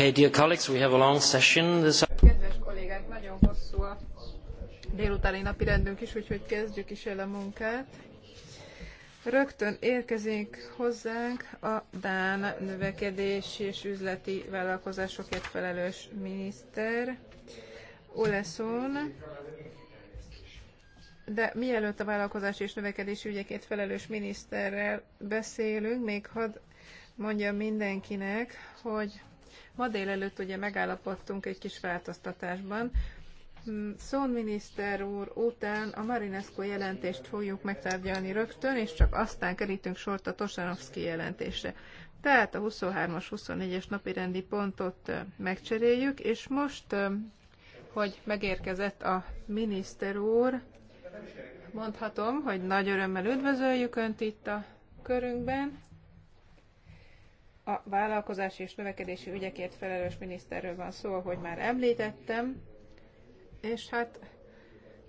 Okay, dear colleagues, we have a long session this... Kedves kollégák, nagyon hosszú a délutáni napi rendünk is, úgyhogy kezdjük is el a munkát. Rögtön érkezik hozzánk a Dán növekedési és üzleti vállalkozásokért felelős miniszter, Oleszón. De mielőtt a vállalkozás és növekedési ügyekért felelős miniszterrel beszélünk, még hadd mondja mindenkinek, hogy Ma délelőtt ugye megállapodtunk egy kis változtatásban. Mm, Szón miniszter úr után a Marinesco jelentést fogjuk megtárgyalni rögtön, és csak aztán kerítünk sort a Tosanovszki jelentésre. Tehát a 23-as, 24-es napi rendi pontot megcseréljük, és most, hogy megérkezett a miniszter úr, mondhatom, hogy nagy örömmel üdvözöljük Önt itt a körünkben a vállalkozási és növekedési ügyekért felelős miniszterről van szó, ahogy már említettem, és hát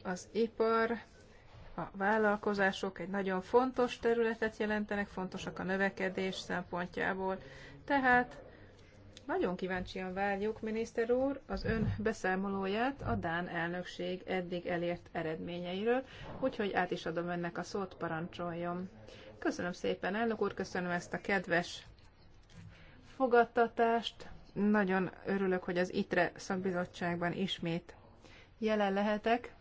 az ipar, a vállalkozások egy nagyon fontos területet jelentenek, fontosak a növekedés szempontjából, tehát nagyon kíváncsian várjuk, miniszter úr, az ön beszámolóját a Dán elnökség eddig elért eredményeiről, úgyhogy át is adom önnek a szót, parancsoljon. Köszönöm szépen, elnök úr, köszönöm ezt a kedves fogadtatást. Nagyon örülök, hogy az ITRE szakbizottságban ismét jelen lehetek.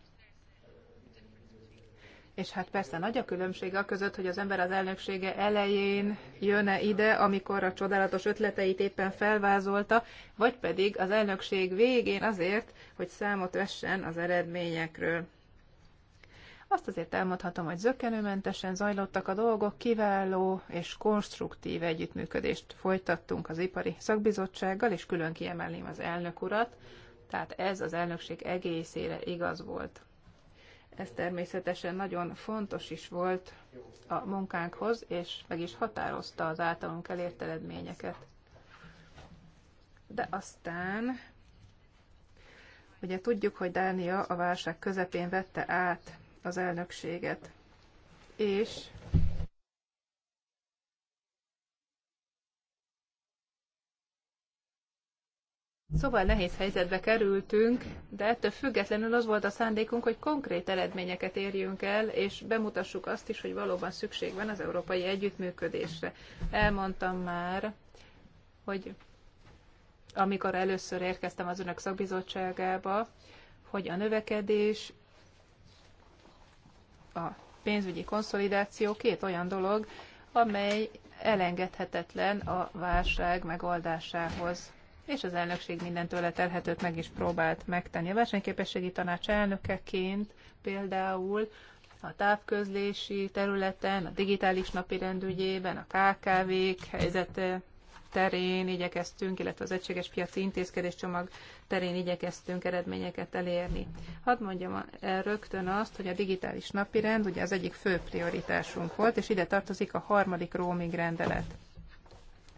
És hát persze nagy a különbség a között, hogy az ember az elnöksége elején jön-e ide, amikor a csodálatos ötleteit éppen felvázolta, vagy pedig az elnökség végén azért, hogy számot vessen az eredményekről. Azt azért elmondhatom, hogy zökkenőmentesen zajlottak a dolgok, kiváló és konstruktív együttműködést folytattunk az ipari szakbizottsággal, és külön kiemelném az elnök urat, tehát ez az elnökség egészére igaz volt. Ez természetesen nagyon fontos is volt a munkánkhoz, és meg is határozta az általunk elért eredményeket. De aztán Ugye tudjuk, hogy Dánia a válság közepén vette át az elnökséget. És Szóval nehéz helyzetbe kerültünk, de ettől függetlenül az volt a szándékunk, hogy konkrét eredményeket érjünk el, és bemutassuk azt is, hogy valóban szükség van az európai együttműködésre. Elmondtam már, hogy amikor először érkeztem az önök szakbizottságába, hogy a növekedés a pénzügyi konszolidáció két olyan dolog, amely elengedhetetlen a válság megoldásához. És az elnökség mindentől telhetőt meg is próbált megtenni. A versenyképességi tanács elnökeként például a távközlési területen, a digitális napirend a KKV-k helyzete terén igyekeztünk, illetve az egységes piaci intézkedés csomag terén igyekeztünk eredményeket elérni. Hadd mondjam el rögtön azt, hogy a digitális napirend ugye az egyik fő prioritásunk volt, és ide tartozik a harmadik roaming rendelet.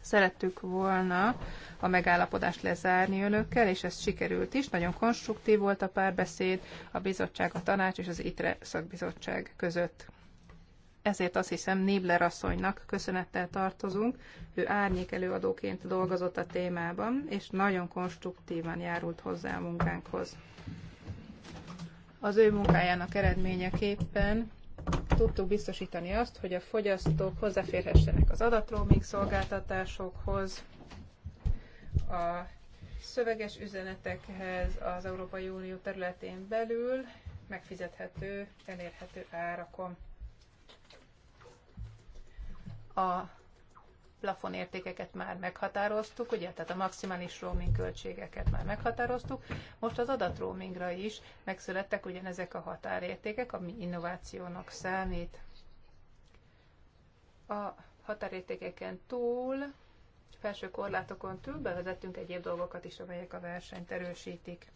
Szerettük volna a megállapodást lezárni önökkel, és ez sikerült is. Nagyon konstruktív volt a párbeszéd a bizottság, a tanács és az ITRE szakbizottság között ezért azt hiszem Nébler asszonynak köszönettel tartozunk. Ő árnyék előadóként dolgozott a témában, és nagyon konstruktívan járult hozzá a munkánkhoz. Az ő munkájának eredményeképpen tudtuk biztosítani azt, hogy a fogyasztók hozzáférhessenek az adatroaming szolgáltatásokhoz, a szöveges üzenetekhez az Európai Unió területén belül megfizethető, elérhető árakon a plafonértékeket már meghatároztuk, ugye, tehát a maximális roaming költségeket már meghatároztuk. Most az adat roamingra is megszülettek ugyanezek a határértékek, ami innovációnak számít. A határértékeken túl, felső korlátokon túl bevezettünk egyéb dolgokat is, amelyek a versenyt erősítik.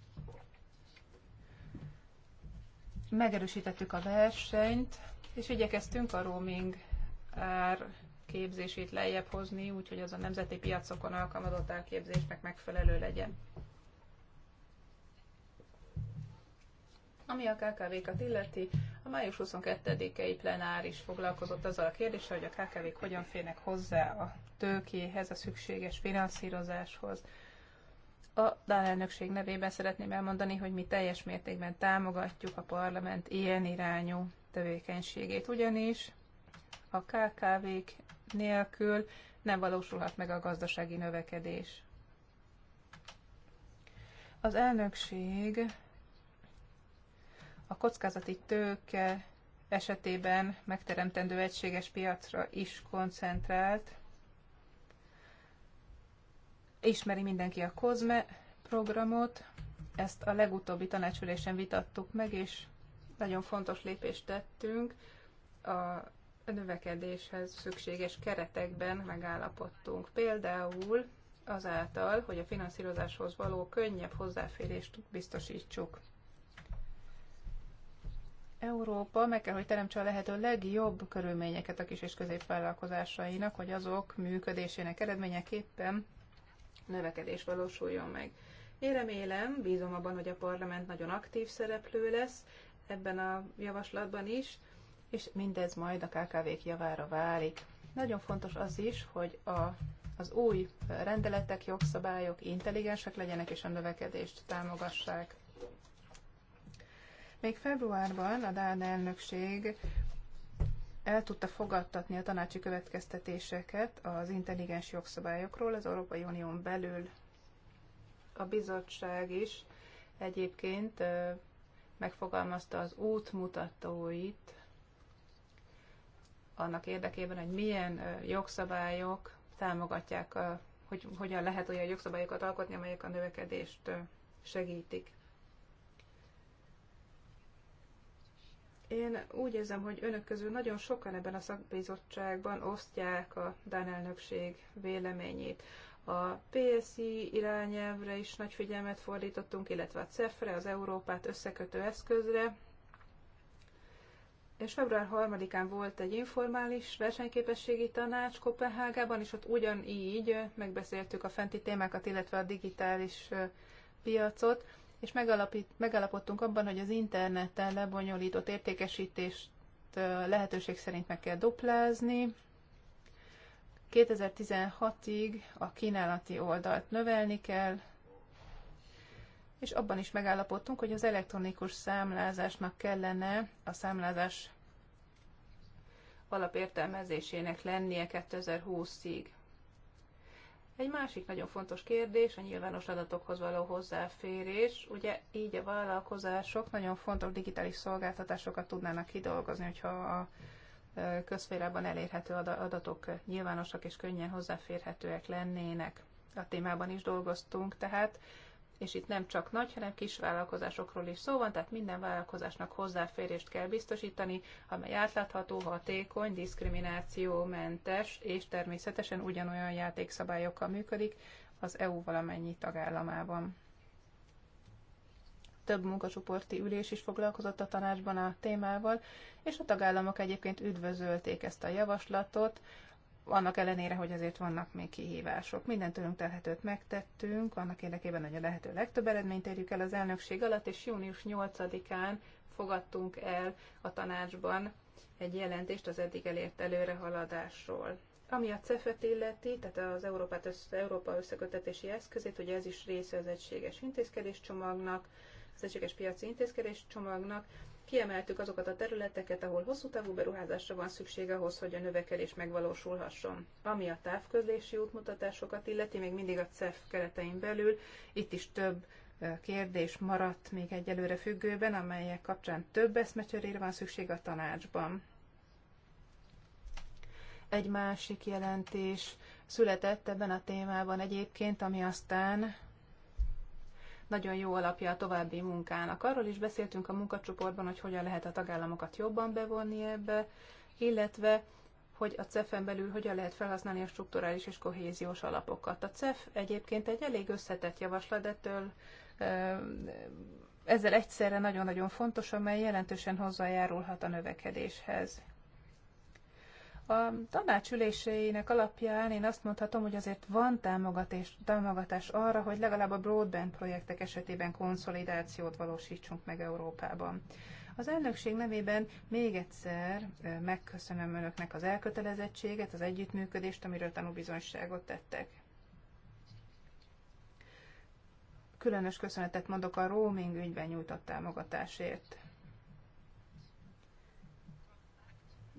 Megerősítettük a versenyt, és igyekeztünk a roaming ár képzését lejjebb hozni, úgyhogy az a nemzeti piacokon alkalmazott elképzésnek megfelelő legyen. Ami a KKV-kat illeti, a május 22-i plenáris foglalkozott azzal a kérdéssel, hogy a KKV-k hogyan férnek hozzá a tőkéhez, a szükséges finanszírozáshoz. A Dán elnökség nevében szeretném elmondani, hogy mi teljes mértékben támogatjuk a parlament ilyen irányú tevékenységét, ugyanis a KKV-k nélkül nem valósulhat meg a gazdasági növekedés. Az elnökség a kockázati tőke esetében megteremtendő egységes piacra is koncentrált. Ismeri mindenki a COSME programot, ezt a legutóbbi tanácsülésen vitattuk meg, és nagyon fontos lépést tettünk a növekedéshez szükséges keretekben megállapodtunk. Például azáltal, hogy a finanszírozáshoz való könnyebb hozzáférést biztosítsuk. Európa meg kell, hogy teremtse a lehető legjobb körülményeket a kis és középvállalkozásainak, hogy azok működésének eredményeképpen növekedés valósuljon meg. Én remélem, bízom abban, hogy a parlament nagyon aktív szereplő lesz ebben a javaslatban is, és mindez majd a KKV-k javára válik. Nagyon fontos az is, hogy a, az új rendeletek, jogszabályok intelligensek legyenek és a növekedést támogassák. Még februárban a Dán elnökség el tudta fogadtatni a tanácsi következtetéseket az intelligens jogszabályokról az Európai Unión belül. A bizottság is egyébként megfogalmazta az útmutatóit annak érdekében, hogy milyen jogszabályok támogatják, a, hogy hogyan lehet olyan jogszabályokat alkotni, amelyek a növekedést segítik. Én úgy érzem, hogy önök közül nagyon sokan ebben a szakbizottságban osztják a Dán elnökség véleményét. A PSI irányelvre is nagy figyelmet fordítottunk, illetve a CEF-re, az Európát összekötő eszközre, és február 3-án volt egy informális versenyképességi tanács Kopenhágában, és ott ugyanígy megbeszéltük a fenti témákat, illetve a digitális piacot, és megalapít, megalapodtunk abban, hogy az interneten lebonyolított értékesítést lehetőség szerint meg kell duplázni, 2016-ig a kínálati oldalt növelni kell, és abban is megállapodtunk, hogy az elektronikus számlázásnak kellene a számlázás alapértelmezésének lennie 2020-ig. Egy másik nagyon fontos kérdés a nyilvános adatokhoz való hozzáférés. Ugye így a vállalkozások nagyon fontos digitális szolgáltatásokat tudnának kidolgozni, hogyha a közférában elérhető adatok nyilvánosak és könnyen hozzáférhetőek lennének. A témában is dolgoztunk, tehát és itt nem csak nagy, hanem kis vállalkozásokról is szó van, tehát minden vállalkozásnak hozzáférést kell biztosítani, amely átlátható, hatékony, diszkriminációmentes, és természetesen ugyanolyan játékszabályokkal működik az EU valamennyi tagállamában. Több munkacsoporti ülés is foglalkozott a tanácsban a témával, és a tagállamok egyébként üdvözölték ezt a javaslatot, annak ellenére, hogy azért vannak még kihívások. Minden tőlünk telhetőt megtettünk, annak érdekében, hogy a lehető legtöbb eredményt érjük el az elnökség alatt, és június 8-án fogadtunk el a tanácsban egy jelentést az eddig elért előrehaladásról. Ami a CEFET illeti, tehát az Európát össze, Európa összekötetési eszközét, ugye ez is része az egységes intézkedéscsomagnak, az egységes piaci intézkedéscsomagnak, Kiemeltük azokat a területeket, ahol hosszú távú beruházásra van szükség ahhoz, hogy a növekedés megvalósulhasson. Ami a távközlési útmutatásokat illeti, még mindig a CEF keretein belül, itt is több kérdés maradt még egyelőre függőben, amelyek kapcsán több eszmecserére van szükség a tanácsban. Egy másik jelentés született ebben a témában egyébként, ami aztán nagyon jó alapja a további munkának. Arról is beszéltünk a munkacsoportban, hogy hogyan lehet a tagállamokat jobban bevonni ebbe, illetve hogy a CEF-en belül hogyan lehet felhasználni a strukturális és kohéziós alapokat. A CEF egyébként egy elég összetett javaslat, ettől ezzel egyszerre nagyon-nagyon fontos, amely jelentősen hozzájárulhat a növekedéshez. A tanácsüléseinek alapján én azt mondhatom, hogy azért van támogatás, támogatás arra, hogy legalább a broadband projektek esetében konszolidációt valósítsunk meg Európában. Az elnökség nevében még egyszer megköszönöm Önöknek az elkötelezettséget, az együttműködést, amiről tanúbizonyságot tettek. Különös köszönetet mondok a roaming ügyben nyújtott támogatásért.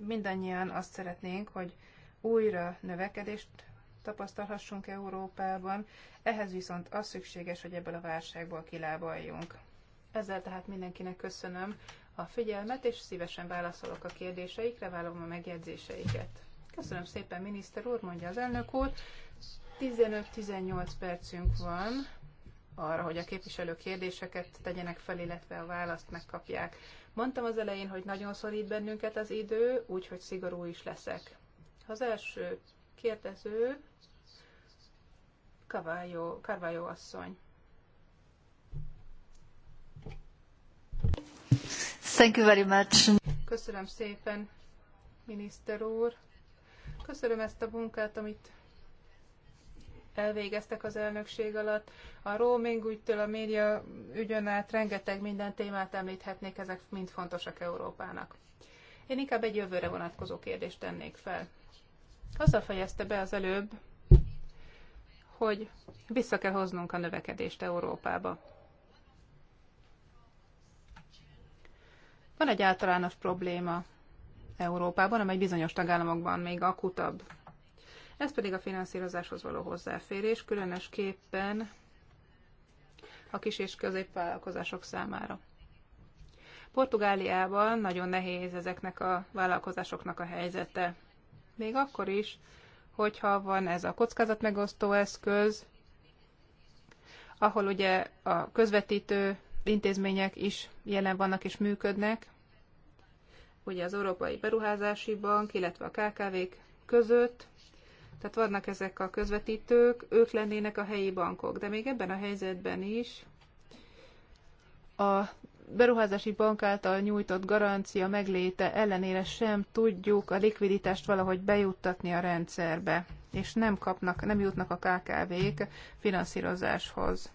mindannyian azt szeretnénk, hogy újra növekedést tapasztalhassunk Európában, ehhez viszont az szükséges, hogy ebből a válságból kilábaljunk. Ezzel tehát mindenkinek köszönöm a figyelmet, és szívesen válaszolok a kérdéseikre, vállalom a megjegyzéseiket. Köszönöm szépen, miniszter úr, mondja az elnök úr. 15-18 percünk van arra, hogy a képviselő kérdéseket tegyenek fel, illetve a választ megkapják. Mondtam az elején, hogy nagyon szorít bennünket az idő, úgyhogy szigorú is leszek. Az első kérdező Carvalho, Carvalho asszony. Thank you very much. Köszönöm szépen, miniszter úr. Köszönöm ezt a munkát, amit elvégeztek az elnökség alatt. A roaming ügytől a média ügyön át rengeteg minden témát említhetnék, ezek mind fontosak Európának. Én inkább egy jövőre vonatkozó kérdést tennék fel. Azzal fejezte be az előbb, hogy vissza kell hoznunk a növekedést Európába. Van egy általános probléma Európában, amely bizonyos tagállamokban még akutabb, ez pedig a finanszírozáshoz való hozzáférés, különösképpen a kis és középvállalkozások számára. Portugáliában nagyon nehéz ezeknek a vállalkozásoknak a helyzete. Még akkor is, hogyha van ez a kockázatmegosztó eszköz, ahol ugye a közvetítő intézmények is jelen vannak és működnek, ugye az Európai Beruházási Bank, illetve a KKV-k között, tehát vannak ezek a közvetítők, ők lennének a helyi bankok, de még ebben a helyzetben is a beruházási bank által nyújtott garancia megléte ellenére sem tudjuk a likviditást valahogy bejuttatni a rendszerbe, és nem, kapnak, nem jutnak a KKV-k finanszírozáshoz.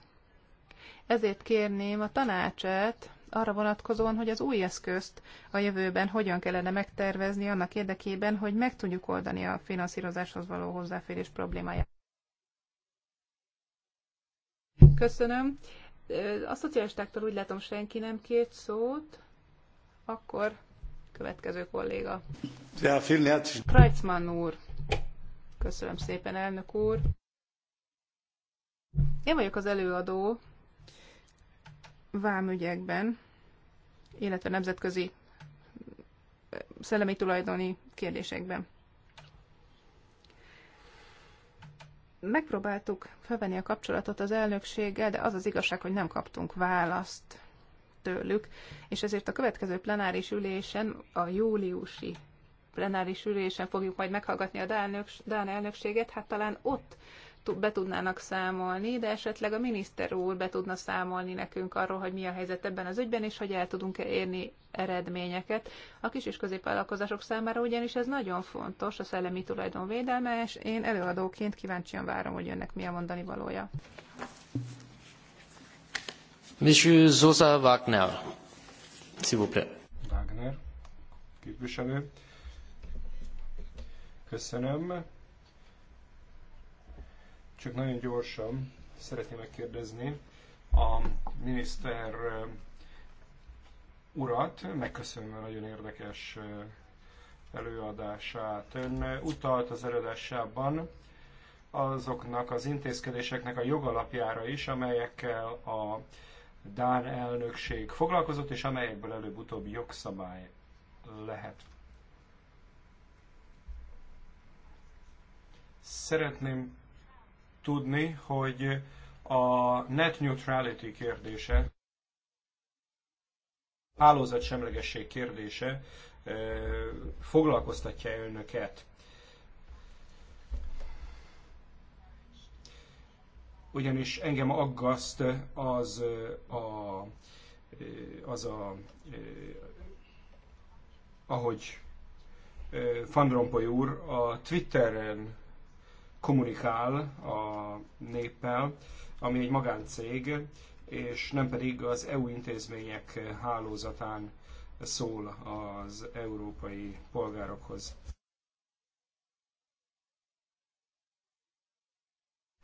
Ezért kérném a tanácsát, arra vonatkozóan, hogy az új eszközt a jövőben hogyan kellene megtervezni annak érdekében, hogy meg tudjuk oldani a finanszírozáshoz való hozzáférés problémáját. Köszönöm. A szocialistáktól úgy látom senki nem kért szót. Akkor következő kolléga. Ja, Kreitzmann úr. Köszönöm szépen, elnök úr. Én vagyok az előadó vámügyekben, illetve nemzetközi szellemi tulajdoni kérdésekben. Megpróbáltuk felvenni a kapcsolatot az elnökséggel, de az az igazság, hogy nem kaptunk választ tőlük, és ezért a következő plenáris ülésen, a júliusi plenáris ülésen fogjuk majd meghallgatni a Dán, elnökséget, hát talán ott be tudnának számolni, de esetleg a miniszter úr be tudna számolni nekünk arról, hogy mi a helyzet ebben az ügyben, és hogy el tudunk -e érni eredményeket. A kis és középvállalkozások számára ugyanis ez nagyon fontos, a szellemi tulajdon védelme, és én előadóként kíváncsian várom, hogy önnek mi a mondani valója. Monsieur Zosa Wagner, s'il vous plaît. Wagner, képviselő. Köszönöm. Csak nagyon gyorsan szeretném megkérdezni a miniszter urat, megköszönöm a nagyon érdekes előadását. Ön utalt az előadásában azoknak az intézkedéseknek a jogalapjára is, amelyekkel a Dán elnökség foglalkozott, és amelyekből előbb-utóbb jogszabály lehet. Szeretném tudni, hogy a net neutrality kérdése, hálózatsemlegesség kérdése foglalkoztatja önöket. Ugyanis engem aggaszt az a, az a ahogy Fandrompoly úr a Twitteren kommunikál a néppel, ami egy magáncég, és nem pedig az EU intézmények hálózatán szól az európai polgárokhoz.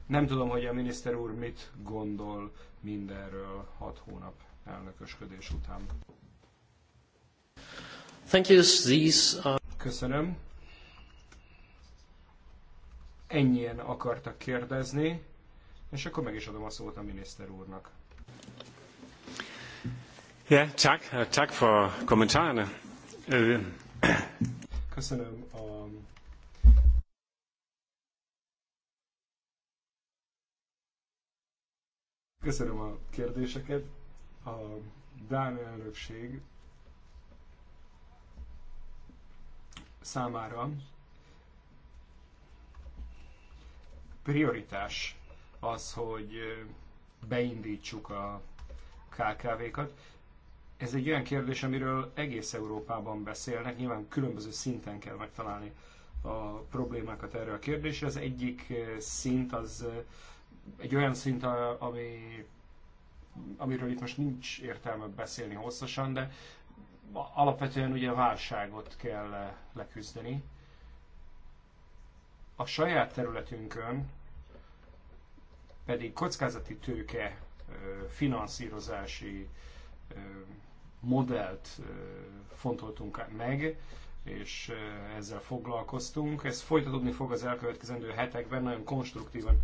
Nem tudom, hogy a miniszter úr mit gondol mindenről hat hónap elnökösködés után. Thank you. These are... Köszönöm ennyien akartak kérdezni, és akkor meg is adom a szót a miniszter úrnak. Ja, tak, tak for kommentárerne. Øh. Köszönöm a Köszönöm a kérdéseket. A Dán elnökség számára prioritás az, hogy beindítsuk a KKV-kat. Ez egy olyan kérdés, amiről egész Európában beszélnek, nyilván különböző szinten kell megtalálni a problémákat erre a kérdésre. Az egyik szint az egy olyan szint, ami, amiről itt most nincs értelme beszélni hosszasan, de alapvetően ugye válságot kell leküzdeni. A saját területünkön pedig kockázati tőke finanszírozási modellt fontoltunk meg, és ezzel foglalkoztunk. Ez folytatódni fog az elkövetkezendő hetekben, nagyon konstruktívan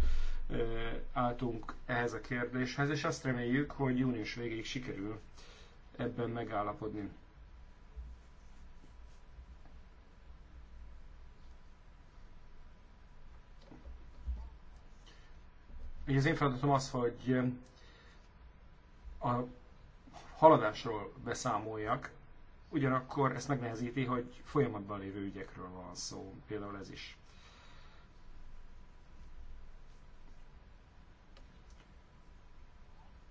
álltunk ehhez a kérdéshez, és azt reméljük, hogy június végéig sikerül ebben megállapodni. Ugye az én feladatom az, hogy um, a haladásról beszámoljak, ugyanakkor ezt megnehezíti, hogy folyamatban lévő ügyekről van szó, például ez is.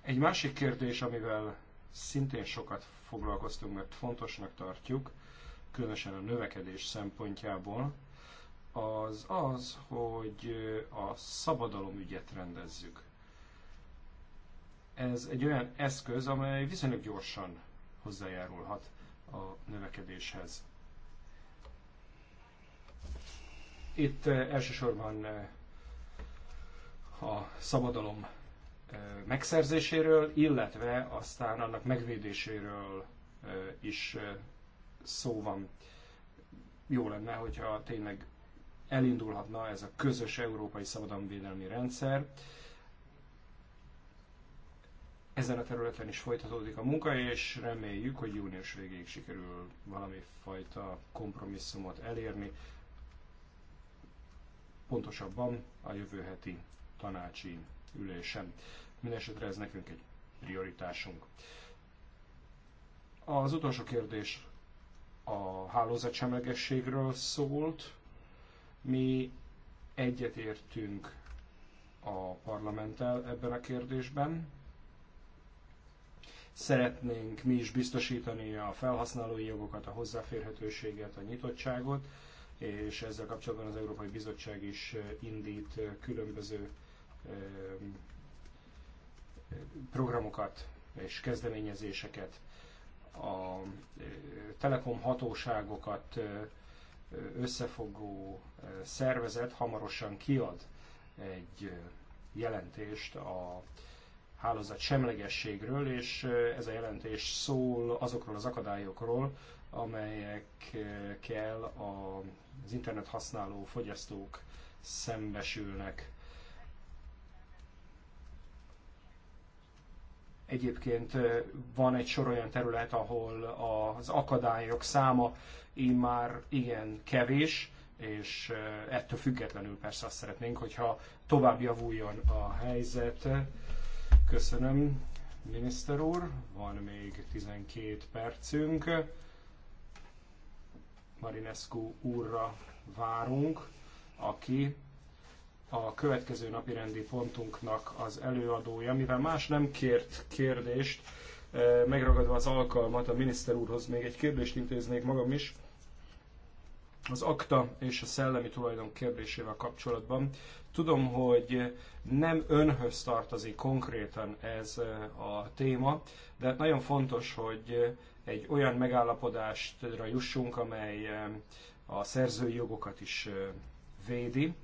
Egy másik kérdés, amivel szintén sokat foglalkoztunk, mert fontosnak tartjuk, különösen a növekedés szempontjából, az az, hogy a szabadalomügyet rendezzük. Ez egy olyan eszköz, amely viszonylag gyorsan hozzájárulhat a növekedéshez. Itt eh, elsősorban eh, a szabadalom eh, megszerzéséről, illetve aztán annak megvédéséről is szó van. Jó lenne, hogyha tényleg elindulhatna ez a közös európai szabadalomvédelmi rendszer. Ezen a területen is folytatódik a munka, és reméljük, hogy június végéig sikerül valami fajta kompromisszumot elérni. Pontosabban a jövő heti tanácsi ülésen. Mindenesetre ez nekünk egy prioritásunk. Az utolsó kérdés a hálózatsemlegességről szólt. Mi egyetértünk a parlamenttel ebben a kérdésben. Szeretnénk mi is biztosítani a felhasználói jogokat, a hozzáférhetőséget, a nyitottságot, és ezzel kapcsolatban az Európai Bizottság is indít különböző programokat és kezdeményezéseket. A telekom hatóságokat összefogó szervezet hamarosan kiad egy jelentést a hálózat semlegességről, és ez a jelentés szól azokról az akadályokról, amelyekkel az internet használó fogyasztók szembesülnek. Egyébként van egy sor olyan terület, ahol az akadályok száma immár igen kevés, és ettől függetlenül persze azt szeretnénk, hogyha tovább javuljon a helyzet. Köszönöm, miniszter úr. Van még 12 percünk. Marinescu úrra várunk, aki a következő napi rendi pontunknak az előadója, mivel más nem kért kérdést, megragadva az alkalmat a miniszter úrhoz még egy kérdést intéznék magam is az akta és a szellemi tulajdon kérdésével kapcsolatban. Tudom, hogy nem önhöz tartozik konkrétan ez a téma, de hát nagyon fontos, hogy egy olyan megállapodást jussunk, amely a szerzői jogokat is védi.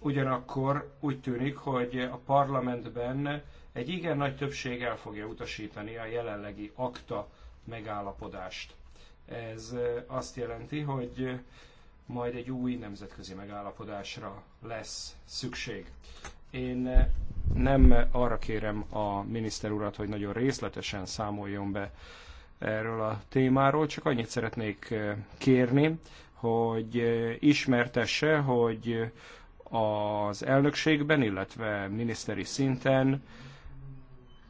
Ugyanakkor úgy tűnik, hogy a parlamentben egy igen nagy többség el fogja utasítani a jelenlegi akta megállapodást. Ez azt jelenti, hogy majd egy új nemzetközi megállapodásra lesz szükség. Én nem arra kérem a miniszter urat, hogy nagyon részletesen számoljon be erről a témáról, csak annyit szeretnék kérni, hogy ismertesse, hogy az elnökségben, illetve miniszteri szinten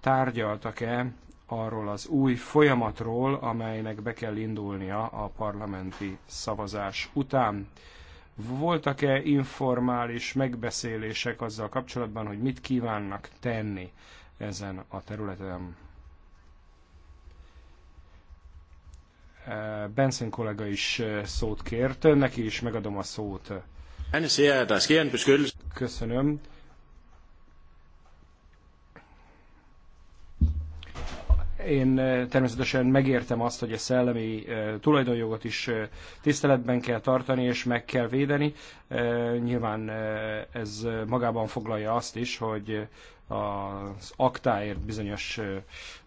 tárgyaltak-e arról az új folyamatról, amelynek be kell indulnia a parlamenti szavazás után. Voltak-e informális megbeszélések azzal kapcsolatban, hogy mit kívánnak tenni ezen a területen? Eh, Benson kollega is eh, szót kért, neki is megadom a szót. Köszönöm. Én eh, természetesen megértem azt, hogy a szellemi eh, tulajdonjogot is eh, tiszteletben kell tartani és meg kell védeni. Nyilván ez magában foglalja azt is, hogy az aktáért bizonyos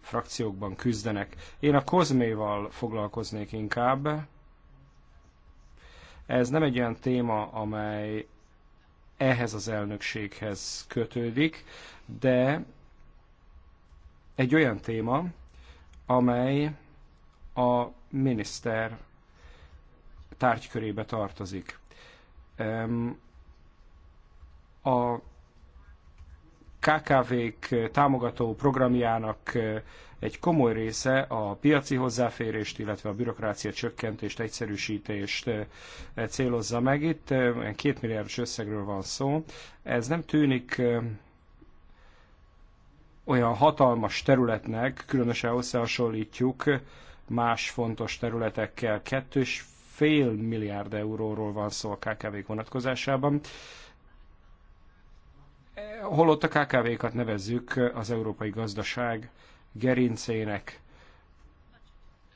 frakciókban küzdenek. Én a kozméval foglalkoznék inkább. Ez nem egy olyan téma, amely ehhez az elnökséghez kötődik, de egy olyan téma, amely a miniszter tárgykörébe tartozik. A KKV-k támogató programjának eh, egy komoly része a piaci hozzáférést, illetve a bürokrácia csökkentést, egyszerűsítést eh, célozza meg. Itt 2 eh, milliárdos összegről van szó. Ez nem tűnik olyan hatalmas területnek, különösen összehasonlítjuk más fontos területekkel, kettős fél milliárd euróról van szó a kkv vonatkozásában. Holott a KKV-kat nevezzük az európai gazdaság gerincének.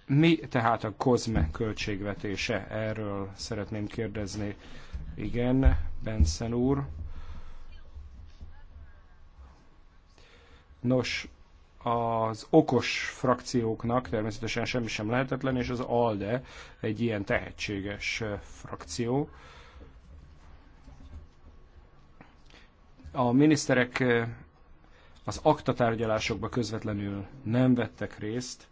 Mi tehát a COSME költségvetése? Erről szeretném kérdezni. Igen, Benson úr. Nos, az okos frakcióknak természetesen semmi sem lehetetlen, és az ALDE egy ilyen tehetséges frakció. A miniszterek az aktatárgyalásokba közvetlenül nem vettek részt,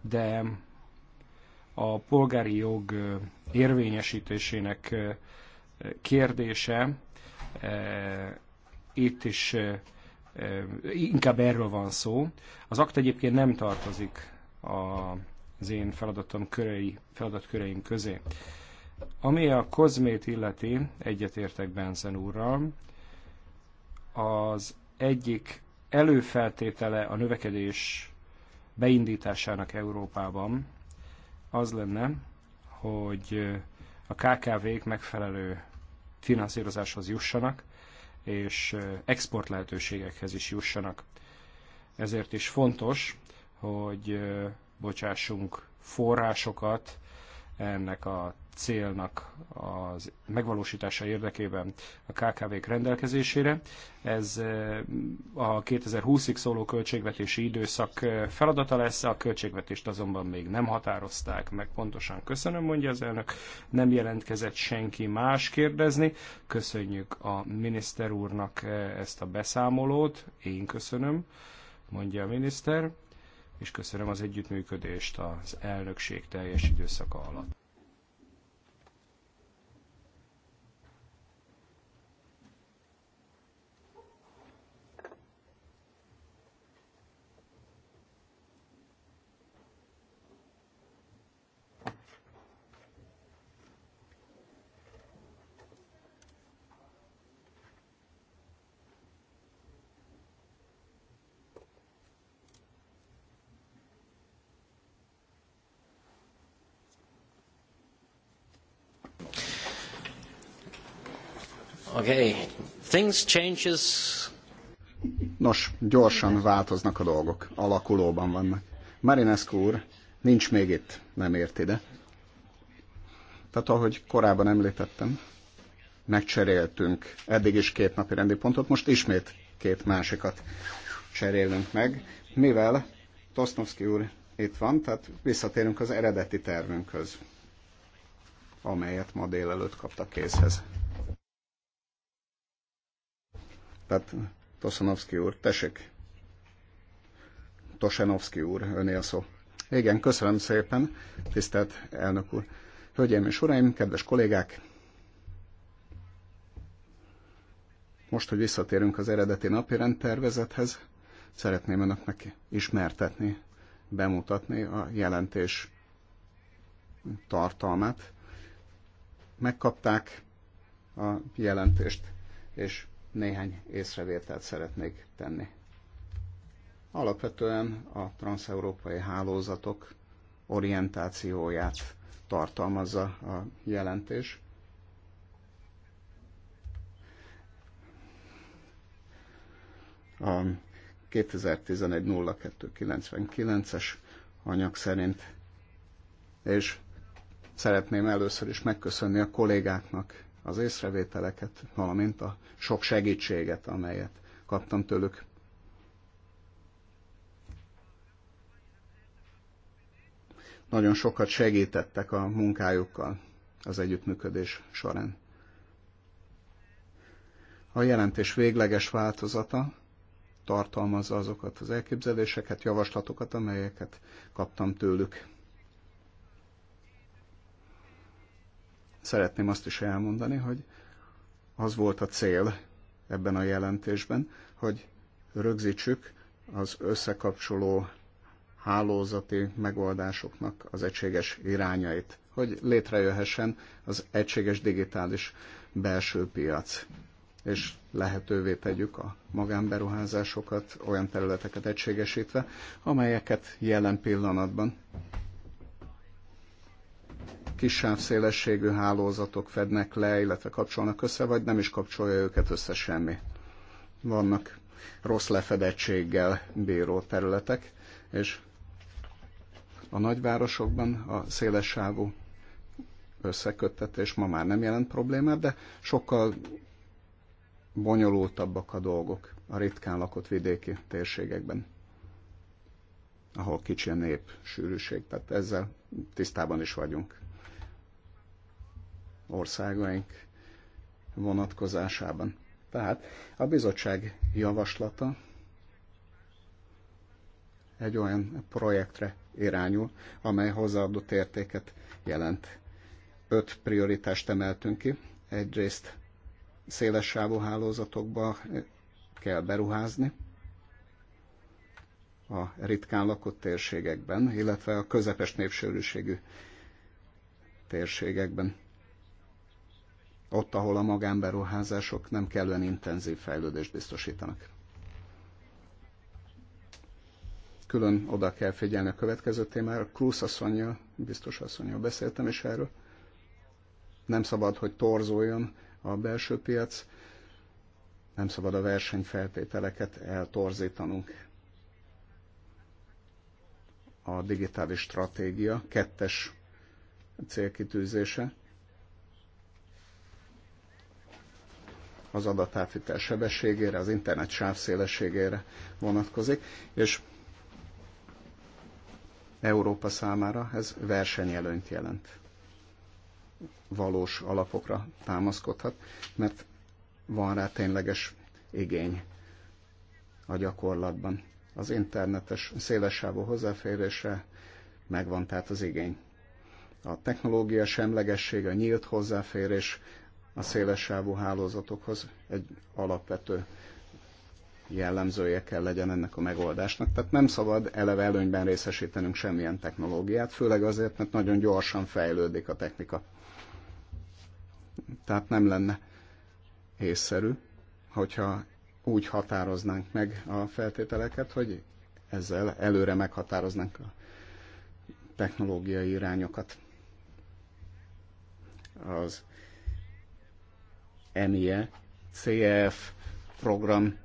de a polgári jog érvényesítésének kérdése itt is inkább erről van szó. Az akt egyébként nem tartozik az én feladatom körei, feladatköreim közé. Ami a kozmét illeti, egyetértek Benzen úrral, az egyik előfeltétele a növekedés beindításának Európában az lenne, hogy a KKV-k megfelelő finanszírozáshoz jussanak, és export lehetőségekhez is jussanak. Ezért is fontos, hogy bocsássunk forrásokat ennek a célnak az megvalósítása érdekében a KKV-k rendelkezésére. Ez eh, a 2020-ig szóló költségvetési időszak eh, feladata lesz, a költségvetést azonban még nem határozták meg pontosan. Köszönöm, mondja az elnök, nem jelentkezett senki más kérdezni. Köszönjük a miniszter úrnak eh, ezt a beszámolót, én köszönöm, mondja a miniszter és köszönöm az együttműködést az elnökség teljes időszaka alatt. Okay. Things changes. Nos, gyorsan változnak a dolgok, alakulóban vannak. Marinescu úr nincs még itt, nem ért ide. Tehát ahogy korábban említettem, megcseréltünk eddig is két napi rendi pontot, most ismét két másikat cserélünk meg, mivel Tosnovski úr itt van, tehát visszatérünk az eredeti tervünkhöz, amelyet ma délelőtt kaptak készhez. Tehát Tosanovszki úr, tessék. Tosanovszki úr, öné a szó. Igen, köszönöm szépen, tisztelt elnök úr. Hölgyeim és uraim, kedves kollégák! Most, hogy visszatérünk az eredeti napi rendtervezethez, szeretném önöknek ismertetni, bemutatni a jelentés tartalmát. Megkapták a jelentést, és néhány észrevételt szeretnék tenni. Alapvetően a transeurópai hálózatok orientációját tartalmazza a jelentés. A 2011-0299-es anyag szerint, és szeretném először is megköszönni a kollégáknak az észrevételeket, valamint a sok segítséget, amelyet kaptam tőlük. Nagyon sokat segítettek a munkájukkal az együttműködés során. A jelentés végleges változata tartalmazza azokat az elképzeléseket, javaslatokat, amelyeket kaptam tőlük. szeretném azt is elmondani, hogy az volt a cél ebben a jelentésben, hogy rögzítsük az összekapcsoló hálózati megoldásoknak az egységes irányait, hogy létrejöhessen az egységes digitális belső piac, és lehetővé tegyük a magánberuházásokat, olyan területeket egységesítve, amelyeket jelen pillanatban kis szélességű hálózatok fednek le, illetve kapcsolnak össze, vagy nem is kapcsolja őket össze semmi. Vannak rossz lefedettséggel bíró területek, és a nagyvárosokban a szélessávú összeköttetés ma már nem jelent problémát, de sokkal bonyolultabbak a dolgok a ritkán lakott vidéki térségekben, ahol kicsi a nép sűrűség, tehát ezzel tisztában is vagyunk országaink vonatkozásában. Tehát a bizottság javaslata egy olyan projektre irányul, amely hozzáadott értéket jelent. Öt prioritást emeltünk ki. Egyrészt széles sávú hálózatokba kell beruházni, a ritkán lakott térségekben, illetve a közepes népsűrűségű térségekben ott, ahol a magánberuházások nem kellően intenzív fejlődést biztosítanak. Külön oda kell figyelni a következő témára. Krusz asszonya, biztos asszonya, beszéltem is erről. Nem szabad, hogy torzoljon a belső piac, nem szabad a versenyfeltételeket eltorzítanunk. A digitális stratégia kettes célkitűzése az adatátvitel sebességére, az internet sávszélességére vonatkozik, és Európa számára ez versenyelőnyt jelent. Valós alapokra támaszkodhat, mert van rá tényleges igény a gyakorlatban. Az internetes szélesávú hozzáférésre megvan tehát az igény. A technológia semlegessége, a nyílt hozzáférés a szélessávú hálózatokhoz egy alapvető jellemzője kell legyen ennek a megoldásnak. Tehát nem szabad eleve előnyben részesítenünk semmilyen technológiát, főleg azért, mert nagyon gyorsan fejlődik a technika. Tehát nem lenne észszerű, hogyha úgy határoznánk meg a feltételeket, hogy ezzel előre meghatároznánk a technológiai irányokat. Az ENIE, CEF program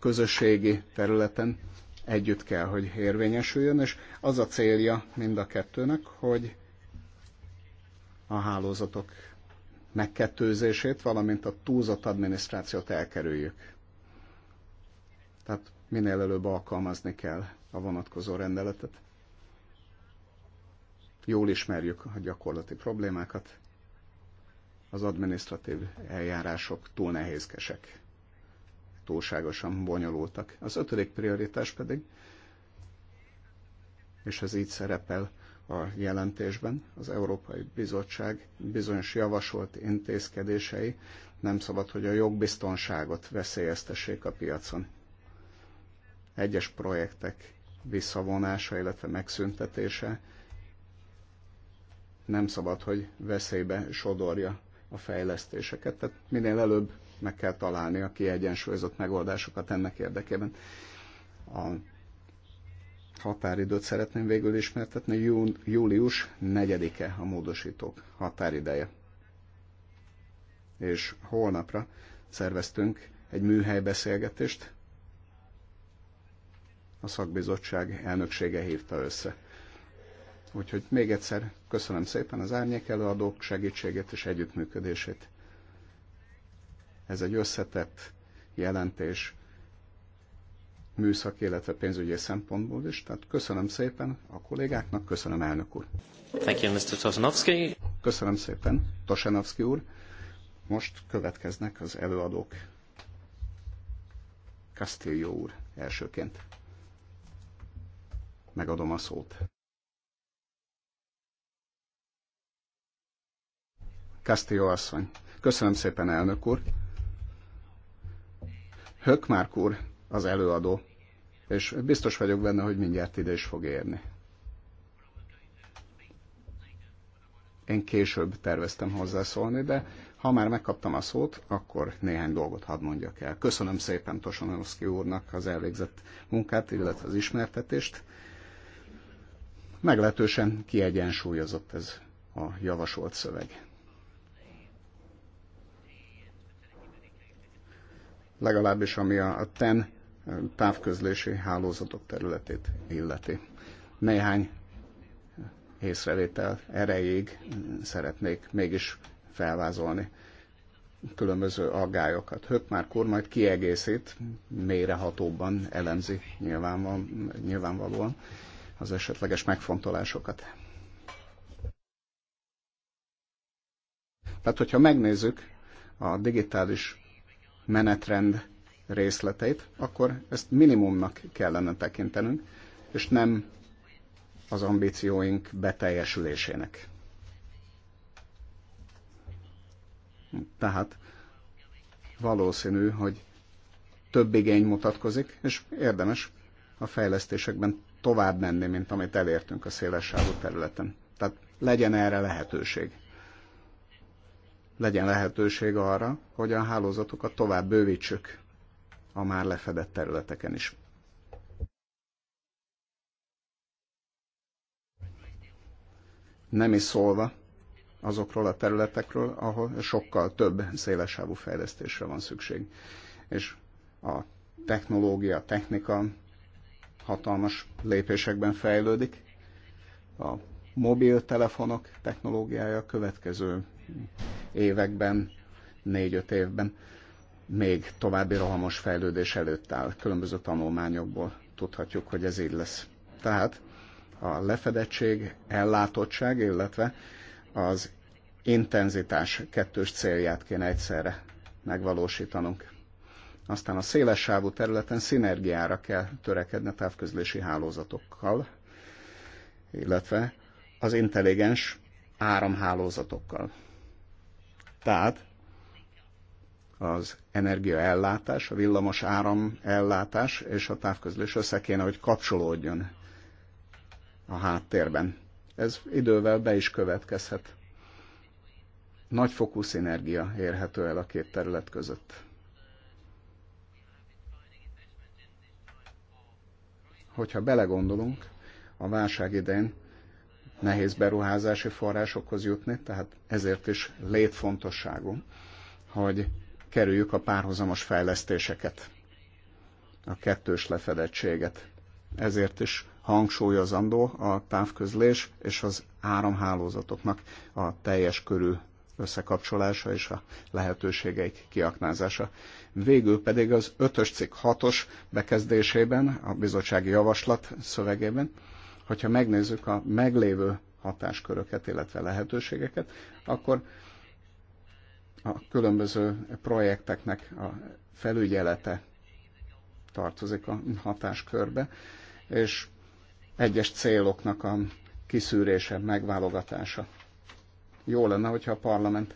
közösségi területen együtt kell, hogy érvényesüljön, és az a célja mind a kettőnek, hogy a hálózatok megkettőzését, valamint a túlzott adminisztrációt elkerüljük. Tehát minél előbb alkalmazni kell a vonatkozó rendeletet. Jól ismerjük a gyakorlati problémákat, az administratív eljárások túl nehézkesek, túlságosan bonyolultak. Az ötödik prioritás pedig, és ez így szerepel a jelentésben, az Európai Bizottság bizonyos javasolt intézkedései nem szabad, hogy a jogbiztonságot veszélyeztessék a piacon. Egyes projektek visszavonása, illetve megszüntetése nem szabad, hogy veszélybe sodorja a fejlesztéseket, tehát minél előbb meg kell találni a kiegyensúlyozott megoldásokat ennek érdekében. A határidőt szeretném végül ismertetni, jú, július 4-e a módosítók határideje. És holnapra szerveztünk egy műhelybeszélgetést, a szakbizottság elnöksége hívta össze. Úgyhogy még egyszer köszönöm szépen az árnyék előadók segítségét és együttműködését. Ez egy összetett jelentés műszaki, illetve pénzügyi szempontból is. Tehát köszönöm szépen a kollégáknak, köszönöm elnök úr. Thank you, Mr. Tosanovsky. Köszönöm szépen, Tosanovsky úr. Most következnek az előadók. Castillo úr elsőként. Megadom a szót. Castillo asszony. Köszönöm szépen, elnök úr. Hökmárk úr az előadó, és biztos vagyok benne, hogy mindjárt ide is fog érni. Én később terveztem hozzászólni, de ha már megkaptam a szót, akkor néhány dolgot hadd mondjak el. Köszönöm szépen Tosanowski úrnak az elvégzett munkát, illetve az ismertetést. Meglehetősen kiegyensúlyozott ez a javasolt szöveg. legalábbis ami a TEN eh, távközlési hálózatok területét illeti. Néhány eh, észrevétel erejéig eh, szeretnék mégis felvázolni különböző aggályokat. Hök már kor majd kiegészít, mélyrehatóbban elemzi nyilvánvalóan, nyilvánvalóan az esetleges megfontolásokat. Tehát, hogyha megnézzük a digitális menetrend részleteit, akkor ezt minimumnak kellene tekintenünk, és nem az ambícióink beteljesülésének. Tehát valószínű, hogy több igény mutatkozik, és érdemes a fejlesztésekben tovább menni, mint amit elértünk a szélessávú területen. Tehát legyen erre lehetőség legyen lehetőség arra, hogy a hálózatokat tovább bővítsük a már lefedett területeken is. Nem is szólva azokról a területekről, ahol sokkal több szélesávú fejlesztésre van szükség. És a technológia, a technika hatalmas lépésekben fejlődik. A mobiltelefonok technológiája a következő években, négy-öt évben még további rohamos fejlődés előtt áll. Különböző tanulmányokból tudhatjuk, hogy ez így lesz. Tehát a lefedettség, ellátottság, illetve az intenzitás kettős célját kéne egyszerre megvalósítanunk. Aztán a széles sávú területen szinergiára kell törekedni a távközlési hálózatokkal, illetve az intelligens áramhálózatokkal. Tehát az energiaellátás, a villamos áram ellátás és a távközlés össze kéne, hogy kapcsolódjon a háttérben. Ez idővel be is következhet. Nagyfokú szinergia érhető el a két terület között. Hogyha belegondolunk, a válság idején nehéz beruházási forrásokhoz jutni, tehát ezért is létfontosságú, hogy kerüljük a párhuzamos fejlesztéseket, a kettős lefedettséget. Ezért is hangsúlyozandó a távközlés és az áramhálózatoknak a teljes körű összekapcsolása és a lehetőségeik kiaknázása. Végül pedig az 5-ös cikk 6-os bekezdésében, a bizottsági javaslat szövegében Hogyha megnézzük a meglévő hatásköröket, illetve lehetőségeket, akkor a különböző projekteknek a felügyelete tartozik a hatáskörbe, és egyes céloknak a kiszűrése, megválogatása. Jó lenne, hogyha a parlament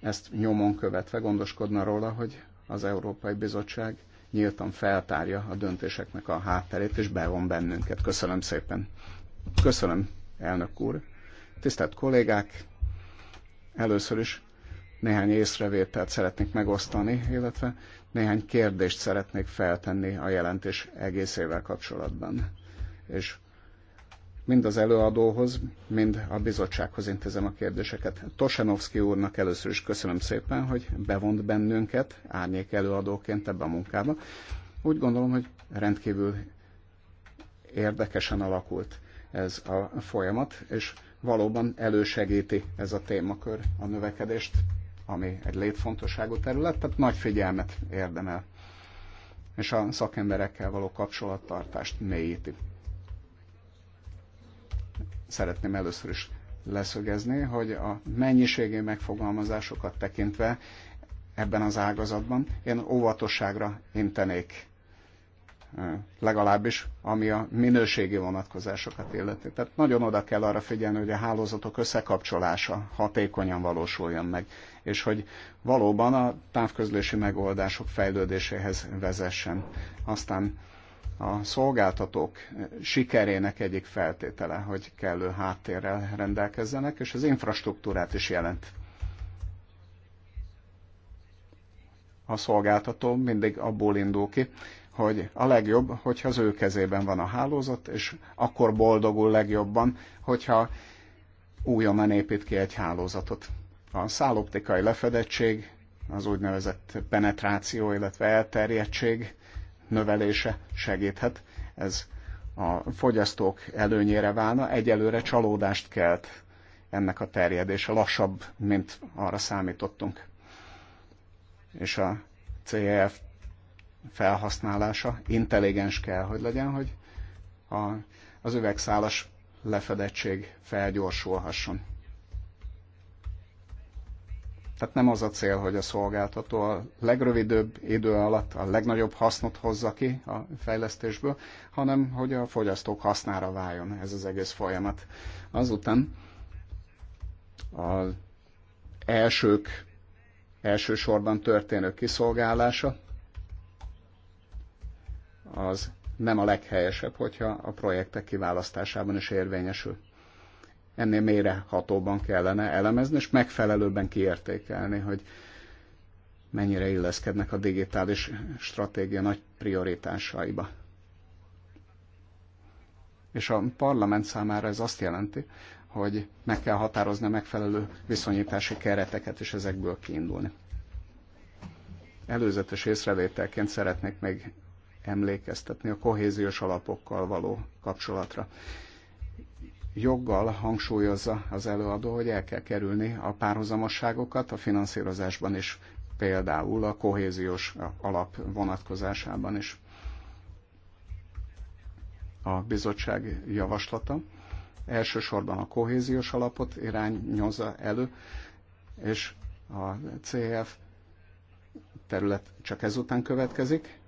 ezt nyomon követve gondoskodna róla, hogy az Európai Bizottság nyíltan feltárja a döntéseknek a hátterét, és bevon bennünket. Köszönöm szépen. Köszönöm, elnök úr. Tisztelt kollégák, először is néhány észrevételt szeretnék megosztani, illetve néhány kérdést szeretnék feltenni a jelentés egészével kapcsolatban. És mind az előadóhoz, mind a bizottsághoz intézem a kérdéseket. Tosenovszki úrnak először is köszönöm szépen, hogy bevont bennünket árnyék előadóként ebbe a munkába. Úgy gondolom, hogy rendkívül érdekesen alakult ez a folyamat, és valóban elősegíti ez a témakör a növekedést, ami egy létfontosságú terület, tehát nagy figyelmet érdemel, és a szakemberekkel való kapcsolattartást mélyíti szeretném először is leszögezni, hogy a mennyiségi megfogalmazásokat tekintve ebben az ágazatban én óvatosságra intenék legalábbis, ami a minőségi vonatkozásokat illeti. Tehát nagyon oda kell arra figyelni, hogy a hálózatok összekapcsolása hatékonyan valósuljon meg, és hogy valóban a távközlési megoldások fejlődéséhez vezessen. Aztán a szolgáltatók sikerének egyik feltétele, hogy kellő háttérrel rendelkezzenek, és az infrastruktúrát is jelent. A szolgáltató mindig abból indul ki, hogy a legjobb, hogyha az ő kezében van a hálózat, és akkor boldogul legjobban, hogyha újonnan épít ki egy hálózatot. A szálloptikai lefedettség, az úgynevezett penetráció, illetve elterjedtség növelése segíthet. Ez a fogyasztók előnyére válna. Egyelőre csalódást kelt ennek a terjedése, lassabb, mint arra számítottunk. És a CEF felhasználása intelligens kell, hogy legyen, hogy a, az üvegszálas lefedettség felgyorsulhasson. Tehát nem az a cél, hogy a szolgáltató a legrövidebb idő alatt a legnagyobb hasznot hozza ki a fejlesztésből, hanem hogy a fogyasztók hasznára váljon ez az egész folyamat. Azután az elsők elsősorban történő kiszolgálása az nem a leghelyesebb, hogyha a projektek kiválasztásában is érvényesül ennél mélyre hatóban kellene elemezni, és megfelelőben kiértékelni, hogy mennyire illeszkednek a digitális stratégia nagy prioritásaiba. És a parlament számára ez azt jelenti, hogy meg kell határozni a megfelelő viszonyítási kereteket, és ezekből kiindulni. Előzetes észrevételként szeretnék még emlékeztetni a kohéziós alapokkal való kapcsolatra joggal hangsúlyozza az előadó, hogy el kell kerülni a párhuzamosságokat a finanszírozásban is, például a kohéziós alap vonatkozásában is. A bizottság javaslata elsősorban a kohéziós alapot irányozza elő, és a CF terület csak ezután következik,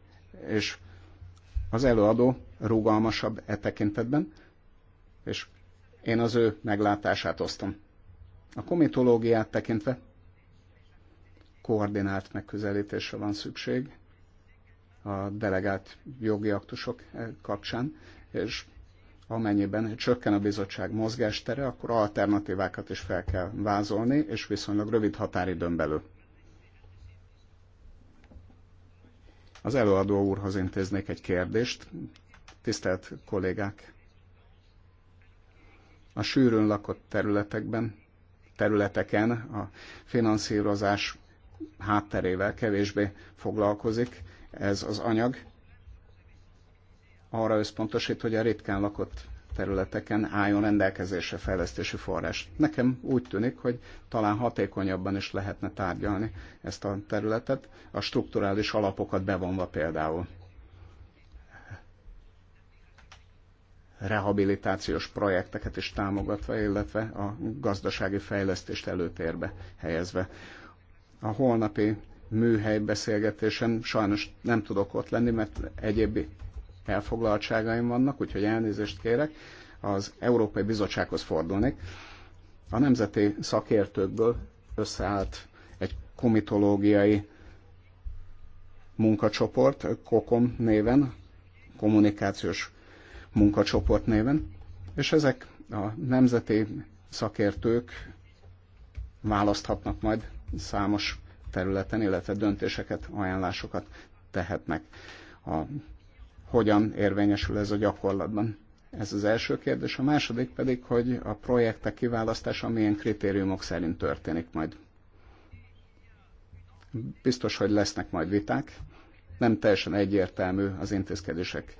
és az előadó rugalmasabb e tekintetben, és én az ő meglátását osztom. A komitológiát tekintve koordinált megközelítésre van szükség a delegált jogi aktusok eh, kapcsán, és amennyiben csökken a bizottság mozgástere, akkor alternatívákat is fel kell vázolni, és viszonylag rövid határidőn belül. Az előadó úrhoz intéznék egy kérdést. Tisztelt kollégák, a sűrűn lakott területekben, területeken a finanszírozás hátterével kevésbé foglalkozik ez az anyag. Arra összpontosít, hogy a ritkán lakott területeken álljon rendelkezésre fejlesztési forrás. Nekem úgy tűnik, hogy talán hatékonyabban is lehetne tárgyalni ezt a területet, a strukturális alapokat bevonva például. rehabilitációs projekteket is támogatva, illetve a gazdasági fejlesztést előtérbe helyezve. A holnapi műhely beszélgetésen sajnos nem tudok ott lenni, mert egyéb elfoglaltságaim vannak, úgyhogy elnézést kérek, az Európai Bizottsághoz fordulnék. A nemzeti szakértőkből összeállt egy komitológiai munkacsoport, KOKOM néven, kommunikációs munkacsoport néven, és ezek a nemzeti szakértők választhatnak majd számos területen, illetve döntéseket, ajánlásokat tehetnek. A, hogyan érvényesül ez a gyakorlatban? Ez az első kérdés. A második pedig, hogy a projektek kiválasztása milyen kritériumok szerint történik majd. Biztos, hogy lesznek majd viták. Nem teljesen egyértelmű az intézkedések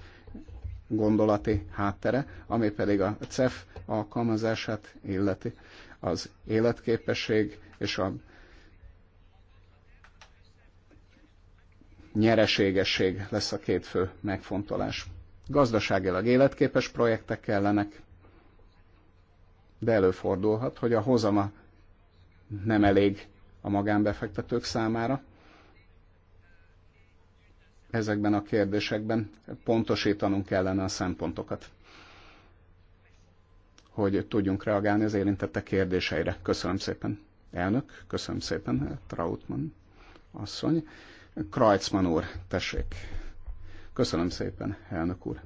gondolati háttere, ami pedig a CEF alkalmazását illeti, az életképesség és a nyereségesség lesz a két fő megfontolás. Gazdaságilag életképes projektek kellenek, de előfordulhat, hogy a hozama nem elég a magánbefektetők számára, ezekben a kérdésekben pontosítanunk kellene a szempontokat, hogy tudjunk reagálni az érintette kérdéseire. Köszönöm szépen, elnök, köszönöm szépen, Trautmann asszony. Krajcman úr, tessék. Köszönöm szépen, elnök úr.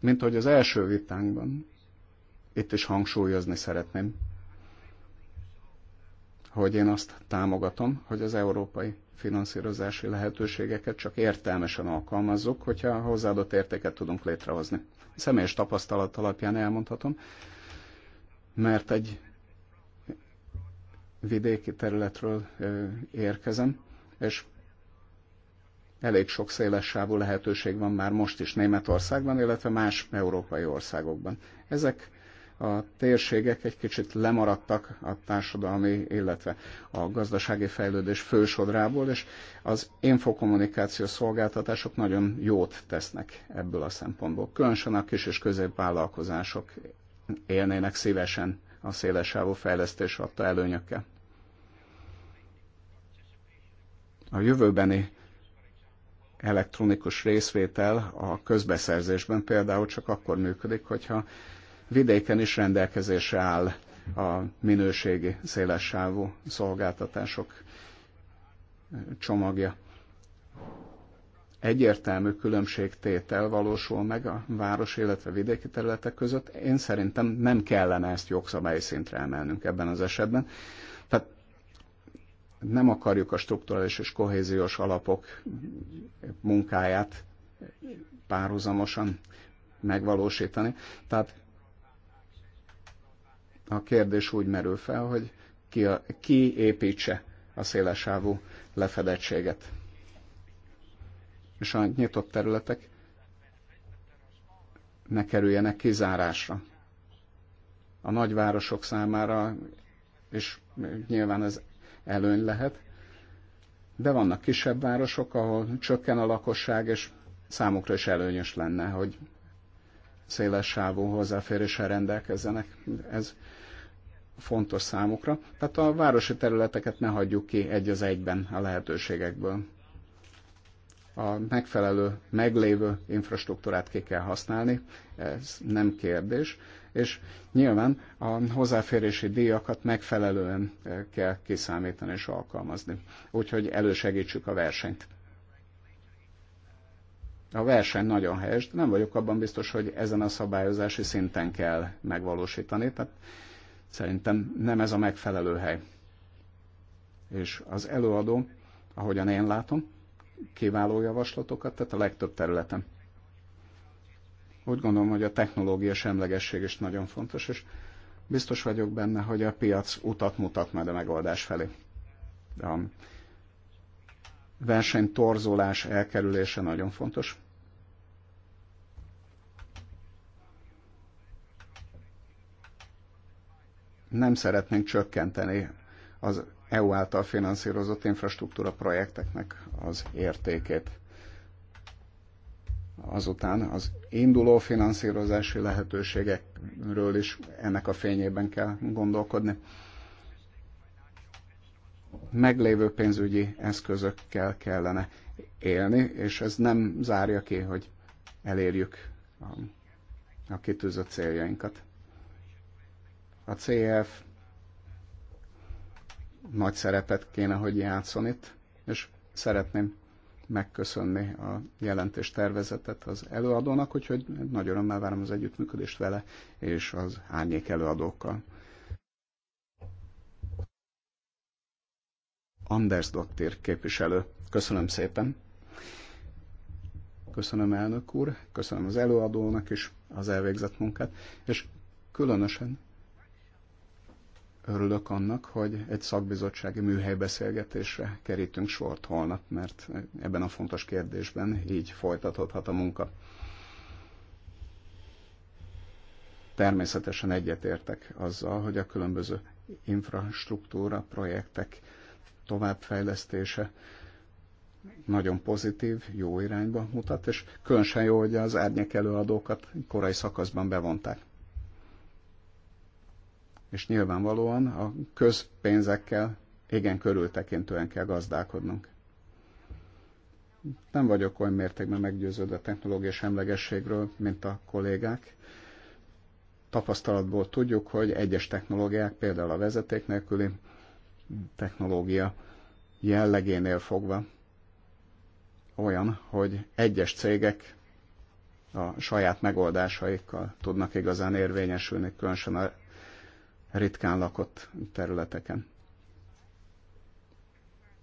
Mint ahogy az első vitánkban, itt is hangsúlyozni szeretném, hogy én azt támogatom, hogy az európai finanszírozási lehetőségeket csak értelmesen alkalmazzuk, hogyha hozzáadott értéket tudunk létrehozni. Személyes tapasztalat alapján elmondhatom, mert egy vidéki területről érkezem, és elég sok széles sávú lehetőség van már most is Németországban, illetve más európai országokban. Ezek a térségek egy kicsit lemaradtak a társadalmi, illetve a gazdasági fejlődés fősodrából, és az infokommunikáció szolgáltatások nagyon jót tesznek ebből a szempontból. Különösen a kis és középvállalkozások élnének szívesen a szélesávú fejlesztés adta előnyökkel. A jövőbeni elektronikus részvétel a közbeszerzésben például csak akkor működik, hogyha vidéken is rendelkezésre áll a minőségi szélessávú szolgáltatások csomagja. Egyértelmű különbségtétel valósul meg a város, illetve vidéki területek között. Én szerintem nem kellene ezt jogszabályi szintre emelnünk ebben az esetben. Tehát nem akarjuk a strukturális és kohéziós alapok munkáját párhuzamosan megvalósítani. Tehát a kérdés úgy merül fel, hogy ki, a, ki építse a szélesávú lefedettséget. És a nyitott területek ne kerüljenek kizárásra. A nagyvárosok számára és nyilván ez előny lehet, de vannak kisebb városok, ahol csökken a lakosság, és számukra is előnyös lenne, hogy széles sávú hozzáféréssel rendelkezzenek. Ez fontos számukra. Tehát a városi területeket ne hagyjuk ki egy az egyben a lehetőségekből. A megfelelő, meglévő infrastruktúrát ki kell használni, ez nem kérdés, és nyilván a hozzáférési díjakat megfelelően eh, kell kiszámítani és alkalmazni. Úgyhogy elősegítsük a versenyt. A verseny nagyon helyes, de nem vagyok abban biztos, hogy ezen a szabályozási szinten kell megvalósítani. Tehát Szerintem nem ez a megfelelő hely. És az előadó, ahogyan én látom, kiváló javaslatokat tett a legtöbb területen. Úgy gondolom, hogy a technológia semlegesség is nagyon fontos, és biztos vagyok benne, hogy a piac utat mutat majd a megoldás felé. De A verseny torzulás elkerülése nagyon fontos nem szeretnénk csökkenteni az EU által finanszírozott infrastruktúra projekteknek az értékét. Azután az induló finanszírozási lehetőségekről is ennek a fényében kell gondolkodni. Meglévő pénzügyi eszközökkel kellene élni, és ez nem zárja ki, hogy elérjük a kitűzött céljainkat a CF nagy szerepet kéne, hogy játszon itt, és szeretném megköszönni a jelentés tervezetet az előadónak, úgyhogy nagy örömmel várom az együttműködést vele és az árnyék előadókkal. Anders Dottir képviselő, köszönöm szépen. Köszönöm elnök úr, köszönöm az előadónak is az elvégzett munkát, és különösen örülök annak, hogy egy szakbizottsági műhelybeszélgetésre kerítünk sort holnap, mert ebben a fontos kérdésben így folytatódhat a munka. Természetesen egyetértek azzal, hogy a különböző infrastruktúra projektek továbbfejlesztése nagyon pozitív, jó irányba mutat, és különösen jó, hogy az árnyék előadókat korai szakaszban bevonták és nyilvánvalóan a közpénzekkel igen körültekintően kell gazdálkodnunk. Nem vagyok olyan mértékben meggyőződve a technológiai semlegességről, mint a kollégák. Tapasztalatból tudjuk, hogy egyes technológiák, például a vezeték nélküli technológia jellegénél fogva olyan, hogy egyes cégek a saját megoldásaikkal tudnak igazán érvényesülni, különösen a ritkán lakott területeken.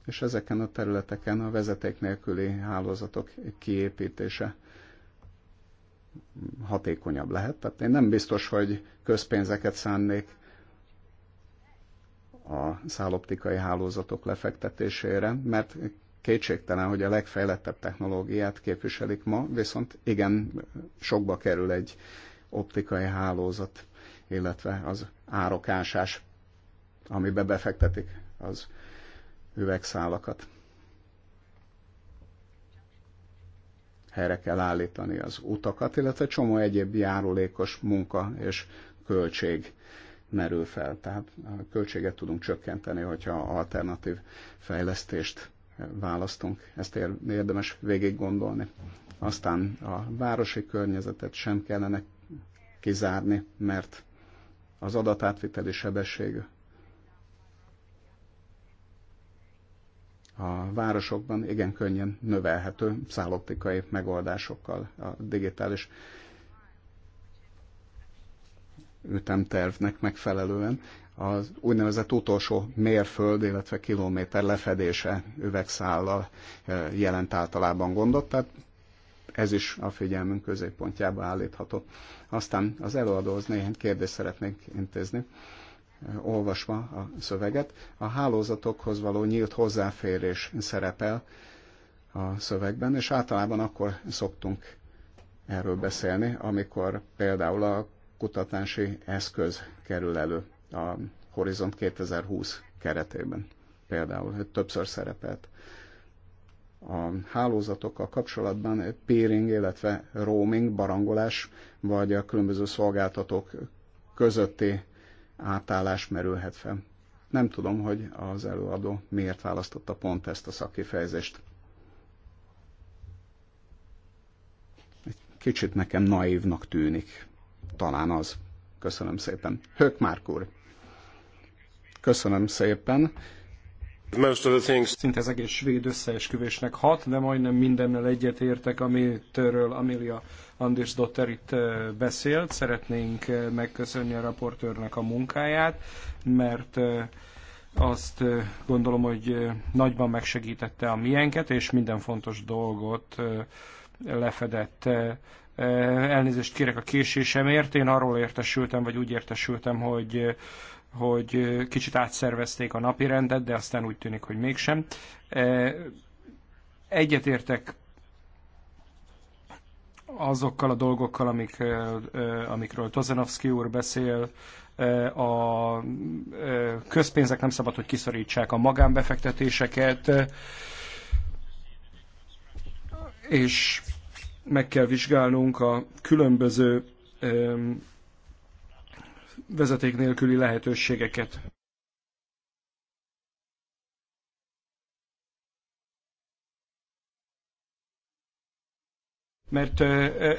És ezeken a területeken a vezeték nélküli hálózatok kiépítése hatékonyabb lehet. Tehát én nem biztos, hogy közpénzeket szánnék a száloptikai hálózatok lefektetésére, mert kétségtelen, hogy a legfejlettebb technológiát képviselik ma, viszont igen, sokba kerül egy optikai hálózat illetve az árokásás, amibe befektetik az üvegszálakat. Helyre kell állítani az utakat, illetve csomó egyéb járulékos munka és költség merül fel. Tehát a költséget tudunk csökkenteni, hogyha alternatív fejlesztést választunk. Ezt érdemes végig gondolni. Aztán a városi környezetet sem kellene kizárni, mert az adatátviteli sebesség a városokban igen könnyen növelhető szálloptikai megoldásokkal a digitális ütemtervnek megfelelően. Az úgynevezett utolsó mérföld, illetve kilométer lefedése üvegszállal eh, jelent általában gondot, tehát ez is a figyelmünk középpontjába állítható. Aztán az előadóhoz néhány kérdést szeretnék intézni olvasva a szöveget. A hálózatokhoz való nyílt hozzáférés szerepel a szövegben, és általában akkor szoktunk erről beszélni, amikor például a kutatási eszköz kerül elő a Horizont 2020 keretében. Például többször szerepelt a hálózatokkal kapcsolatban peering, illetve roaming, barangolás, vagy a különböző szolgáltatók közötti átállás merülhet fel. Nem tudom, hogy az előadó miért választotta pont ezt a szakkifejezést. Egy kicsit nekem naívnak tűnik. Talán az. Köszönöm szépen. Hök Márk úr. Köszönöm szépen Szinte az egész svéd összeesküvésnek hat, de majdnem mindennel egyetértek, amitől Amelia Anders Dotter itt beszélt. Szeretnénk megköszönni a raportőrnek a munkáját, mert azt gondolom, hogy nagyban megsegítette a miénket, és minden fontos dolgot lefedett. Elnézést kérek a késésemért, én arról értesültem, vagy úgy értesültem, hogy hogy kicsit átszervezték a napi rendet, de aztán úgy tűnik, hogy mégsem. Egyetértek azokkal a dolgokkal, amik, amikről Tozanovski úr beszél, a közpénzek nem szabad, hogy kiszorítsák a magánbefektetéseket, és meg kell vizsgálnunk a különböző vezeték nélküli lehetőségeket. Mert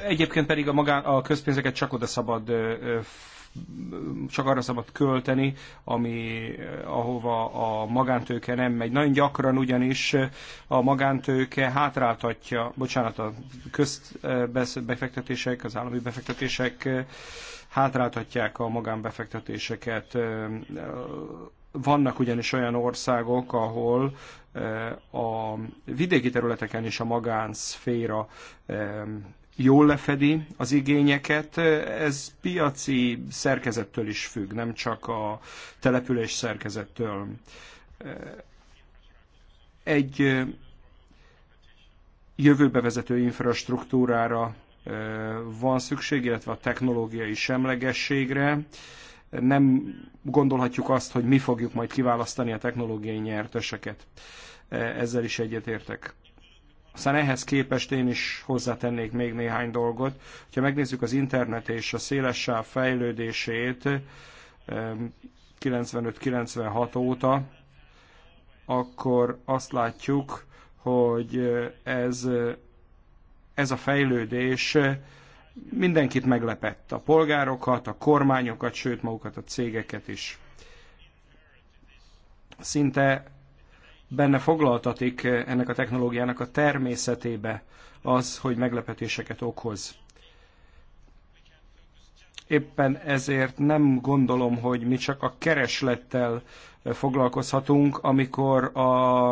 egyébként pedig a, magán, a közpénzeket csak oda szabad csak arra szabad költeni, ami, ahova a magántőke nem megy. Nagyon gyakran ugyanis a magántőke hátráltatja, bocsánat, a közbefektetések, az állami befektetések hátráltatják a magánbefektetéseket. Vannak ugyanis olyan országok, ahol a vidéki területeken is a magánszféra jól lefedi az igényeket. Ez piaci szerkezettől is függ, nem csak a település szerkezettől. Egy jövőbe vezető infrastruktúrára van szükség, illetve a technológiai semlegességre. Nem gondolhatjuk azt, hogy mi fogjuk majd kiválasztani a technológiai nyerteseket. Ezzel is egyetértek. Aztán ehhez képest én is hozzátennék még néhány dolgot. Ha megnézzük az internet és a szélessáv fejlődését 95-96 óta, akkor azt látjuk, hogy ez ez a fejlődés eh, mindenkit meglepett, a polgárokat, a kormányokat, sőt magukat a cégeket is. Szinte benne foglaltatik eh, ennek a technológiának a természetébe az, hogy meglepetéseket okoz. Éppen ezért nem gondolom, hogy mi csak a kereslettel eh, foglalkozhatunk, amikor a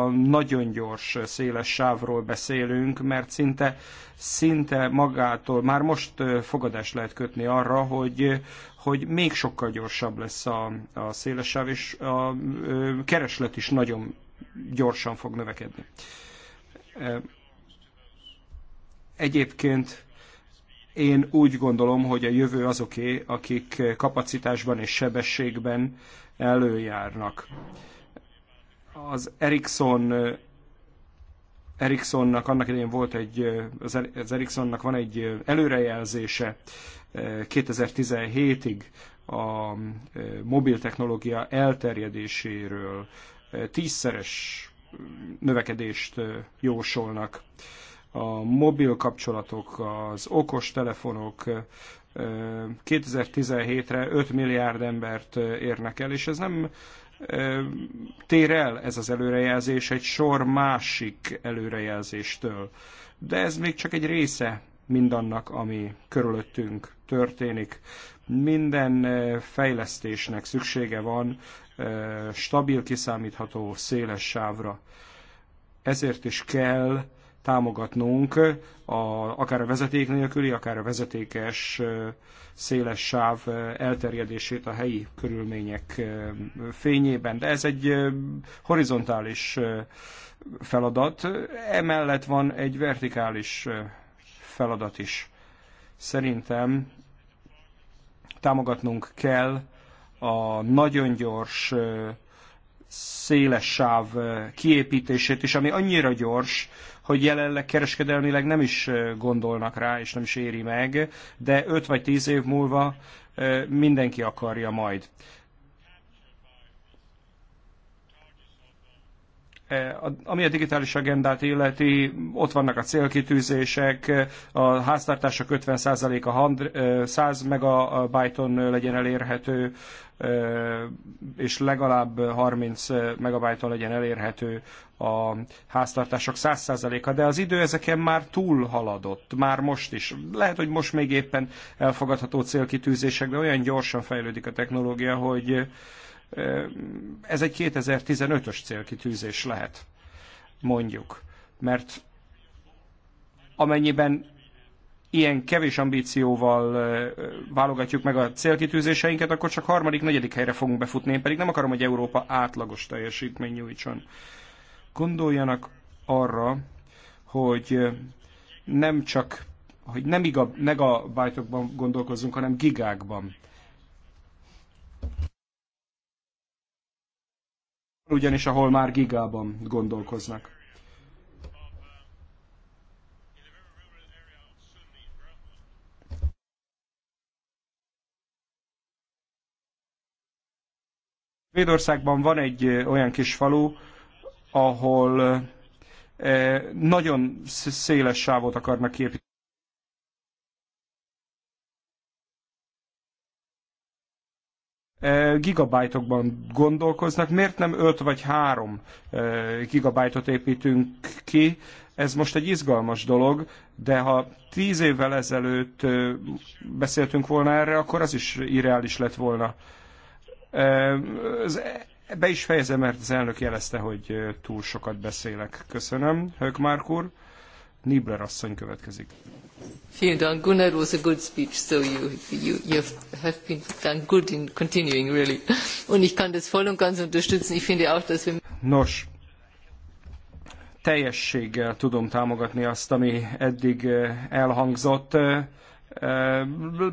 nagyon gyors eh, széles sávról beszélünk, mert szinte, szinte magától már most eh, fogadást lehet kötni arra, hogy, hogy még sokkal gyorsabb lesz a, a széles sáv, és a kereslet is nagyon gyorsan fog növekedni. Egyébként én úgy gondolom, hogy a jövő azoké, akik kapacitásban és sebességben előjárnak. Az Ericsson Ericssonnak annak idején volt egy, az Ericssonnak van egy előrejelzése 2017-ig a e, mobil technológia elterjedéséről e, tízszeres növekedést e, jósolnak a mobil kapcsolatok, az okos telefonok 2017-re 5 milliárd embert érnek el, és ez nem tér el ez az előrejelzés egy sor másik előrejelzéstől. De ez még csak egy része mindannak, ami körülöttünk történik. Minden fejlesztésnek szüksége van stabil, kiszámítható, széles sávra. Ezért is kell támogatnunk, a, akár a vezeték nélküli, akár a vezetékes széles sáv elterjedését a helyi körülmények fényében. De ez egy horizontális feladat, emellett van egy vertikális feladat is. Szerintem támogatnunk kell a nagyon gyors széles sáv kiépítését is, ami annyira gyors, hogy jelenleg kereskedelmileg nem is gondolnak rá, és nem is éri meg, de 5 vagy 10 év múlva mindenki akarja majd. E, ami a digitális agendát illeti, ott vannak a célkitűzések, a háztartások 50%-a 100 megabajton legyen elérhető, e, és legalább 30 megabajton legyen elérhető a háztartások 100%-a, de az idő ezeken már túl haladott, már most is. Lehet, hogy most még éppen elfogadható célkitűzések, de olyan gyorsan fejlődik a technológia, hogy ez egy 2015-ös célkitűzés lehet, mondjuk. Mert amennyiben ilyen kevés ambícióval válogatjuk meg a célkitűzéseinket, akkor csak harmadik, negyedik helyre fogunk befutni. Én pedig nem akarom, hogy Európa átlagos teljesítmény nyújtson. Gondoljanak arra, hogy nem csak hogy nem igaz, megabajtokban gondolkozzunk, hanem gigákban. ugyanis ahol már gigában gondolkoznak. Védországban van egy olyan kis falu, ahol nagyon széles sávot akarnak képíteni. gigabájtokban gondolkoznak, miért nem 5 vagy 3 gigabájtot építünk ki? Ez most egy izgalmas dolog, de ha 10 évvel ezelőtt beszéltünk volna erre, akkor az is irreális lett volna. E, be is fejezem, mert az elnök jelezte, hogy túl sokat beszélek. Köszönöm, Hökmárk úr. Niebler asszony következik. Vielen Dank. Gunnar was a good speech, so you, you, you have been done good in continuing, really. Und ich kann das voll und ganz unterstützen. Ich finde auch, dass wir... Nos, teljességgel tudom támogatni azt, ami eddig eh, elhangzott. Eh, eh,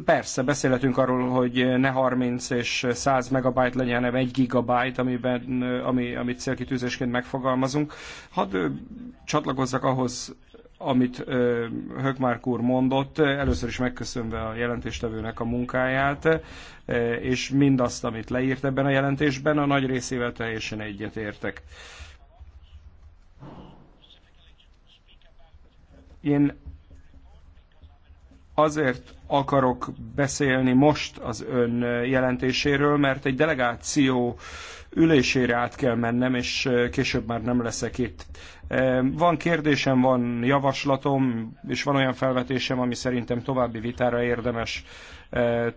persze, beszélhetünk arról, hogy ne 30 és 100 megabyte legyen, hanem 1 gigabyte, amiben, ami, amit célkitűzésként megfogalmazunk. Hadd csatlakozzak ahhoz, amit Hökmárk úr mondott, először is megköszönve a jelentéstevőnek a munkáját, és mindazt, amit leírt ebben a jelentésben, a nagy részével teljesen egyetértek. Én azért akarok beszélni most az ön jelentéséről, mert egy delegáció ülésére át kell mennem, és később már nem leszek itt. Van kérdésem, van javaslatom, és van olyan felvetésem, ami szerintem további vitára érdemes.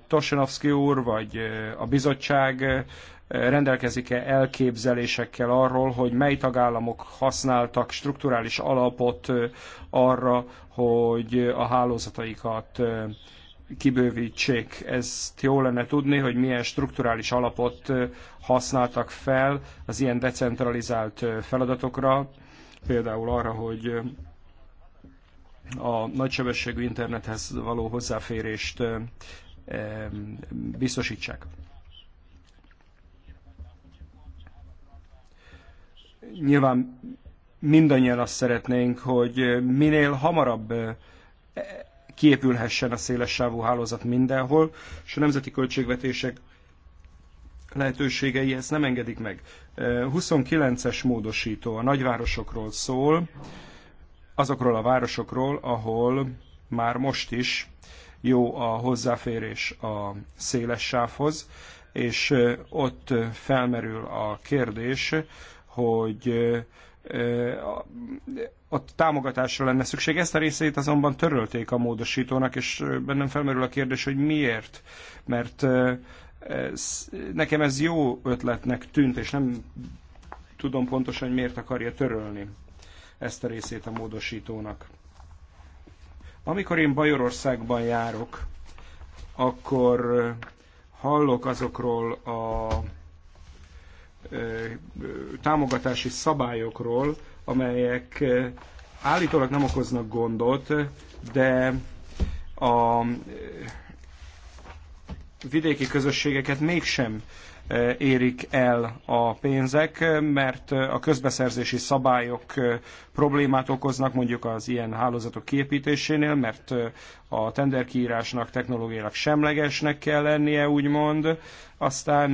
Tosinovszki úr, vagy a bizottság rendelkezik-e elképzelésekkel arról, hogy mely tagállamok használtak strukturális alapot arra, hogy a hálózataikat kibővítsék. Ezt jó lenne tudni, hogy milyen strukturális alapot használtak fel az ilyen decentralizált feladatokra, például arra, hogy a nagysebességű internethez való hozzáférést biztosítsák. Nyilván mindannyian azt szeretnénk, hogy minél hamarabb kiépülhessen a széles sávú hálózat mindenhol, és a nemzeti költségvetések lehetőségei ezt nem engedik meg. 29-es módosító a nagyvárosokról szól, azokról a városokról, ahol már most is jó a hozzáférés a széles sávhoz, és ott felmerül a kérdés, hogy a támogatásra lenne szükség. Ezt a részét azonban törölték a módosítónak, és bennem felmerül a kérdés, hogy miért. Mert ez, nekem ez jó ötletnek tűnt, és nem tudom pontosan, hogy miért akarja törölni ezt a részét a módosítónak. Amikor én Bajorországban járok, akkor hallok azokról a támogatási szabályokról, amelyek állítólag nem okoznak gondot, de a vidéki közösségeket mégsem érik el a pénzek, mert a közbeszerzési szabályok problémát okoznak mondjuk az ilyen hálózatok kiépítésénél, mert a tenderkiírásnak technológiailag semlegesnek kell lennie, úgymond. Aztán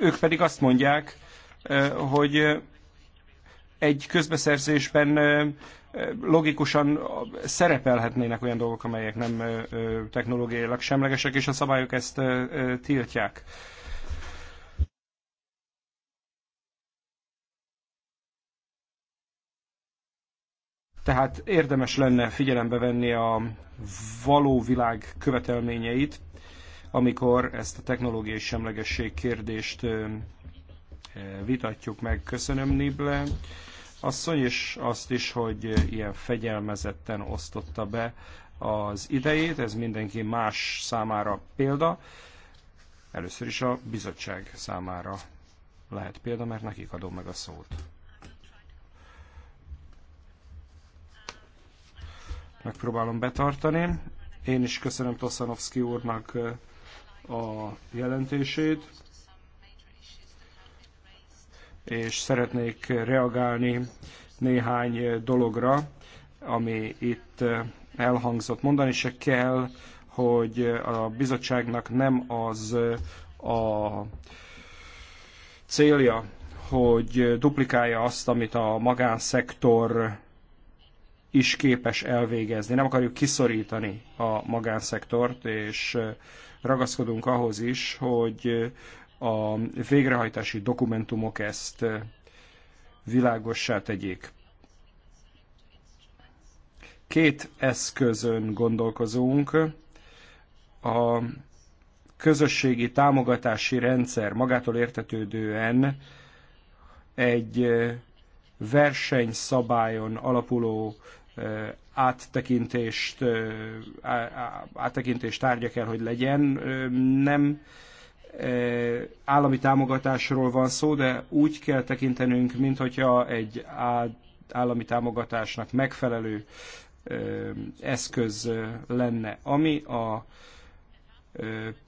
Ők pedig azt mondják, hogy egy közbeszerzésben logikusan szerepelhetnének olyan dolgok, amelyek nem technológiailag semlegesek, és a szabályok ezt tiltják. Tehát érdemes lenne figyelembe venni a való világ követelményeit, amikor ezt a technológiai semlegesség kérdést vitatjuk meg. Köszönöm, Nible asszony, és azt is, hogy ilyen fegyelmezetten osztotta be az idejét, ez mindenki más számára példa. Először is a bizottság számára lehet példa, mert nekik adom meg a szót. Megpróbálom betartani. Én is köszönöm Toszanovszki úrnak a jelentését, és szeretnék reagálni néhány dologra, ami itt elhangzott. Mondani se kell, hogy a bizottságnak nem az a célja, hogy duplikálja azt, amit a magánszektor is képes elvégezni. Nem akarjuk kiszorítani a magánszektort, és ragaszkodunk ahhoz is, hogy a végrehajtási dokumentumok ezt világossá tegyék. Két eszközön gondolkozunk. A közösségi támogatási rendszer magától értetődően egy versenyszabályon alapuló áttekintést, áttekintést tárgya kell, hogy legyen. Nem állami támogatásról van szó, de úgy kell tekintenünk, mint hogyha egy állami támogatásnak megfelelő eszköz lenne, ami a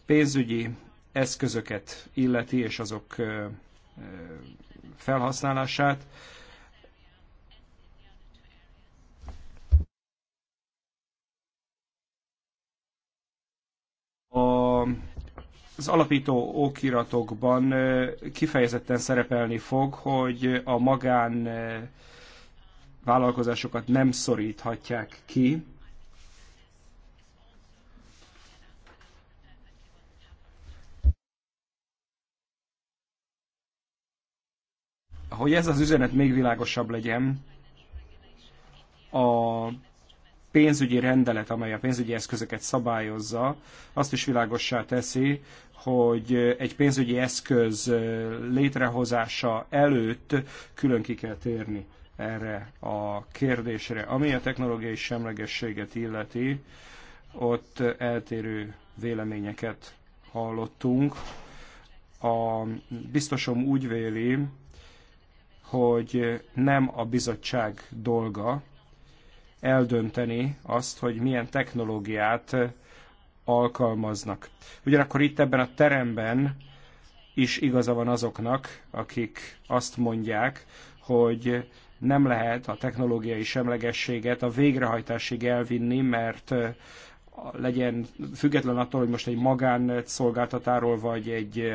pénzügyi eszközöket illeti és azok felhasználását az alapító okiratokban kifejezetten szerepelni fog, hogy a magán vállalkozásokat nem szoríthatják ki. Hogy ez az üzenet még világosabb legyen, a pénzügyi rendelet, amely a pénzügyi eszközöket szabályozza, azt is világossá teszi, hogy egy pénzügyi eszköz létrehozása előtt külön ki kell térni erre a kérdésre. Ami a technológiai semlegességet illeti, ott eltérő véleményeket hallottunk. A biztosom úgy véli, hogy nem a bizottság dolga, eldönteni azt, hogy milyen technológiát alkalmaznak. Ugyanakkor itt ebben a teremben is igaza van azoknak, akik azt mondják, hogy nem lehet a technológiai semlegességet a végrehajtásig elvinni, mert legyen független attól, hogy most egy magán szolgáltatáról vagy egy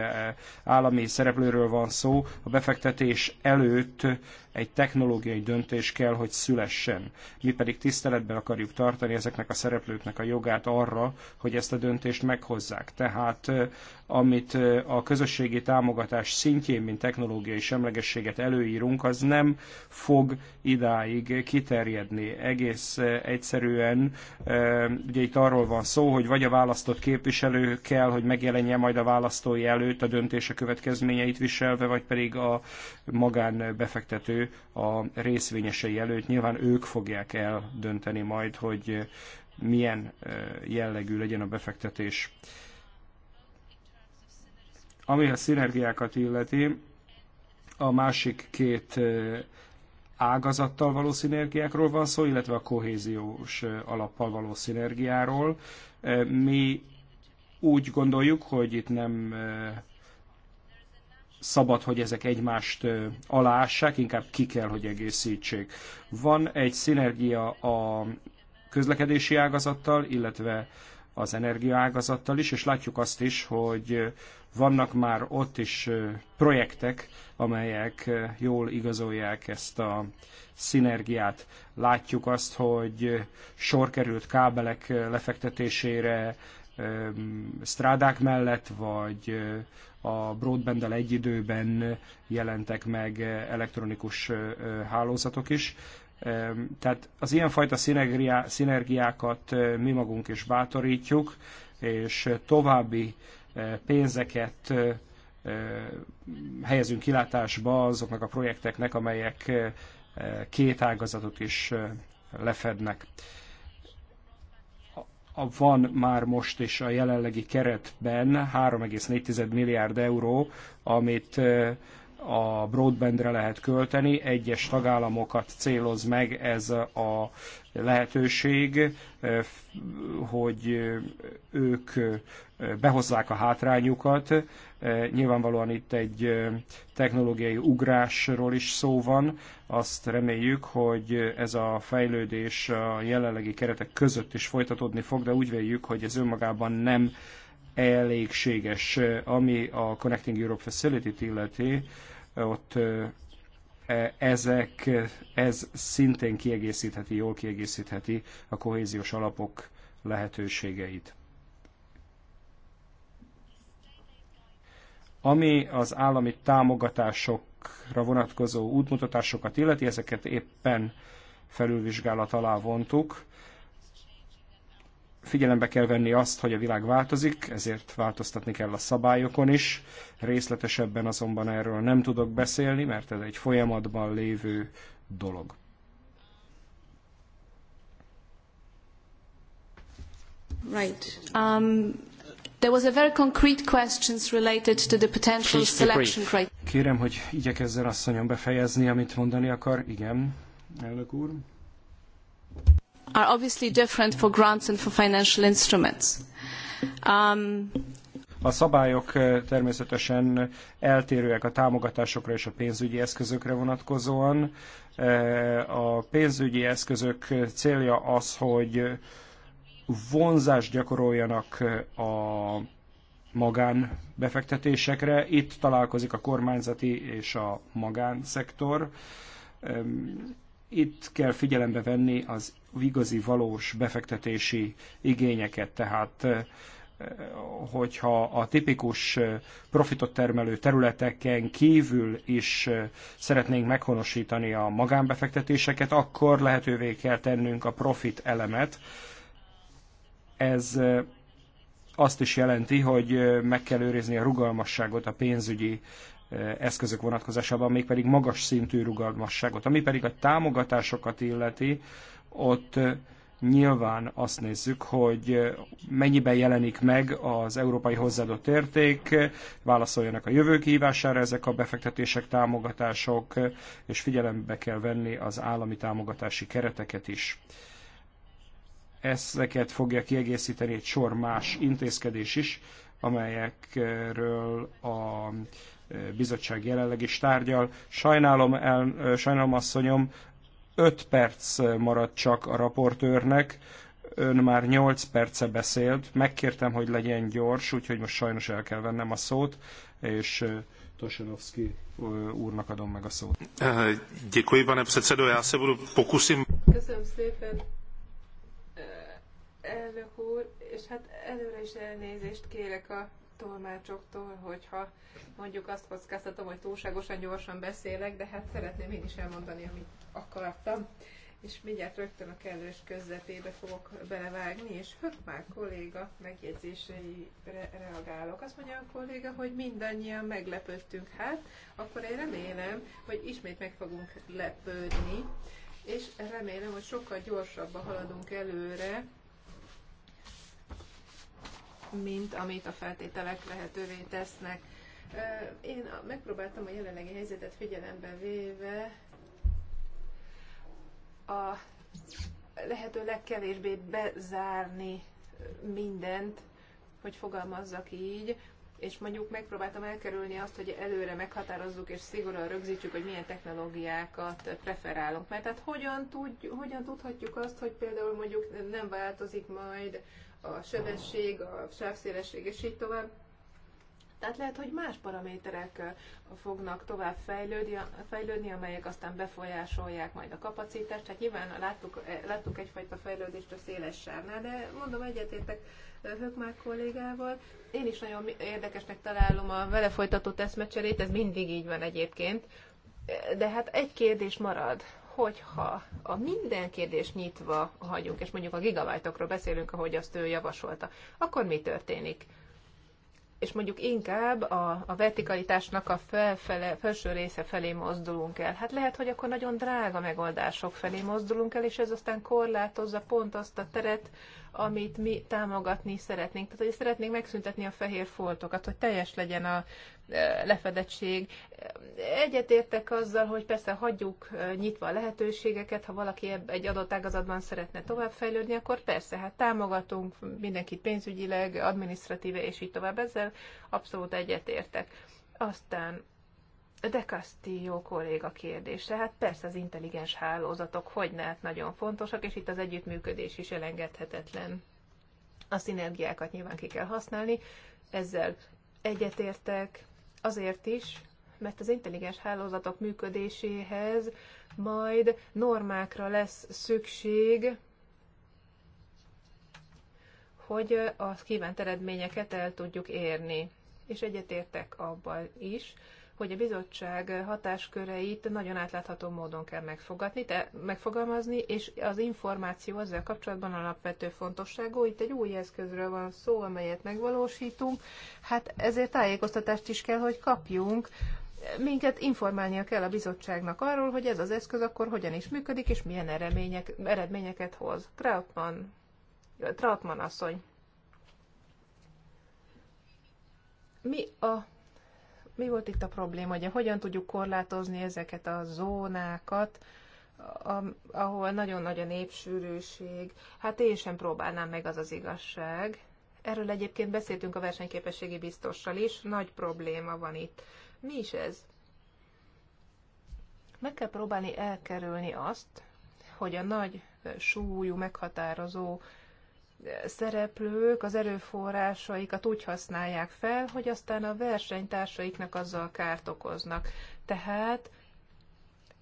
állami szereplőről van szó, a befektetés előtt egy technológiai döntés kell, hogy szülessen. Mi pedig tiszteletben akarjuk tartani ezeknek a szereplőknek a jogát arra, hogy ezt a döntést meghozzák. Tehát amit a közösségi támogatás szintjén, mint technológiai semlegességet előírunk, az nem fog idáig kiterjedni. Egész egyszerűen ugye itt arról van szó, hogy vagy a választott képviselő kell, hogy megjelenjen, majd a választói előtt a döntése következményeit viselve, vagy pedig a magánbefektető a részvényesei előtt. Nyilván ők fogják eldönteni majd, hogy eh, milyen eh, jellegű legyen a befektetés. Ami a szinergiákat illeti, a másik két eh, ágazattal való szinergiákról van szó, illetve a kohéziós alappal való szinergiáról. Mi úgy gondoljuk, hogy itt nem szabad, hogy ezek egymást alássák, inkább ki kell, hogy egészítsék. Van egy szinergia a közlekedési ágazattal, illetve az energiaágazattal is, és látjuk azt is, hogy vannak már ott is projektek, amelyek jól igazolják ezt a szinergiát. Látjuk azt, hogy sor került kábelek lefektetésére strádák mellett, vagy a broadbanddel egy időben jelentek meg elektronikus hálózatok is. Tehát az ilyenfajta szinergiákat mi magunk is bátorítjuk, és további pénzeket helyezünk kilátásba azoknak a projekteknek, amelyek két ágazatot is lefednek van már most is a jelenlegi keretben 3,4 milliárd euró, amit eh, a broadbandre lehet költeni, egyes tagállamokat céloz meg ez a lehetőség, eh, hogy ők eh, behozzák a hátrányukat. Eh, nyilvánvalóan itt egy technológiai ugrásról is szó van. Azt reméljük, hogy ez a fejlődés a jelenlegi keretek között is folytatódni fog, de úgy véljük, hogy ez önmagában nem elégséges, ami a Connecting Europe Facility-t illeti ott e, ezek, ez szintén kiegészítheti, jól kiegészítheti a kohéziós alapok lehetőségeit. Ami az állami támogatásokra vonatkozó útmutatásokat illeti, ezeket éppen felülvizsgálat alá vontuk figyelembe kell venni azt, hogy a világ változik, ezért változtatni kell a szabályokon is. Részletesebben azonban erről nem tudok beszélni, mert ez egy folyamatban lévő dolog. Right. Um, there was a very concrete questions related to the potential selection criteria. Kérem, hogy igyekezzen asszonyom befejezni, amit mondani akar. Igen, elnök úr are obviously different for grants and for financial instruments. Um, a szabályok eh, természetesen eltérőek a támogatásokra és a pénzügyi eszközökre vonatkozóan. Eh, a pénzügyi eszközök célja az, hogy vonzást gyakoroljanak eh, a magánbefektetésekre. Itt találkozik a kormányzati és a magánszektor itt kell figyelembe venni az igazi, valós befektetési igényeket, tehát hogyha a tipikus profitot termelő területeken kívül is szeretnénk meghonosítani a magánbefektetéseket, akkor lehetővé kell tennünk a profit elemet. Ez azt is jelenti, hogy meg kell őrizni a rugalmasságot a pénzügyi Eh, eszközök vonatkozásában, mégpedig magas szintű rugalmasságot. Ami pedig a támogatásokat illeti, ott eh, nyilván azt nézzük, hogy eh, mennyiben jelenik meg az európai hozzáadott érték, válaszoljanak a jövő kihívására ezek a befektetések, támogatások, és figyelembe kell venni az állami támogatási kereteket is. Ezeket fogja kiegészíteni egy sor más intézkedés is, amelyekről a bizottság jelenleg is tárgyal. Sajnálom, el, sajnálom asszonyom, 5 perc maradt csak a raportőrnek, ön már 8 perce beszélt, megkértem, hogy legyen gyors, úgyhogy most sajnos el kell vennem a szót, és Tosenovski úrnak adom meg a szót. Děkuji, pane předsedo, já se budu pokusím. Köszönöm szépen, elnök úr, és hát előre is elnézést kérek a tolmácsoktól, hogyha mondjuk azt kockáztatom, hogy túlságosan gyorsan beszélek, de hát szeretném én is elmondani, amit akartam. És mindjárt rögtön a kellős közepébe fogok belevágni, és már kolléga megjegyzéseire reagálok. Azt mondja a kolléga, hogy mindannyian meglepődtünk. Hát, akkor én remélem, hogy ismét meg fogunk lepődni, és remélem, hogy sokkal gyorsabban haladunk előre, mint amit a feltételek lehetővé tesznek. Én megpróbáltam a jelenlegi helyzetet figyelembe véve a lehető legkevésbé bezárni mindent, hogy fogalmazzak így, és mondjuk megpróbáltam elkerülni azt, hogy előre meghatározzuk és szigorúan rögzítsük, hogy milyen technológiákat preferálunk. Mert hát hogyan, tudj, hogyan tudhatjuk azt, hogy például mondjuk nem változik majd a sebesség, a sávszélesség és így tovább. Tehát lehet, hogy más paraméterek fognak tovább fejlődni, fejlődni amelyek aztán befolyásolják majd a kapacitást. Tehát nyilván láttuk, eh, láttuk egyfajta fejlődést a széles sávnál, de mondom, egyetértek Hökmák kollégával. Én is nagyon érdekesnek találom a vele folytatott eszmecserét, ez mindig így van egyébként. De hát egy kérdés marad, hogyha a minden kérdés nyitva hagyunk, és mondjuk a gigabajtokról beszélünk, ahogy azt ő javasolta, akkor mi történik? És mondjuk inkább a, a vertikalitásnak a felfele, felső része felé mozdulunk el. Hát lehet, hogy akkor nagyon drága megoldások felé mozdulunk el, és ez aztán korlátozza pont azt a teret, amit mi támogatni szeretnénk. Tehát, hogy szeretnénk megszüntetni a fehér foltokat, hogy teljes legyen a e, lefedettség. Egyetértek azzal, hogy persze hagyjuk e, nyitva a lehetőségeket, ha valaki egy adott ágazatban szeretne továbbfejlődni, akkor persze, hát támogatunk mindenkit pénzügyileg, adminisztratíve és így tovább. Ezzel abszolút egyetértek. Aztán de Castillo kolléga kérdése, hát persze az intelligens hálózatok hogy lehet nagyon fontosak, és itt az együttműködés is elengedhetetlen. A szinergiákat nyilván ki kell használni, ezzel egyetértek azért is, mert az intelligens hálózatok működéséhez majd normákra lesz szükség, hogy a kívánt eredményeket el tudjuk érni. És egyetértek abban is, hogy a bizottság hatásköreit nagyon átlátható módon kell megfogadni, te, megfogalmazni, és az információ ezzel kapcsolatban alapvető fontosságú. Itt egy új eszközről van szó, amelyet megvalósítunk, hát ezért tájékoztatást is kell, hogy kapjunk, minket informálnia kell a bizottságnak arról, hogy ez az eszköz akkor hogyan is működik, és milyen eredmények, eredményeket hoz. Trautmann, Trautmann asszony. Mi a mi volt itt a probléma? Ugye hogyan tudjuk korlátozni ezeket a zónákat, ahol nagyon nagy a népsűrűség? Hát én sem próbálnám meg, az az igazság. Erről egyébként beszéltünk a versenyképességi biztossal is, nagy probléma van itt. Mi is ez? Meg kell próbálni elkerülni azt, hogy a nagy súlyú, meghatározó szereplők az erőforrásaikat úgy használják fel, hogy aztán a versenytársaiknak azzal kárt okoznak. Tehát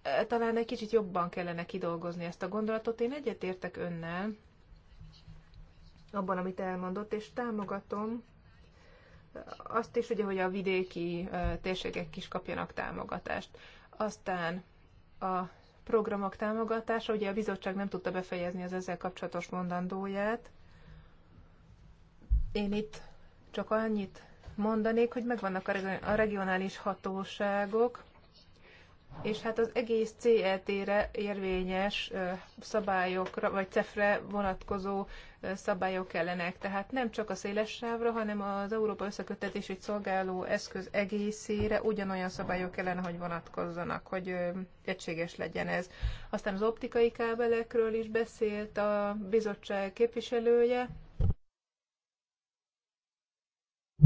e, talán egy kicsit jobban kellene kidolgozni ezt a gondolatot. Én egyetértek önnel abban, amit elmondott, és támogatom azt is, ugye, hogy a vidéki e, térségek is kapjanak támogatást. Aztán a programok támogatása, ugye a bizottság nem tudta befejezni az ezzel kapcsolatos mondandóját, én itt csak annyit mondanék, hogy megvannak a regionális hatóságok, és hát az egész CET-re érvényes szabályokra, vagy CEF-re vonatkozó szabályok kellenek. Tehát nem csak a széles sávra, hanem az Európa összekötetését szolgáló eszköz egészére ugyanolyan szabályok kellene, hogy vonatkozzanak, hogy egységes legyen ez. Aztán az optikai kábelekről is beszélt a bizottság képviselője,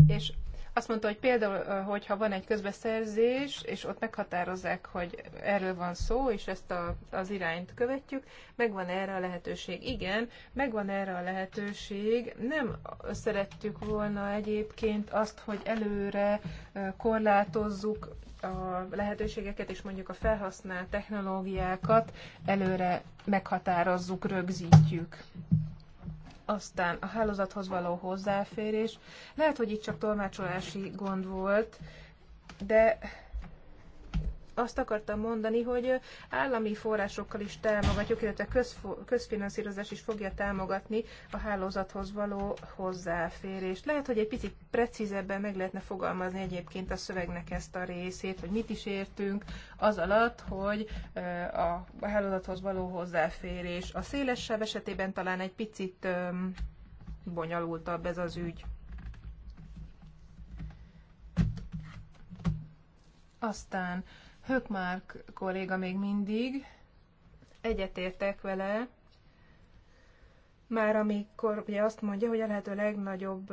és azt mondta, hogy például, hogyha van egy közbeszerzés, és ott meghatározzák, hogy erről van szó, és ezt a, az irányt követjük, megvan erre a lehetőség. Igen, megvan erre a lehetőség. Nem szerettük volna egyébként azt, hogy előre korlátozzuk a lehetőségeket, és mondjuk a felhasznált technológiákat előre meghatározzuk, rögzítjük. Aztán a hálózathoz való hozzáférés. Lehet, hogy itt csak tolmácsolási gond volt, de azt akartam mondani, hogy állami forrásokkal is támogatjuk, illetve közfinanszírozás is fogja támogatni a hálózathoz való hozzáférést. Lehet, hogy egy picit precízebben meg lehetne fogalmazni egyébként a szövegnek ezt a részét, hogy mit is értünk az alatt, hogy a hálózathoz való hozzáférés. A szélesebb esetében talán egy picit bonyolultabb ez az ügy. Aztán Hökmárk kolléga még mindig, egyetértek vele, már amikor ugye azt mondja, hogy a lehető legnagyobb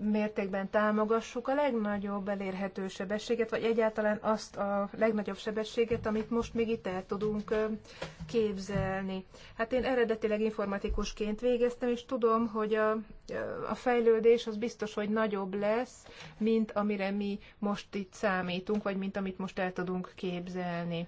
mértékben támogassuk a legnagyobb elérhető sebességet, vagy egyáltalán azt a legnagyobb sebességet, amit most még itt el tudunk képzelni. Hát én eredetileg informatikusként végeztem, és tudom, hogy a, a fejlődés az biztos, hogy nagyobb lesz, mint amire mi most itt számítunk, vagy mint amit most el tudunk képzelni.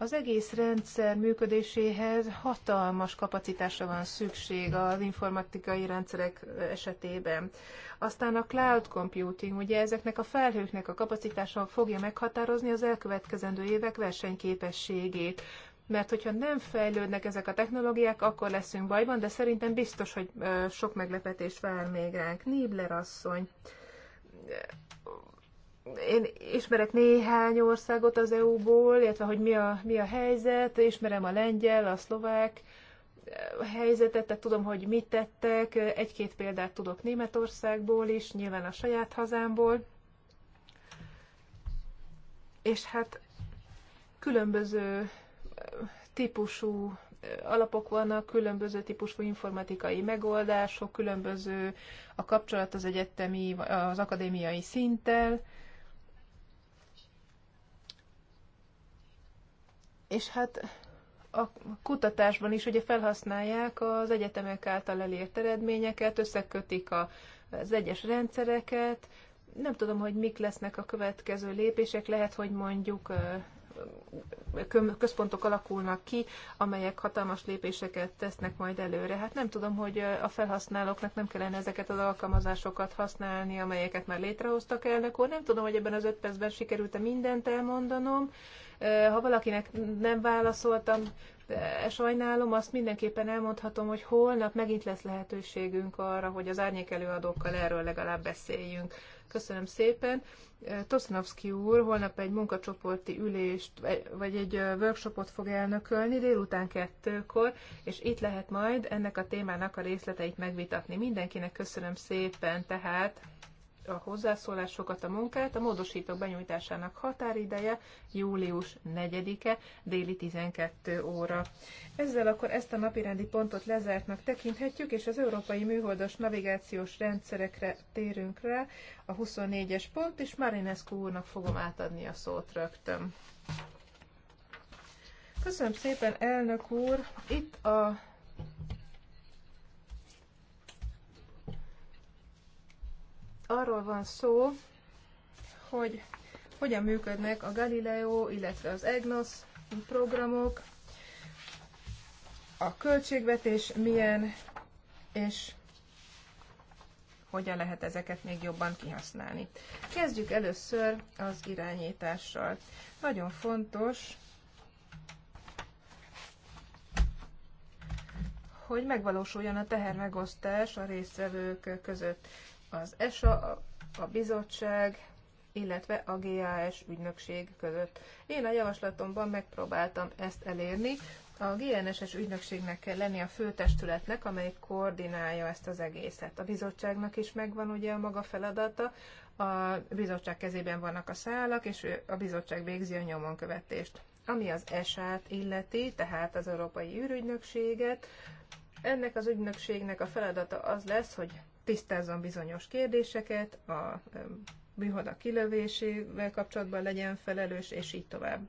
Az egész rendszer működéséhez hatalmas kapacitásra van szükség az informatikai rendszerek esetében. Aztán a cloud computing, ugye ezeknek a felhőknek a kapacitása fogja meghatározni az elkövetkezendő évek versenyképességét mert hogyha nem fejlődnek ezek a technológiák, akkor leszünk bajban, de szerintem biztos, hogy sok meglepetés vár még ránk. Nibler asszony én ismerek néhány országot az EU-ból, illetve hogy mi a, mi a helyzet, ismerem a lengyel, a szlovák eh, helyzetet, tehát tudom, hogy mit tettek. Egy-két példát tudok Németországból is, nyilván a saját hazámból. És hát különböző eh, típusú eh, alapok vannak, különböző típusú informatikai megoldások, különböző a kapcsolat az egyetemi, az akadémiai szinttel, És hát a kutatásban is ugye felhasználják az egyetemek által elért eredményeket, összekötik a, az egyes rendszereket. Nem tudom, hogy mik lesznek a következő lépések. Lehet, hogy mondjuk központok alakulnak ki, amelyek hatalmas lépéseket tesznek majd előre. Hát nem tudom, hogy a felhasználóknak nem kellene ezeket az alkalmazásokat használni, amelyeket már létrehoztak elnök úr. Nem tudom, hogy ebben az öt percben sikerült-e mindent elmondanom. Ha valakinek nem válaszoltam, sajnálom, azt mindenképpen elmondhatom, hogy holnap megint lesz lehetőségünk arra, hogy az árnyék előadókkal erről legalább beszéljünk. Köszönöm szépen. Tosznovszki úr holnap egy munkacsoporti ülést, vagy egy workshopot fog elnökölni délután kettőkor, és itt lehet majd ennek a témának a részleteit megvitatni. Mindenkinek köszönöm szépen, tehát a hozzászólásokat, a munkát. A módosítók benyújtásának határideje július 4-e déli 12 óra. Ezzel akkor ezt a napirendi pontot lezártnak tekinthetjük, és az Európai Műholdas Navigációs Rendszerekre térünk rá a 24-es pont, és Marinescu úrnak fogom átadni a szót rögtön. Köszönöm szépen, elnök úr! Itt a arról van szó, hogy hogyan működnek a Galileo, illetve az EGNOS programok, a költségvetés milyen, és hogyan lehet ezeket még jobban kihasználni. Kezdjük először az irányítással. Nagyon fontos, hogy megvalósuljon a tehermegosztás a résztvevők között az ESA, a bizottság, illetve a GAS ügynökség között. Én a javaslatomban megpróbáltam ezt elérni. A GNSS ügynökségnek kell lenni a főtestületnek, amely koordinálja ezt az egészet. A bizottságnak is megvan ugye a maga feladata, a bizottság kezében vannak a szálak, és a bizottság végzi a nyomon követést. Ami az ESA-t illeti, tehát az Európai űrügynökséget, ennek az ügynökségnek a feladata az lesz, hogy tisztázzon bizonyos kérdéseket, a műholdak kilövésével kapcsolatban legyen felelős, és így tovább.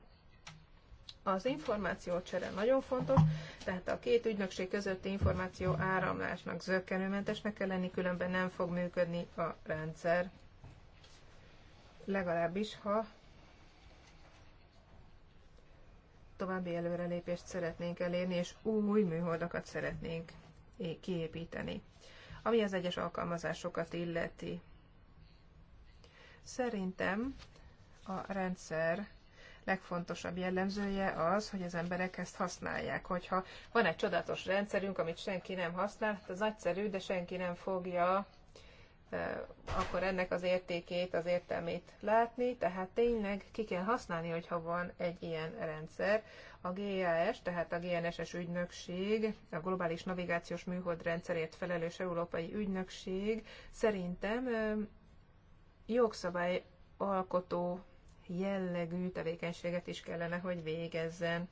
Az információcsere nagyon fontos, tehát a két ügynökség közötti információ áramlásnak zöggenőmentesnek kell lenni, különben nem fog működni a rendszer. Legalábbis, ha további előrelépést szeretnénk elérni, és új műholdakat szeretnénk kiépíteni ami az egyes alkalmazásokat illeti. Szerintem a rendszer legfontosabb jellemzője az, hogy az emberek ezt használják. Hogyha van egy csodatos rendszerünk, amit senki nem használ, hát az nagyszerű, de senki nem fogja akkor ennek az értékét, az értelmét látni, tehát tényleg ki kell használni, hogyha van egy ilyen rendszer. A GAS, tehát a GNSS ügynökség, a Globális Navigációs Műhold Rendszerért Felelős Európai Ügynökség szerintem jogszabály alkotó jellegű tevékenységet is kellene, hogy végezzen.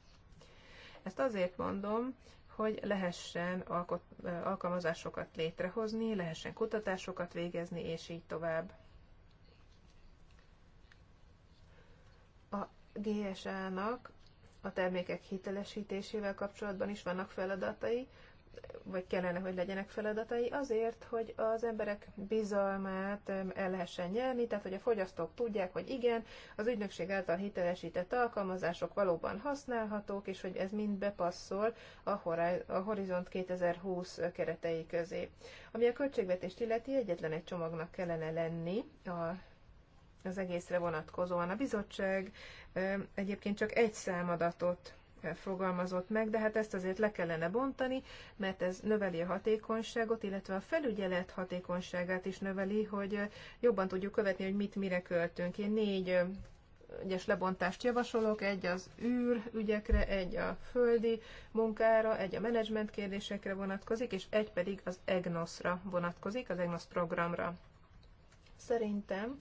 Ezt azért mondom, hogy lehessen alkalmazásokat létrehozni, lehessen kutatásokat végezni, és így tovább. A GSA-nak a termékek hitelesítésével kapcsolatban is vannak feladatai, vagy kellene, hogy legyenek feladatai azért, hogy az emberek bizalmát el lehessen nyerni, tehát hogy a fogyasztók tudják, hogy igen, az ügynökség által hitelesített alkalmazások valóban használhatók, és hogy ez mind bepasszol a Horizont 2020 keretei közé. Ami a költségvetést illeti, egyetlen egy csomagnak kellene lenni a az egészre vonatkozóan. A bizottság egyébként csak egy számadatot fogalmazott meg, de hát ezt azért le kellene bontani, mert ez növeli a hatékonyságot, illetve a felügyelet hatékonyságát is növeli, hogy jobban tudjuk követni, hogy mit mire költünk. Én négy egyes lebontást javasolok, egy az űr ügyekre, egy a földi munkára, egy a menedzsment kérdésekre vonatkozik, és egy pedig az EGNOS-ra vonatkozik, az EGNOS programra. Szerintem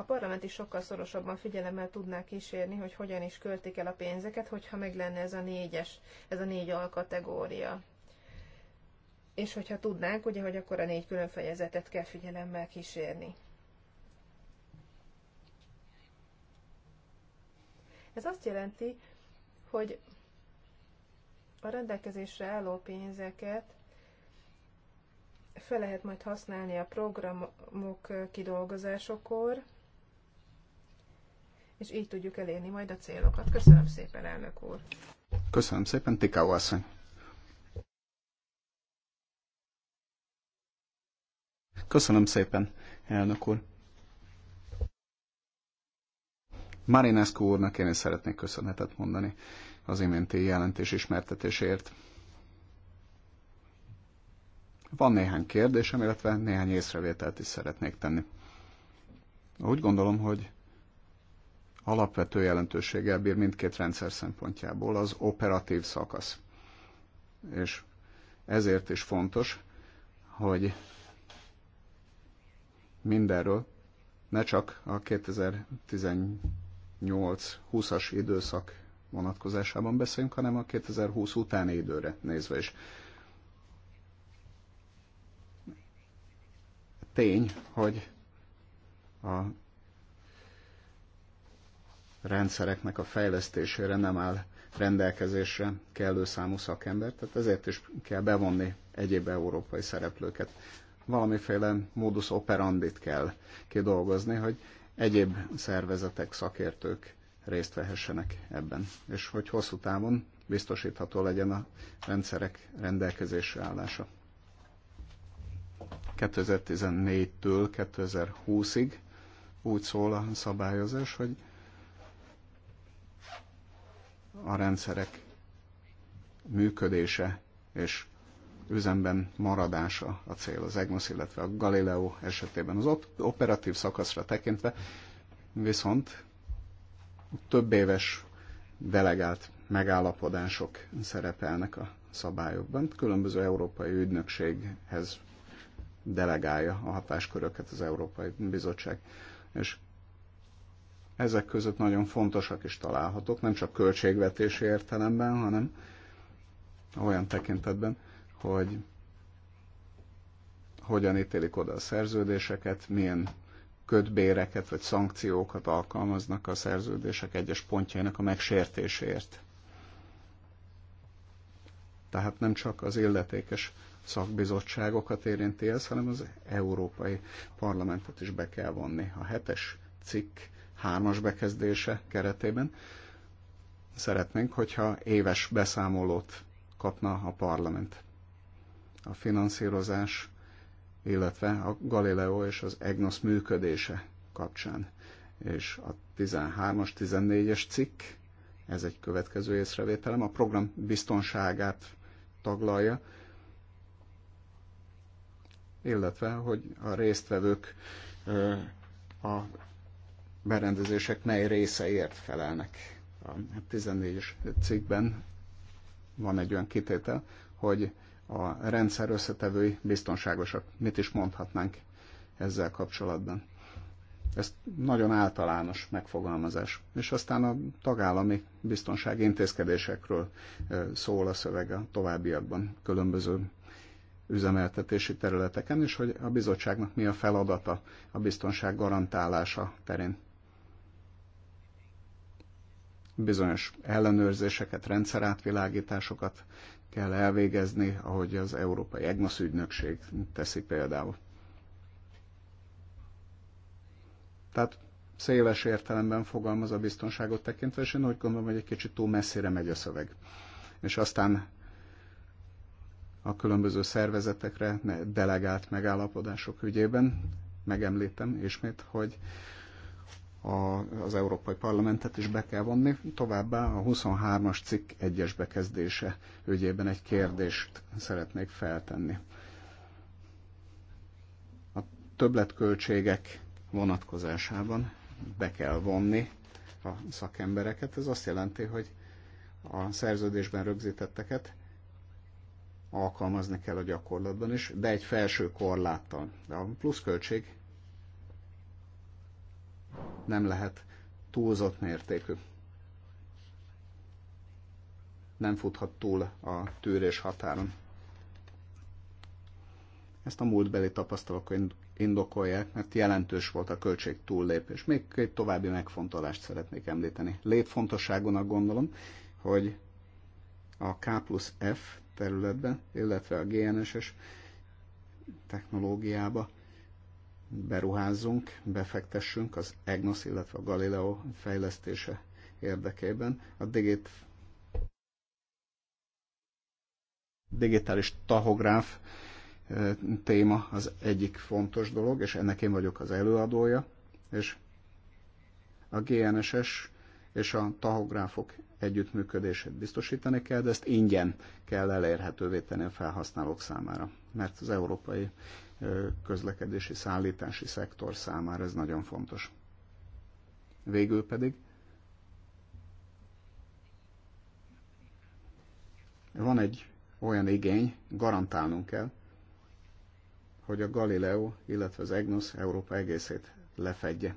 a parlament is sokkal szorosabban figyelemmel tudná kísérni, hogy hogyan is költik el a pénzeket, hogyha meg lenne ez a négyes, ez a négy alkategória. És hogyha tudnánk, ugye, hogy akkor a négy külön fejezetet kell figyelemmel kísérni. Ez azt jelenti, hogy a rendelkezésre álló pénzeket fel lehet majd használni a programok kidolgozásakor, és így tudjuk elérni majd a célokat. Köszönöm szépen, elnök úr! Köszönöm szépen, Tikáó asszony! Köszönöm szépen, elnök úr! Marinescu úrnak én is szeretnék köszönetet mondani az iménti jelentés ismertetésért. Van néhány kérdésem, illetve néhány észrevételt is szeretnék tenni. Úgy gondolom, hogy alapvető jelentőséggel bír mindkét rendszer szempontjából az operatív szakasz. És ezért is fontos, hogy mindenről ne csak a 2018-20-as időszak vonatkozásában beszélünk, hanem a 2020 utáni időre nézve is. Tény, hogy a rendszereknek a fejlesztésére nem áll rendelkezésre kellő számú szakember, tehát ezért is kell bevonni egyéb európai szereplőket. Valamiféle módus operandit kell kidolgozni, hogy egyéb szervezetek, szakértők részt vehessenek ebben, és hogy hosszú távon biztosítható legyen a rendszerek rendelkezésre állása. 2014-től 2020-ig úgy szól a szabályozás, hogy a rendszerek működése és üzemben maradása a cél az EGNOS, illetve a Galileo esetében. Az operatív szakaszra tekintve viszont több éves delegált megállapodások szerepelnek a szabályokban. Különböző európai ügynökséghez delegálja a hatásköröket az Európai Bizottság. És ezek között nagyon fontosak is találhatók, nem csak költségvetési értelemben, hanem olyan tekintetben, hogy hogyan ítélik oda a szerződéseket, milyen kötbéreket vagy szankciókat alkalmaznak a szerződések egyes pontjainak a megsértéséért. Tehát nem csak az illetékes szakbizottságokat érinti ez, hanem az Európai Parlamentet is be kell vonni. A hetes cikk hármas bekezdése keretében. Szeretnénk, hogyha éves beszámolót kapna a parlament. A finanszírozás, illetve a Galileo és az EGNOS működése kapcsán. És a 13-as, 14-es cikk, ez egy következő észrevételem, a program biztonságát taglalja, illetve hogy a résztvevők a berendezések mely részeért felelnek. A 14-es cikkben van egy olyan kitétel, hogy a rendszer összetevői biztonságosak. Mit is mondhatnánk ezzel kapcsolatban? Ez nagyon általános megfogalmazás. És aztán a tagállami biztonsági intézkedésekről szól a szöveg a továbbiakban különböző üzemeltetési területeken, és hogy a bizottságnak mi a feladata a biztonság garantálása terén bizonyos ellenőrzéseket, rendszerátvilágításokat kell elvégezni, ahogy az Európai EGNOSZ ügynökség teszi például. Tehát széles értelemben fogalmaz a biztonságot tekintve, és én úgy gondolom, hogy egy kicsit túl messzire megy a szöveg. És aztán a különböző szervezetekre delegált megállapodások ügyében megemlítem ismét, hogy a, az Európai Parlamentet is be kell vonni. Továbbá a 23-as cikk egyes bekezdése ügyében egy kérdést szeretnék feltenni. A többletköltségek vonatkozásában be kell vonni a szakembereket. Ez azt jelenti, hogy a szerződésben rögzítetteket alkalmazni kell a gyakorlatban is, de egy felső korláttal. De a pluszköltség nem lehet túlzott mértékű. Nem futhat túl a tűrés határon. Ezt a múltbeli tapasztalatok indokolják, mert jelentős volt a költség túllépés. Még egy további megfontolást szeretnék említeni. Létfontosságonak gondolom, hogy a K plusz F területben, illetve a GNSS technológiába beruházzunk, befektessünk az EGNOS, illetve a Galileo fejlesztése érdekében. A digit digitális tahográf téma az egyik fontos dolog, és ennek én vagyok az előadója, és a GNSS és a tahográfok együttműködését biztosítani kell, de ezt ingyen kell elérhetővé tenni a felhasználók számára, mert az európai közlekedési szállítási szektor számára ez nagyon fontos. Végül pedig van egy olyan igény, garantálnunk kell, hogy a Galileo, illetve az EGNOS Európa egészét lefedje.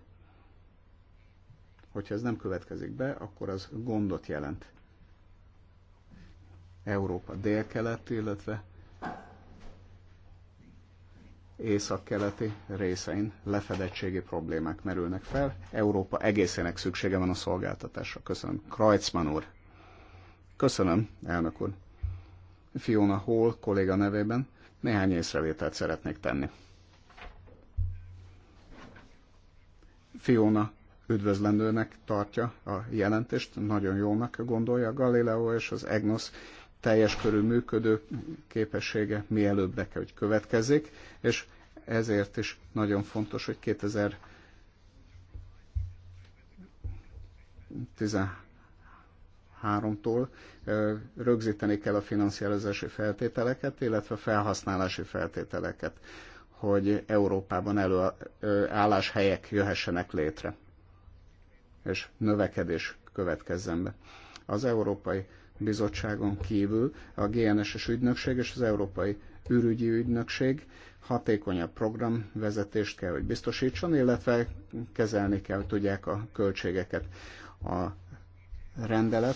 Hogyha ez nem következik be, akkor az gondot jelent. Európa délkeleti, illetve északkeleti részein lefedettségi problémák merülnek fel. Európa egészének szüksége van a szolgáltatásra. Köszönöm. Kreutzmann úr. Köszönöm, elnök úr. Fiona Hall kolléga nevében néhány észrevételt szeretnék tenni. Fiona üdvözlendőnek tartja a jelentést, nagyon jónak gondolja a Galileo és az EGNOS teljes körű működő képessége mielőbb be kell, hogy következzék, és ezért is nagyon fontos, hogy 2000 13-tól rögzíteni kell a finanszírozási feltételeket, illetve a felhasználási feltételeket, hogy Európában előálláshelyek jöhessenek létre, és növekedés következzen be. Az európai bizottságon kívül a GNSS ügynökség és az Európai űrügyi ügynökség hatékonyabb programvezetést kell, hogy biztosítson, illetve kezelni kell tudják a költségeket. A rendelet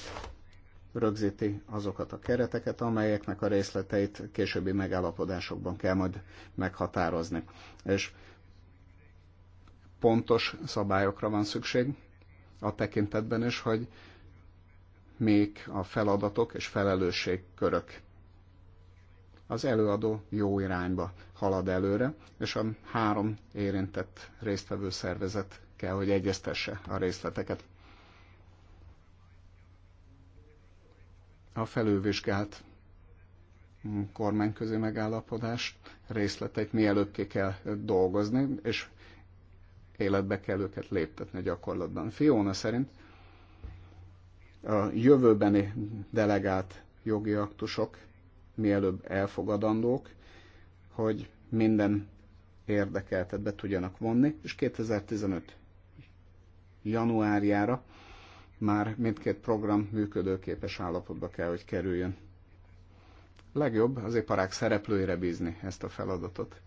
rögzíti azokat a kereteket, amelyeknek a részleteit későbbi megállapodásokban kell majd meghatározni. És pontos szabályokra van szükség a tekintetben is, hogy még a feladatok és felelősségkörök. Az előadó jó irányba halad előre, és a három érintett résztvevő szervezet kell, hogy egyeztesse a részleteket. A felülvizsgált kormányközi megállapodás részleteit mielőbb ki kell dolgozni, és életbe kell őket léptetni gyakorlatban. Fiona szerint a jövőbeni delegált jogi aktusok mielőbb elfogadandók, hogy minden érdekeltet be tudjanak vonni, és 2015 januárjára már mindkét program működőképes állapotba kell, hogy kerüljön. Legjobb az iparák szereplőire bízni ezt a feladatot.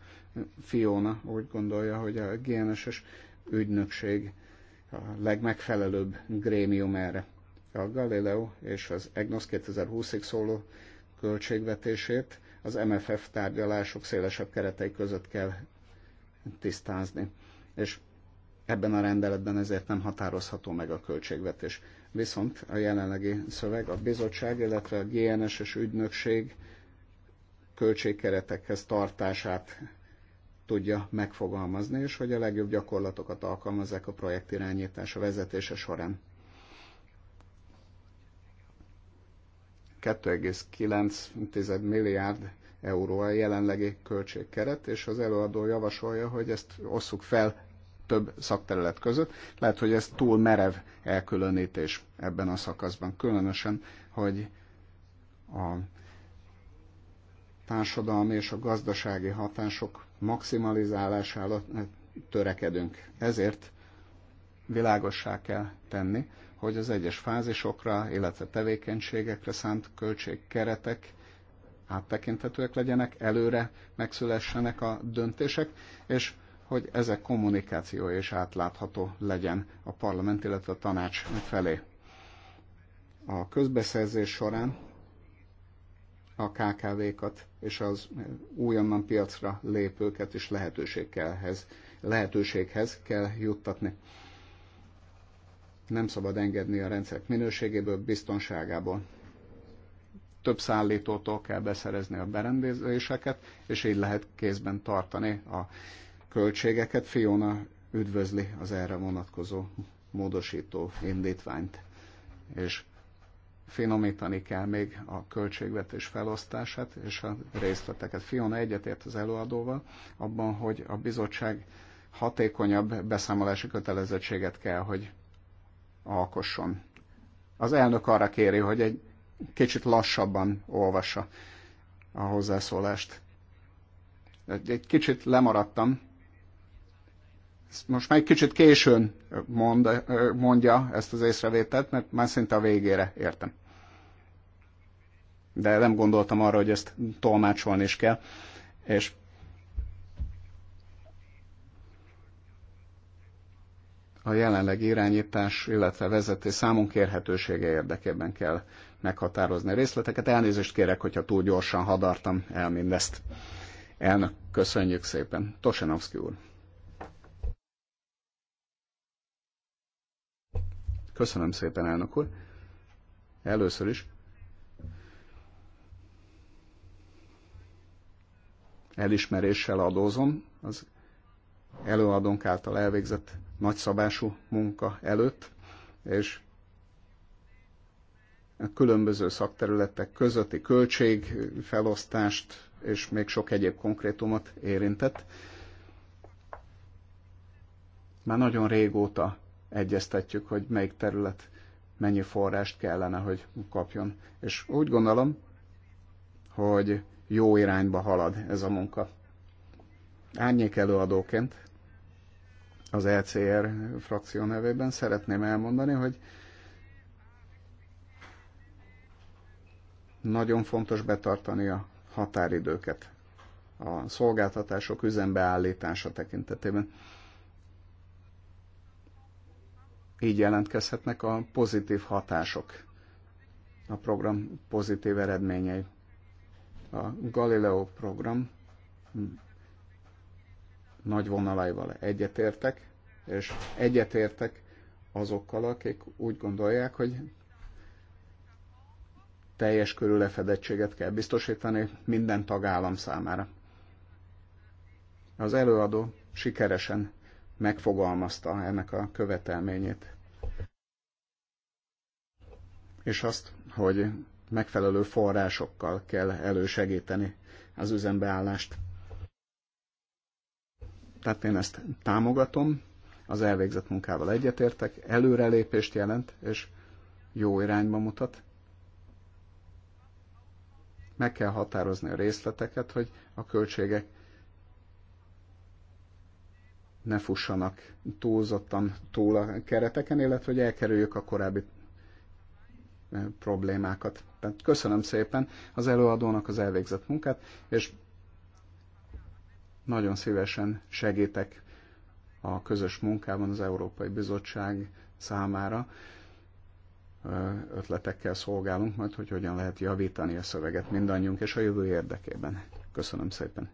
Fiona úgy gondolja, hogy a GNS-es ügynökség a legmegfelelőbb grémium erre a Galileo és az EGNOS 2020-ig szóló költségvetését az MFF tárgyalások szélesebb keretei között kell tisztázni. És ebben a rendeletben ezért nem határozható meg a költségvetés. Viszont a jelenlegi szöveg a bizottság, illetve a gns és ügynökség költségkeretekhez tartását tudja megfogalmazni, és hogy a legjobb gyakorlatokat alkalmazzák a projekt irányítása vezetése során. 2,9 milliárd euró a jelenlegi költségkeret, és az előadó javasolja, hogy ezt osszuk fel több szakterület között. Lehet, hogy ez túl merev elkülönítés ebben a szakaszban, különösen, hogy a társadalmi és a gazdasági hatások maximalizálására törekedünk. Ezért világossá kell tenni, hogy az egyes fázisokra, illetve tevékenységekre szánt költségkeretek áttekinthetőek legyenek, előre megszülessenek a döntések, és hogy ezek kommunikációja is átlátható legyen a parlament, illetve a tanács felé. A közbeszerzés során a KKV-kat és az újonnan piacra lépőket is lehetőséghez, lehetőséghez kell juttatni nem szabad engedni a rendszerek minőségéből, biztonságából. Több szállítótól kell beszerezni a berendezéseket, és így lehet kézben tartani a költségeket. Fiona üdvözli az erre vonatkozó módosító indítványt, és finomítani kell még a költségvetés felosztását és a részleteket. Fiona egyetért az előadóval abban, hogy a bizottság hatékonyabb beszámolási kötelezettséget kell, hogy alkosson. Az elnök arra kéri, hogy egy kicsit lassabban olvassa a hozzászólást. Egy kicsit lemaradtam. Ezt most már egy kicsit későn mond, mondja ezt az észrevételt, mert már szinte a végére értem. De nem gondoltam arra, hogy ezt tolmácsolni is kell. És a jelenleg irányítás, illetve vezetés számon kérhetősége érdekében kell meghatározni a részleteket. Elnézést kérek, hogyha túl gyorsan hadartam el mindezt. Elnök, köszönjük szépen. Tosenovszki úr. Köszönöm szépen, elnök úr. Először is. Elismeréssel adózom az előadónk által elvégzett nagyszabású munka előtt, és a különböző szakterületek közötti költségfelosztást és még sok egyéb konkrétumot érintett. Már nagyon régóta egyeztetjük, hogy melyik terület mennyi forrást kellene, hogy kapjon. És úgy gondolom, hogy jó irányba halad ez a munka. Árnyék előadóként az ECR frakció nevében szeretném elmondani, hogy nagyon fontos betartani a határidőket a szolgáltatások üzembeállítása tekintetében. Így jelentkezhetnek a pozitív hatások, a program pozitív eredményei. A Galileo program nagy vonalaival egyetértek, és egyetértek azokkal, akik úgy gondolják, hogy teljes körű lefedettséget kell biztosítani minden tagállam számára. Az előadó sikeresen megfogalmazta ennek a követelményét. És azt, hogy megfelelő forrásokkal kell elősegíteni az üzembeállást. Tehát én ezt támogatom, az elvégzett munkával egyetértek, előrelépést jelent, és jó irányba mutat. Meg kell határozni a részleteket, hogy a költségek ne fussanak túlzottan túl a kereteken, illetve hogy elkerüljük a korábbi eh, problémákat. Tehát köszönöm szépen az előadónak az elvégzett munkát, és nagyon szívesen segítek a közös munkában az Európai Bizottság számára. Ötletekkel szolgálunk majd, hogy hogyan lehet javítani a szöveget mindannyiunk és a jövő érdekében. Köszönöm szépen.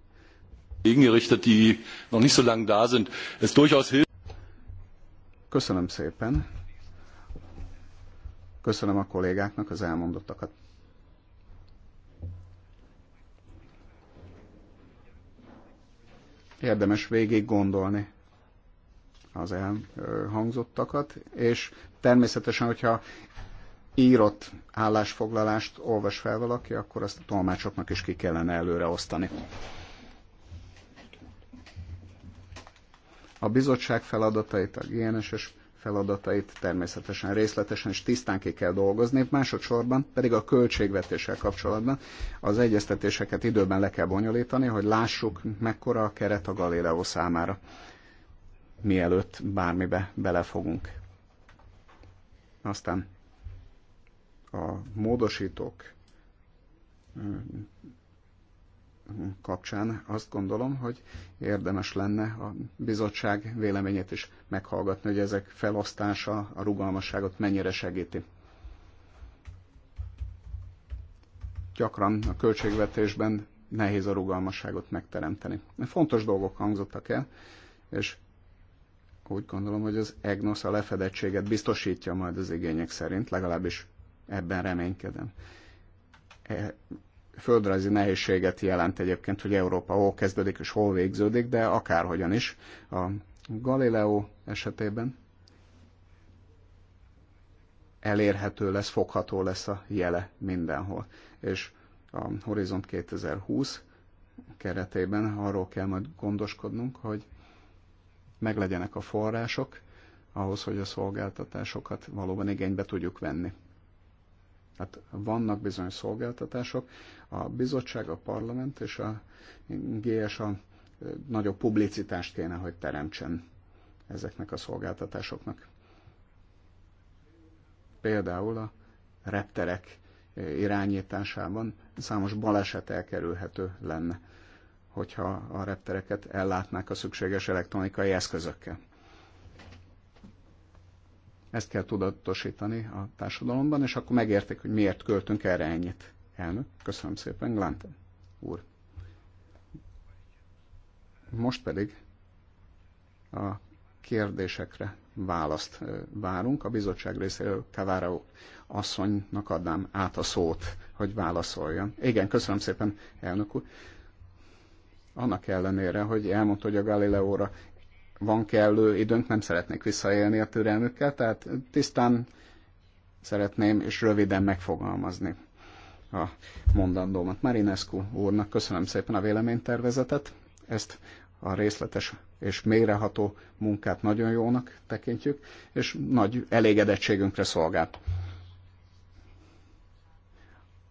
sind, Köszönöm szépen. Köszönöm a kollégáknak az elmondottakat. Érdemes végig gondolni az elhangzottakat, és természetesen, hogyha írott állásfoglalást olvas fel valaki, akkor azt a tolmácsoknak is ki kellene előre osztani. A bizottság feladatait, a GNS-es feladatait természetesen részletesen és tisztán ki kell dolgozni, másodszorban pedig a költségvetéssel kapcsolatban az egyeztetéseket időben le kell bonyolítani, hogy lássuk mekkora a keret a Galileo számára, mielőtt bármibe belefogunk. Aztán a módosítók kapcsán azt gondolom, hogy érdemes lenne a bizottság véleményét is meghallgatni, hogy ezek felosztása a rugalmasságot mennyire segíti. Gyakran a költségvetésben nehéz a rugalmasságot megteremteni. Fontos dolgok hangzottak el, és úgy gondolom, hogy az EGNOSZ a lefedettséget biztosítja majd az igények szerint, legalábbis ebben reménykedem e, földrajzi nehézséget jelent egyébként, hogy Európa hol kezdődik és hol végződik, de akárhogyan is a Galileo esetében elérhető lesz, fogható lesz a jele mindenhol. És a Horizont 2020 keretében arról kell majd gondoskodnunk, hogy meglegyenek a források ahhoz, hogy a szolgáltatásokat valóban igénybe tudjuk venni. Hát vannak bizonyos szolgáltatások, a bizottság, a parlament és a GSA eh, nagyobb publicitást kéne, hogy teremtsen ezeknek a szolgáltatásoknak. Például a repterek eh, irányításában számos baleset elkerülhető lenne, hogyha a reptereket ellátnák a szükséges elektronikai eszközökkel. Ezt kell tudatosítani a társadalomban, és akkor megértik, hogy miért költünk erre ennyit. Elnök, köszönöm szépen, Glante úr. Most pedig a kérdésekre választ várunk. A bizottság részéről Kavára asszonynak adnám át a szót, hogy válaszoljon. Igen, köszönöm szépen, elnök úr. Annak ellenére, hogy elmondta, hogy a Galileóra van kellő időnk, nem szeretnék visszaélni a türelmükkel, tehát tisztán szeretném és röviden megfogalmazni a mondandómat. Marinescu úrnak köszönöm szépen a véleménytervezetet, ezt a részletes és mélyreható munkát nagyon jónak tekintjük, és nagy elégedettségünkre szolgál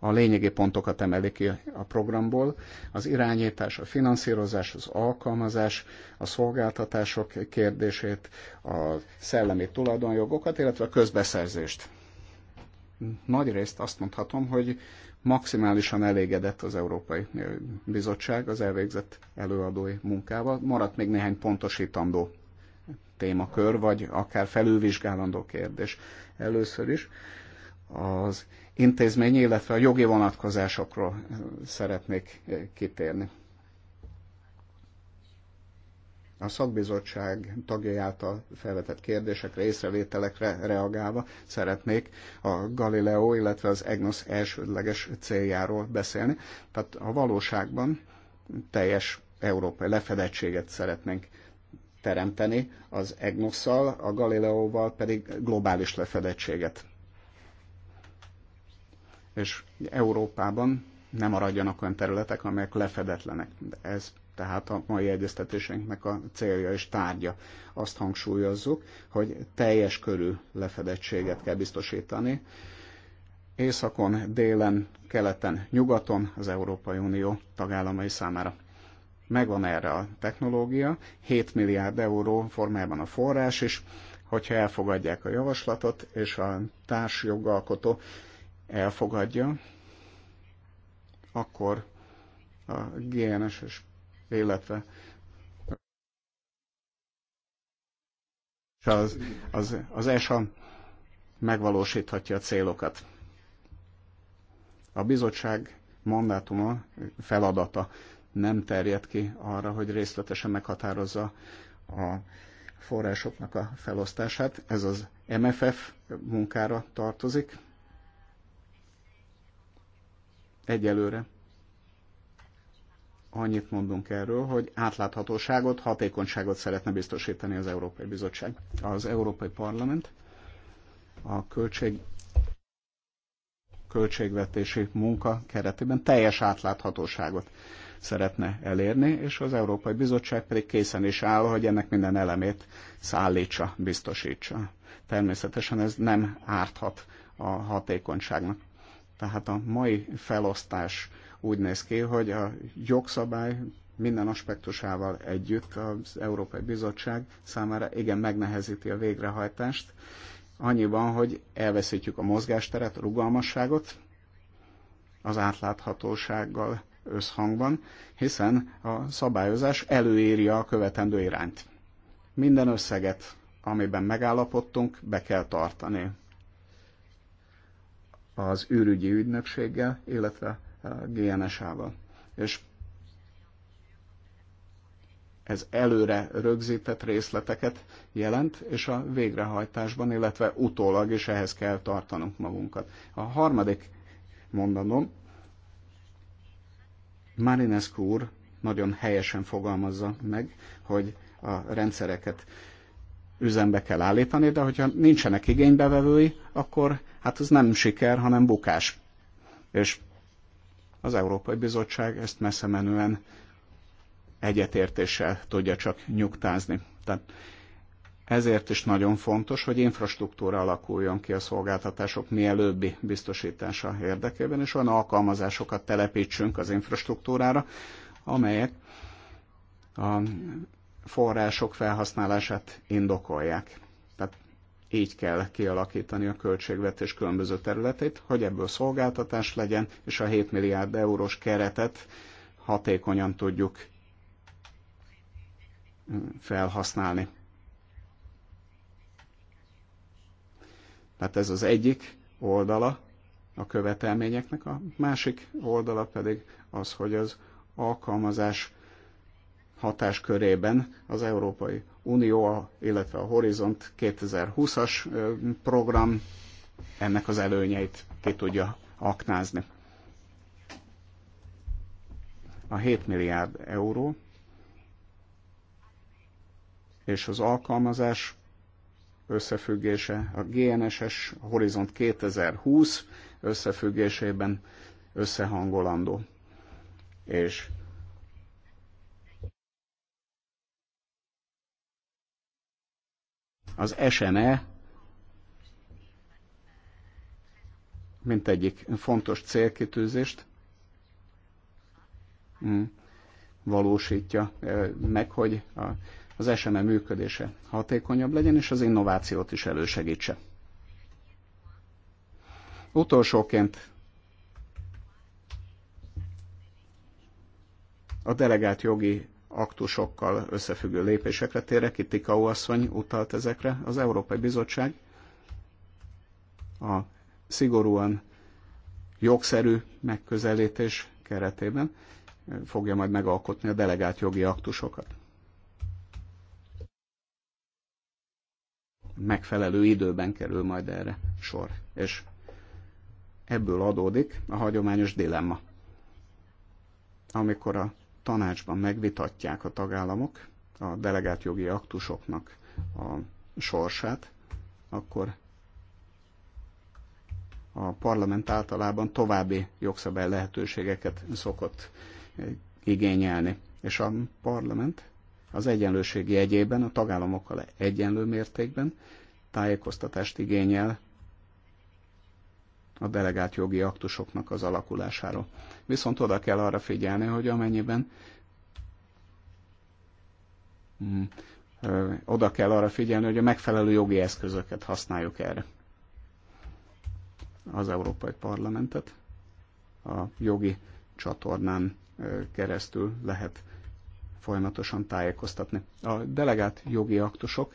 a lényegi pontokat emeli ki a programból, az irányítás, a finanszírozás, az alkalmazás, a szolgáltatások kérdését, a szellemi tulajdonjogokat, illetve a közbeszerzést. Nagy részt azt mondhatom, hogy maximálisan elégedett az Európai Bizottság az elvégzett előadói munkával. Maradt még néhány pontosítandó témakör, vagy akár felülvizsgálandó kérdés. Először is az intézményi, illetve a jogi vonatkozásokról szeretnék kitérni. A szakbizottság tagjai által felvetett kérdésekre, észrevételekre reagálva szeretnék a Galileo, illetve az EGNOS elsődleges céljáról beszélni. Tehát a valóságban teljes európai lefedettséget szeretnénk teremteni az EGNOS-szal, a Galileóval pedig globális lefedettséget és Európában nem maradjanak olyan területek, amelyek lefedetlenek. De ez tehát a mai egyeztetésünknek a célja és tárgya. Azt hangsúlyozzuk, hogy teljes körű lefedettséget kell biztosítani. Északon, délen, keleten, nyugaton az Európai Unió tagállamai számára. Megvan erre a technológia, 7 milliárd euró formájában a forrás is, hogyha elfogadják a javaslatot, és a társjogalkotó elfogadja, akkor a GNS-es, illetve az, az, az ESA megvalósíthatja a célokat. A bizottság mandátuma, feladata nem terjed ki arra, hogy részletesen meghatározza a forrásoknak a felosztását. Ez az MFF munkára tartozik, Egyelőre annyit mondunk erről, hogy átláthatóságot, hatékonyságot szeretne biztosítani az Európai Bizottság. Az Európai Parlament a költség költségvetési munka keretében teljes átláthatóságot szeretne elérni, és az Európai Bizottság pedig készen is áll, hogy ennek minden elemét szállítsa, biztosítsa. Természetesen ez nem árthat a hatékonyságnak. Tehát a mai felosztás úgy néz ki, hogy a jogszabály minden aspektusával együtt az Európai Bizottság számára igen megnehezíti a végrehajtást, annyiban, hogy elveszítjük a mozgásteret, a rugalmasságot az átláthatósággal összhangban, hiszen a szabályozás előírja a követendő irányt. Minden összeget, amiben megállapodtunk, be kell tartani az űrügyi ügynökséggel, illetve a eh, gns val És ez előre rögzített részleteket jelent, és a végrehajtásban, illetve utólag is ehhez kell tartanunk magunkat. A harmadik mondanom, Marinescu úr nagyon helyesen fogalmazza meg, hogy a rendszereket üzembe kell állítani, de hogyha nincsenek igénybevevői, akkor hát ez nem siker, hanem bukás. És az Európai Bizottság ezt messze menően egyetértéssel tudja csak nyugtázni. Tehát ezért is nagyon fontos, hogy infrastruktúra alakuljon ki a szolgáltatások mielőbbi biztosítása érdekében, és olyan alkalmazásokat telepítsünk az infrastruktúrára, amelyek a források felhasználását indokolják. Tehát így kell kialakítani a költségvetés különböző területét, hogy ebből szolgáltatás legyen, és a 7 milliárd eurós keretet hatékonyan tudjuk mm, felhasználni. Tehát ez az egyik oldala a követelményeknek, a másik oldala pedig az, hogy az alkalmazás hatáskörében az Európai Unió, illetve a Horizont 2020-as program ennek az előnyeit ki tudja aknázni. A 7 milliárd euró és az alkalmazás összefüggése, a GNSS Horizont 2020 összefüggésében összehangolandó. És Az SNE mint egyik fontos célkitűzést mm, valósítja e, meg, hogy az SME működése hatékonyabb legyen, és az innovációt is elősegítse. Utolsóként a delegált jogi aktusokkal összefüggő lépésekre térek, itt Tikau asszony utalt ezekre. Az Európai Bizottság a szigorúan jogszerű megközelítés keretében fogja majd megalkotni a delegált jogi aktusokat. Megfelelő időben kerül majd erre sor, és ebből adódik a hagyományos dilemma. Amikor a tanácsban megvitatják a tagállamok a delegált jogi aktusoknak a sorsát, akkor a parlament általában további jogszabály lehetőségeket szokott eh, igényelni. És a parlament az egyenlőségi egyében a tagállamokkal egyenlő mértékben tájékoztatást igényel a delegált jogi aktusoknak az alakulásáról. Viszont oda kell arra figyelni, hogy amennyiben mm, oda kell arra figyelni, hogy a megfelelő jogi eszközöket használjuk erre. Az Európai Parlamentet a jogi csatornán keresztül lehet folyamatosan tájékoztatni. A delegált jogi aktusok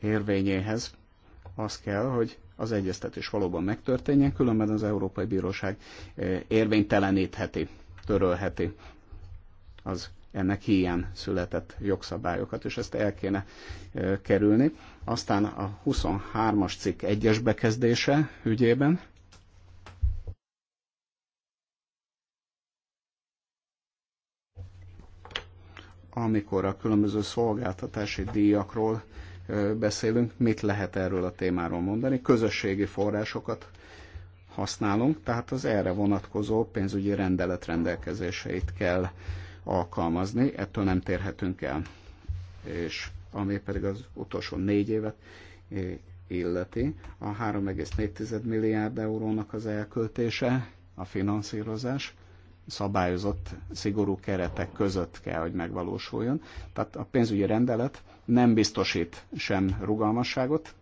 érvényéhez az kell, hogy az egyeztetés valóban megtörténjen, különben az Európai Bíróság eh, érvénytelenítheti, törölheti az ennek ilyen született jogszabályokat, és ezt el kéne eh, kerülni. Aztán a 23-as cikk egyes bekezdése ügyében, amikor a különböző szolgáltatási díjakról beszélünk, mit lehet erről a témáról mondani. Közösségi forrásokat használunk, tehát az erre vonatkozó pénzügyi rendelet rendelkezéseit kell alkalmazni, ettől nem térhetünk el. És ami pedig az utolsó négy évet illeti, a 3,4 milliárd eurónak az elköltése, a finanszírozás szabályozott, szigorú keretek között kell, hogy megvalósuljon. Tehát a pénzügyi rendelet nem biztosít sem rugalmasságot,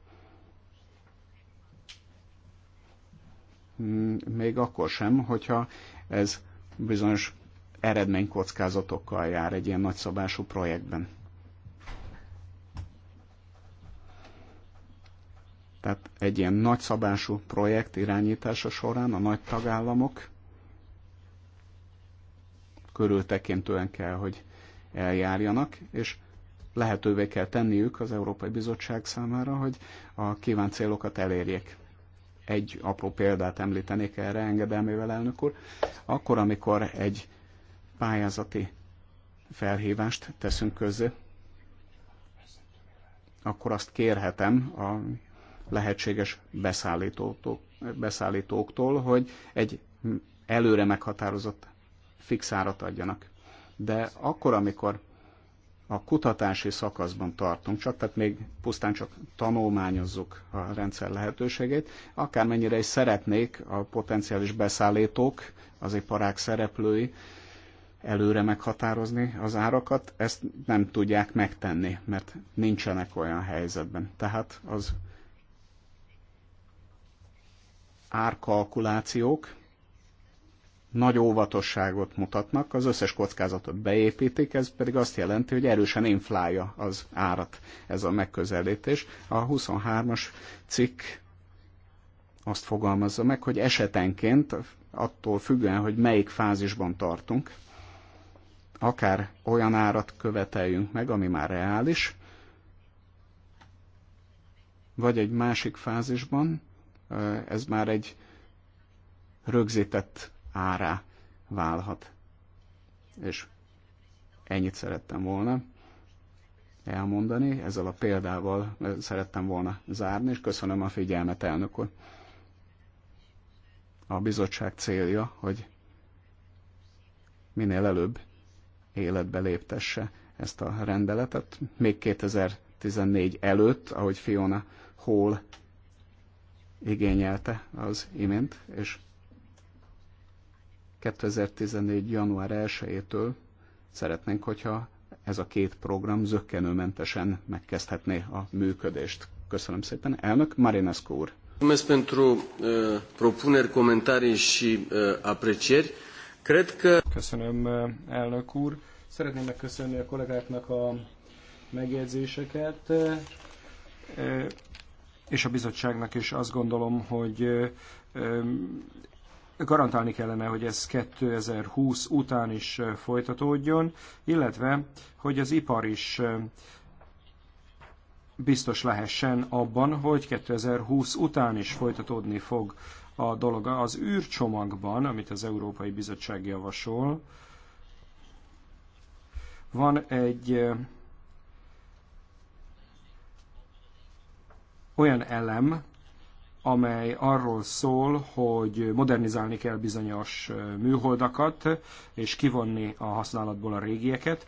hmm, még akkor sem, hogyha ez bizonyos eredménykockázatokkal jár egy ilyen nagyszabású projektben. Tehát egy ilyen nagyszabású projekt irányítása során a nagy tagállamok körültekintően kell, hogy eljárjanak, és lehetővé kell tenniük az Európai Bizottság számára, hogy a kívánt célokat elérjék. Egy apró példát említenék erre engedelmével, elnök úr. Akkor, amikor egy pályázati felhívást teszünk közzé, akkor azt kérhetem a lehetséges beszállítóktól, hogy egy előre meghatározott fix árat adjanak. De akkor, amikor a kutatási szakaszban tartunk csak, tehát még pusztán csak tanulmányozzuk a rendszer lehetőségét. Akármennyire is szeretnék a potenciális beszállítók, az iparák szereplői előre meghatározni az árakat, ezt nem tudják megtenni, mert nincsenek olyan helyzetben. Tehát az árkalkulációk nagy óvatosságot mutatnak, az összes kockázatot beépítik, ez pedig azt jelenti, hogy erősen inflálja az árat ez a megközelítés. A 23-as cikk azt fogalmazza meg, hogy esetenként attól függően, hogy melyik fázisban tartunk, akár olyan árat követeljünk meg, ami már reális, vagy egy másik fázisban, ez már egy rögzített árá válhat. És ennyit szerettem volna elmondani, ezzel a példával szerettem volna zárni, és köszönöm a figyelmet, elnök úr. A bizottság célja, hogy minél előbb életbe léptesse ezt a rendeletet, még 2014 előtt, ahogy Fiona Hall igényelte az imént, és 2014. január 1-től szeretnénk, hogyha ez a két program zöggenőmentesen megkezdhetné a működést. Köszönöm szépen. Elnök Marinescu úr. Mulțumesc pentru uh, propuneri, comentarii și uh, aprecieri. Cred că... Köszönöm, e, elnök úr. Szeretném megköszönni a kollégáknak a megjegyzéseket, és a bizottságnak is azt gondolom, hogy garantálni kellene, hogy ez 2020 után is folytatódjon, illetve, hogy az ipar is biztos lehessen abban, hogy 2020 után is folytatódni fog a dolog. Az űrcsomagban, amit az Európai Bizottság javasol, van egy olyan elem, amely arról szól, hogy modernizálni kell bizonyos műholdakat, és kivonni a használatból a régieket.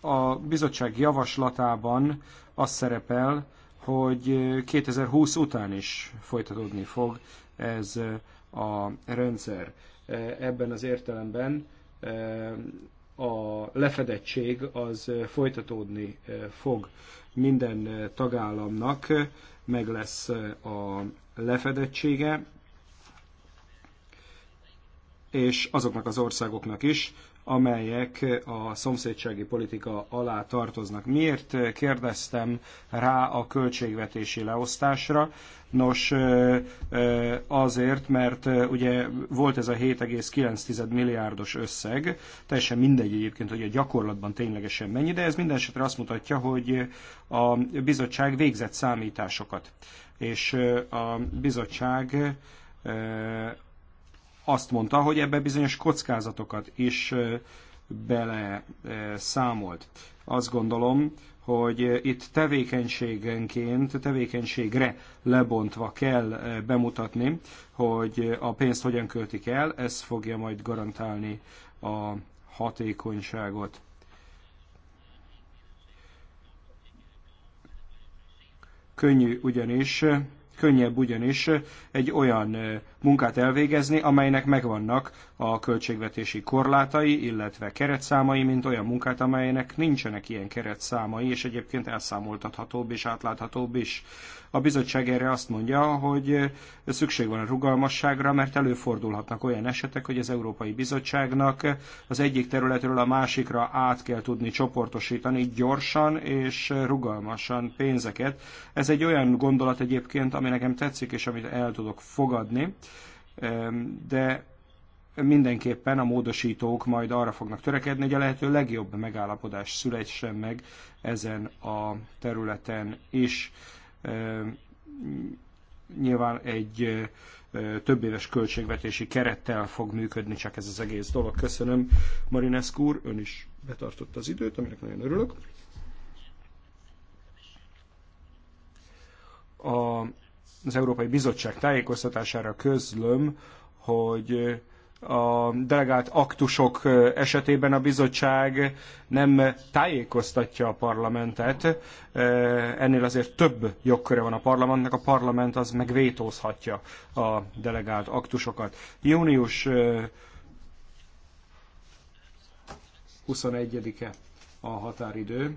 A bizottság javaslatában az szerepel, hogy 2020 után is folytatódni fog ez a rendszer. Ebben az értelemben a lefedettség az folytatódni fog minden tagállamnak meg lesz a lefedettsége, és azoknak az országoknak is, amelyek a szomszédsági politika alá tartoznak. Miért kérdeztem rá a költségvetési leosztásra? Nos, azért, mert ugye volt ez a 7,9 milliárdos összeg, teljesen mindegy egyébként, hogy a gyakorlatban ténylegesen mennyi, de ez minden esetre azt mutatja, hogy a bizottság végzett számításokat. És a bizottság azt mondta, hogy ebbe bizonyos kockázatokat is bele számolt. Azt gondolom, hogy eh, itt tevékenységenként, tevékenységre lebontva kell eh, bemutatni, hogy eh, a pénzt hogyan költik el, ez fogja majd garantálni a hatékonyságot. Könnyű ugyanis, könnyebb ugyanis egy olyan munkát elvégezni, amelynek megvannak a költségvetési korlátai, illetve keretszámai, mint olyan munkát, amelynek nincsenek ilyen keretszámai, és egyébként elszámoltathatóbb és átláthatóbb is. A bizottság erre azt mondja, hogy szükség van a rugalmasságra, mert előfordulhatnak olyan esetek, hogy az Európai Bizottságnak az egyik területről a másikra át kell tudni csoportosítani gyorsan és rugalmasan pénzeket. Ez egy olyan gondolat egyébként, ami nekem tetszik, és amit el tudok fogadni, de mindenképpen a módosítók majd arra fognak törekedni, hogy a lehető legjobb megállapodás szülessen meg ezen a területen is. Nyilván egy több éves költségvetési kerettel fog működni csak ez az egész dolog. Köszönöm, Marinescu úr, ön is betartotta az időt, aminek nagyon örülök. A, az Európai Bizottság tájékoztatására közlöm, hogy a delegált aktusok esetében a bizottság nem tájékoztatja a parlamentet, ennél azért több jogköre van a parlamentnek, a parlament az megvétózhatja a delegált aktusokat. Június 21-e a határidő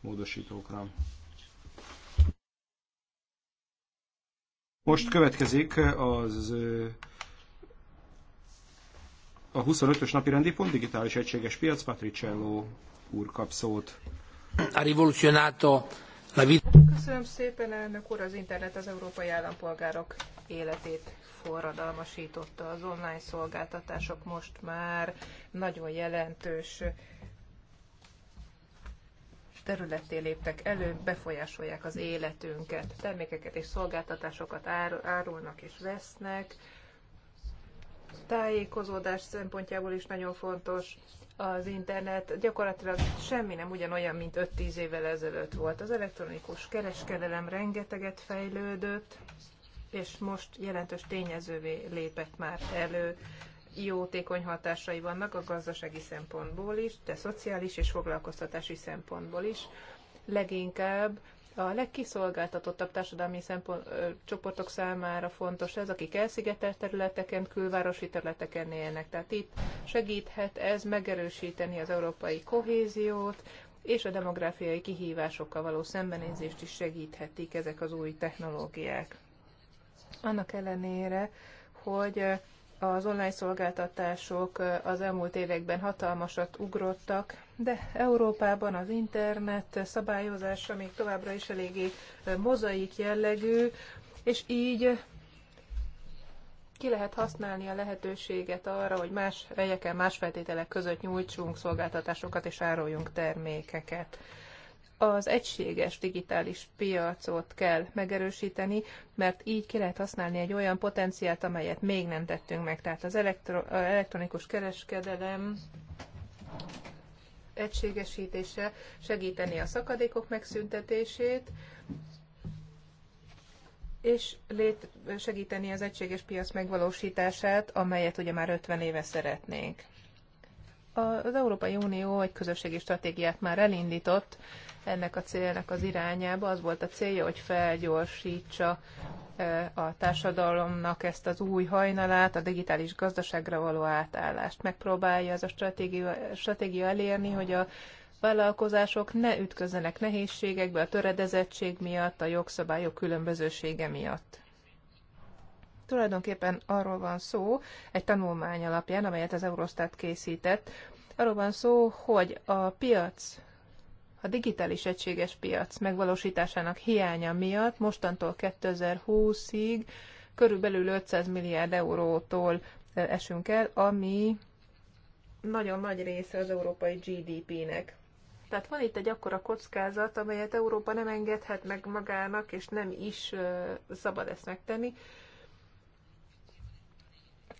módosítókra. Most következik az a 25-ös napi rendi pont, digitális egységes piac, Patricello úr kap szót. A rivoluzionato la vita. Köszönöm szépen, elnök úr, az internet az európai állampolgárok életét forradalmasította. Az online szolgáltatások most már nagyon jelentős területé léptek elő, befolyásolják az életünket. Termékeket és szolgáltatásokat árulnak és vesznek, tájékozódás szempontjából is nagyon fontos az internet. Gyakorlatilag semmi nem ugyanolyan, mint 5-10 évvel ezelőtt volt. Az elektronikus kereskedelem rengeteget fejlődött, és most jelentős tényezővé lépett már elő. Jótékony hatásai vannak a gazdasági szempontból is, de szociális és foglalkoztatási szempontból is. Leginkább a legkiszolgáltatottabb társadalmi szempont, ö, csoportok számára fontos ez, akik elszigetelt területeken, külvárosi területeken élnek. Tehát itt segíthet ez megerősíteni az európai kohéziót, és a demográfiai kihívásokkal való szembenézést is segíthetik ezek az új technológiák. Annak ellenére, hogy az online szolgáltatások az elmúlt években hatalmasat ugrottak, de Európában az internet szabályozása még továbbra is eléggé mozaik jellegű, és így ki lehet használni a lehetőséget arra, hogy más helyeken, más feltételek között nyújtsunk szolgáltatásokat és áruljunk termékeket az egységes digitális piacot kell megerősíteni, mert így ki lehet használni egy olyan potenciált, amelyet még nem tettünk meg. Tehát az elektro- elektronikus kereskedelem egységesítése segíteni a szakadékok megszüntetését, és lét, segíteni az egységes piac megvalósítását, amelyet ugye már 50 éve szeretnénk. Az Európai Unió egy közösségi stratégiát már elindított ennek a célnak az irányába. Az volt a célja, hogy felgyorsítsa e, a társadalomnak ezt az új hajnalát, a digitális gazdaságra való átállást. Megpróbálja ez a stratégia, stratégia elérni, hogy a vállalkozások ne ütközzenek nehézségekbe a töredezettség miatt, a jogszabályok különbözősége miatt. Tulajdonképpen arról van szó, egy tanulmány alapján, amelyet az Eurostat készített, arról van szó, hogy a piac a digitális egységes piac megvalósításának hiánya miatt mostantól 2020-ig körülbelül 500 milliárd eurótól esünk el, ami nagyon nagy része az európai GDP-nek. Tehát van itt egy akkora kockázat, amelyet Európa nem engedhet meg magának, és nem is szabad ezt megtenni,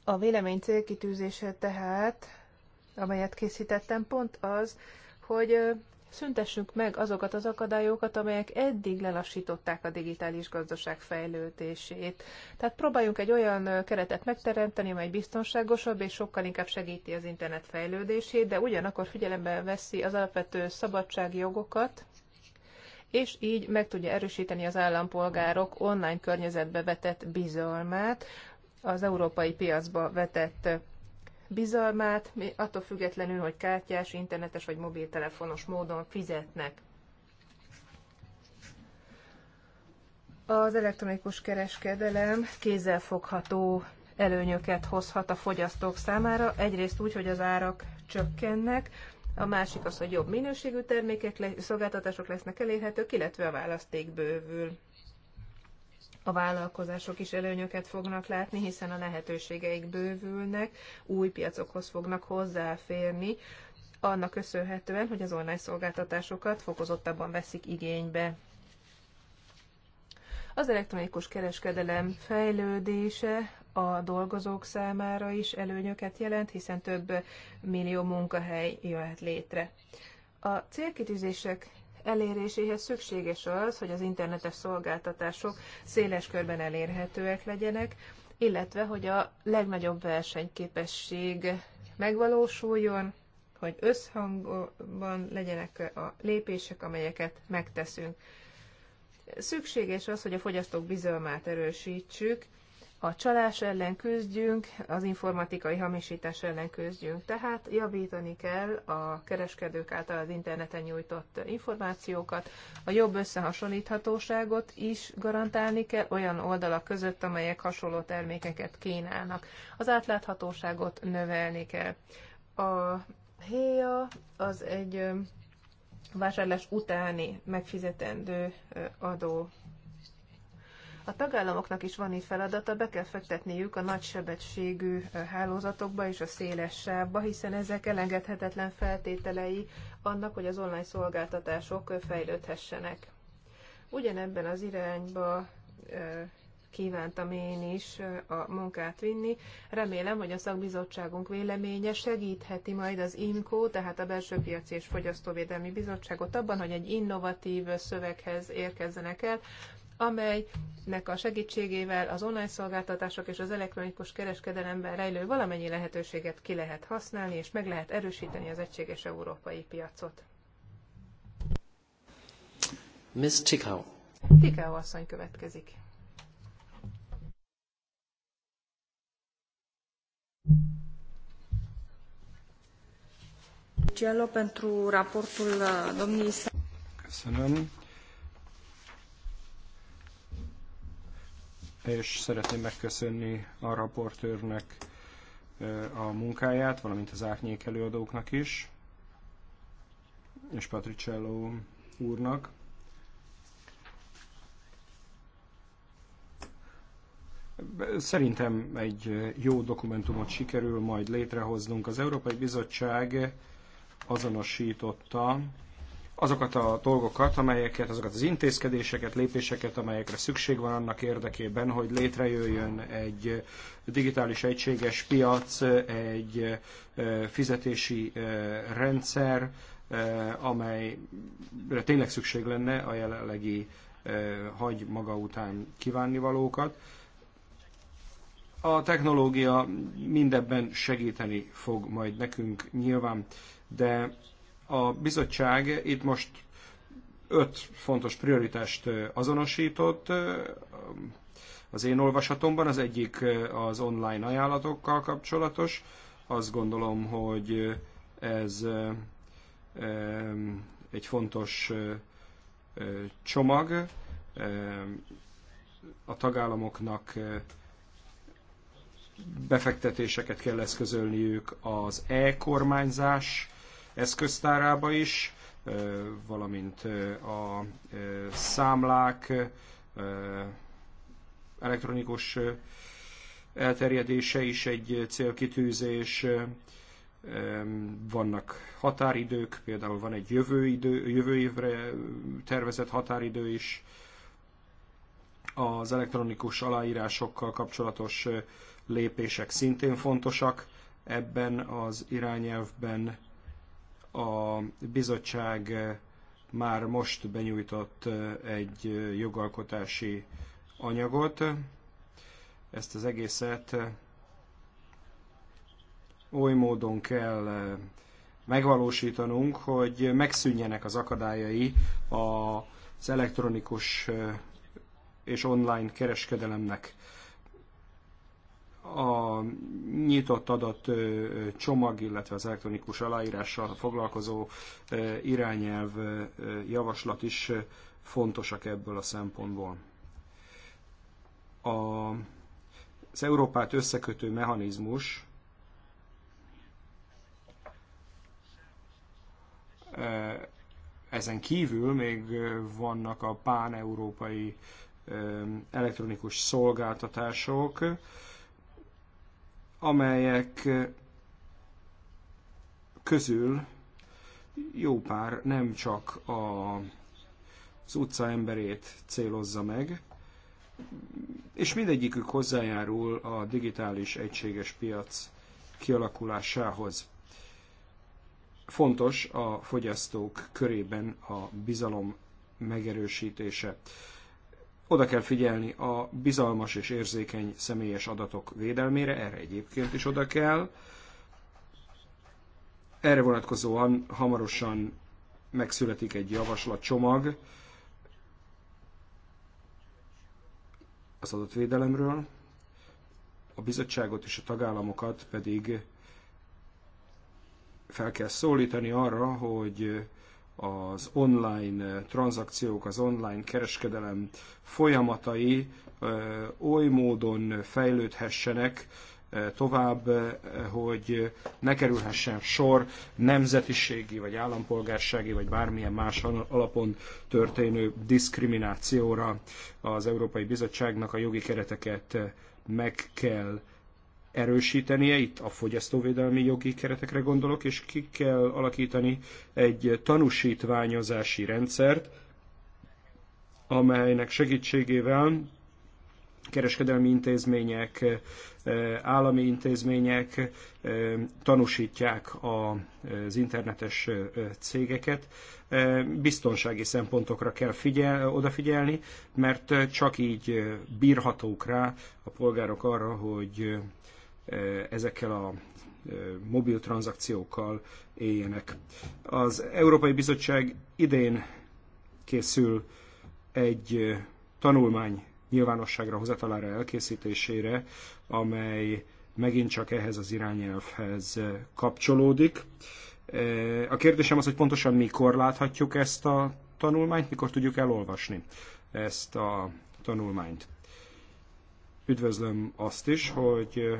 a vélemény célkitűzése tehát, amelyet készítettem, pont az, hogy szüntessünk meg azokat az akadályokat, amelyek eddig lelassították a digitális gazdaság fejlődését. Tehát próbáljunk egy olyan keretet megteremteni, amely biztonságosabb és sokkal inkább segíti az internet fejlődését, de ugyanakkor figyelembe veszi az alapvető szabadsági jogokat, és így meg tudja erősíteni az állampolgárok online környezetbe vetett bizalmát, az európai piacba vetett bizalmát, attól függetlenül, hogy kártyás, internetes vagy mobiltelefonos módon fizetnek. Az elektronikus kereskedelem kézzelfogható előnyöket hozhat a fogyasztók számára. Egyrészt úgy, hogy az árak csökkennek, a másik az, hogy jobb minőségű termékek, szolgáltatások lesznek elérhetők, illetve a választék bővül a vállalkozások is előnyöket fognak látni, hiszen a lehetőségeik bővülnek, új piacokhoz fognak hozzáférni, annak köszönhetően, hogy az online szolgáltatásokat fokozottabban veszik igénybe. Az elektronikus kereskedelem fejlődése a dolgozók számára is előnyöket jelent, hiszen több millió munkahely jöhet létre. A célkitűzések eléréséhez szükséges az, hogy az internetes szolgáltatások széles körben elérhetőek legyenek, illetve hogy a legnagyobb versenyképesség megvalósuljon, hogy összhangban legyenek a lépések, amelyeket megteszünk. Szükséges az, hogy a fogyasztók bizalmát erősítsük, a csalás ellen küzdjünk, az informatikai hamisítás ellen küzdjünk. Tehát javítani kell a kereskedők által az interneten nyújtott információkat, a jobb összehasonlíthatóságot is garantálni kell olyan oldalak között, amelyek hasonló termékeket kínálnak. Az átláthatóságot növelni kell. A HÉA az egy vásárlás utáni megfizetendő adó a tagállamoknak is van itt feladata, be kell fektetniük a nagysebességű hálózatokba és a széles sávba, hiszen ezek elengedhetetlen feltételei annak, hogy az online szolgáltatások fejlődhessenek. Ugyanebben az irányba kívántam én is a munkát vinni. Remélem, hogy a szakbizottságunk véleménye segítheti majd az INKO, tehát a Belső Piaci és Fogyasztóvédelmi Bizottságot abban, hogy egy innovatív szöveghez érkezzenek el, amelynek a segítségével az online szolgáltatások és az elektronikus kereskedelemben rejlő valamennyi lehetőséget ki lehet használni, és meg lehet erősíteni az egységes európai piacot. Ms. Tikau. Tikau asszony következik. raportul uh, Köszönöm és szeretném megköszönni a raportőrnek a munkáját, valamint az árnyék előadóknak is, és Patricello úrnak. Szerintem egy jó dokumentumot sikerül majd létrehoznunk. Az Európai Bizottság azonosította azokat a dolgokat, amelyeket, azokat az intézkedéseket, lépéseket, amelyekre szükség van annak érdekében, hogy létrejöjjön egy digitális egységes piac, egy fizetési rendszer, amelyre tényleg szükség lenne a jelenlegi hagy maga után kívánnivalókat. A technológia mindebben segíteni fog majd nekünk nyilván, de a bizottság itt most öt fontos prioritást azonosított az én olvasatomban. Az egyik az online ajánlatokkal kapcsolatos. Azt gondolom, hogy ez egy fontos csomag. A tagállamoknak befektetéseket kell eszközölniük az e-kormányzás eszköztárába is, valamint a számlák elektronikus elterjedése is egy célkitűzés, vannak határidők, például van egy jövő, idő, jövő évre tervezett határidő is, az elektronikus aláírásokkal kapcsolatos lépések szintén fontosak ebben az irányelvben a bizottság eh, már most benyújtott eh, egy eh, jogalkotási anyagot. Ezt az egészet oly módon kell megvalósítanunk, hogy megszűnjenek az akadályai az elektronikus és online kereskedelemnek a nyitott adat csomag, illetve az elektronikus aláírással foglalkozó irányelv javaslat is fontosak ebből a szempontból. A, az Európát összekötő mechanizmus ezen kívül még vannak a pán-európai elektronikus szolgáltatások, amelyek közül jó pár nem csak a, az utca emberét célozza meg, és mindegyikük hozzájárul a digitális egységes piac kialakulásához. Fontos a fogyasztók körében a bizalom megerősítése. Oda kell figyelni a bizalmas és érzékeny személyes adatok védelmére, erre egyébként is oda kell. Erre vonatkozóan hamarosan megszületik egy javaslatcsomag az adatvédelemről, a bizottságot és a tagállamokat pedig fel kell szólítani arra, hogy az online eh, tranzakciók, az online kereskedelem folyamatai eh, oly módon fejlődhessenek eh, tovább, hogy ne kerülhessen sor nemzetiségi, vagy állampolgársági, vagy bármilyen más alapon történő diszkriminációra. Az Európai Bizottságnak a jogi kereteket meg kell erősítenie, itt a fogyasztóvédelmi jogi keretekre gondolok, és ki kell alakítani egy tanúsítványozási rendszert, amelynek segítségével kereskedelmi intézmények, eh, állami intézmények eh, tanúsítják az internetes eh, cégeket. Biztonsági szempontokra kell figyel, odafigyelni, mert csak így bírhatók rá a polgárok arra, hogy Eh, ezekkel a eh, mobil tranzakciókkal éljenek. Az Európai Bizottság idén készül egy eh, tanulmány nyilvánosságra hozatalára elkészítésére, amely megint csak ehhez az irányelvhez kapcsolódik. A kérdésem az, hogy pontosan mikor láthatjuk ezt a tanulmányt, mikor tudjuk elolvasni ezt a tanulmányt. Üdvözlöm azt is, hogy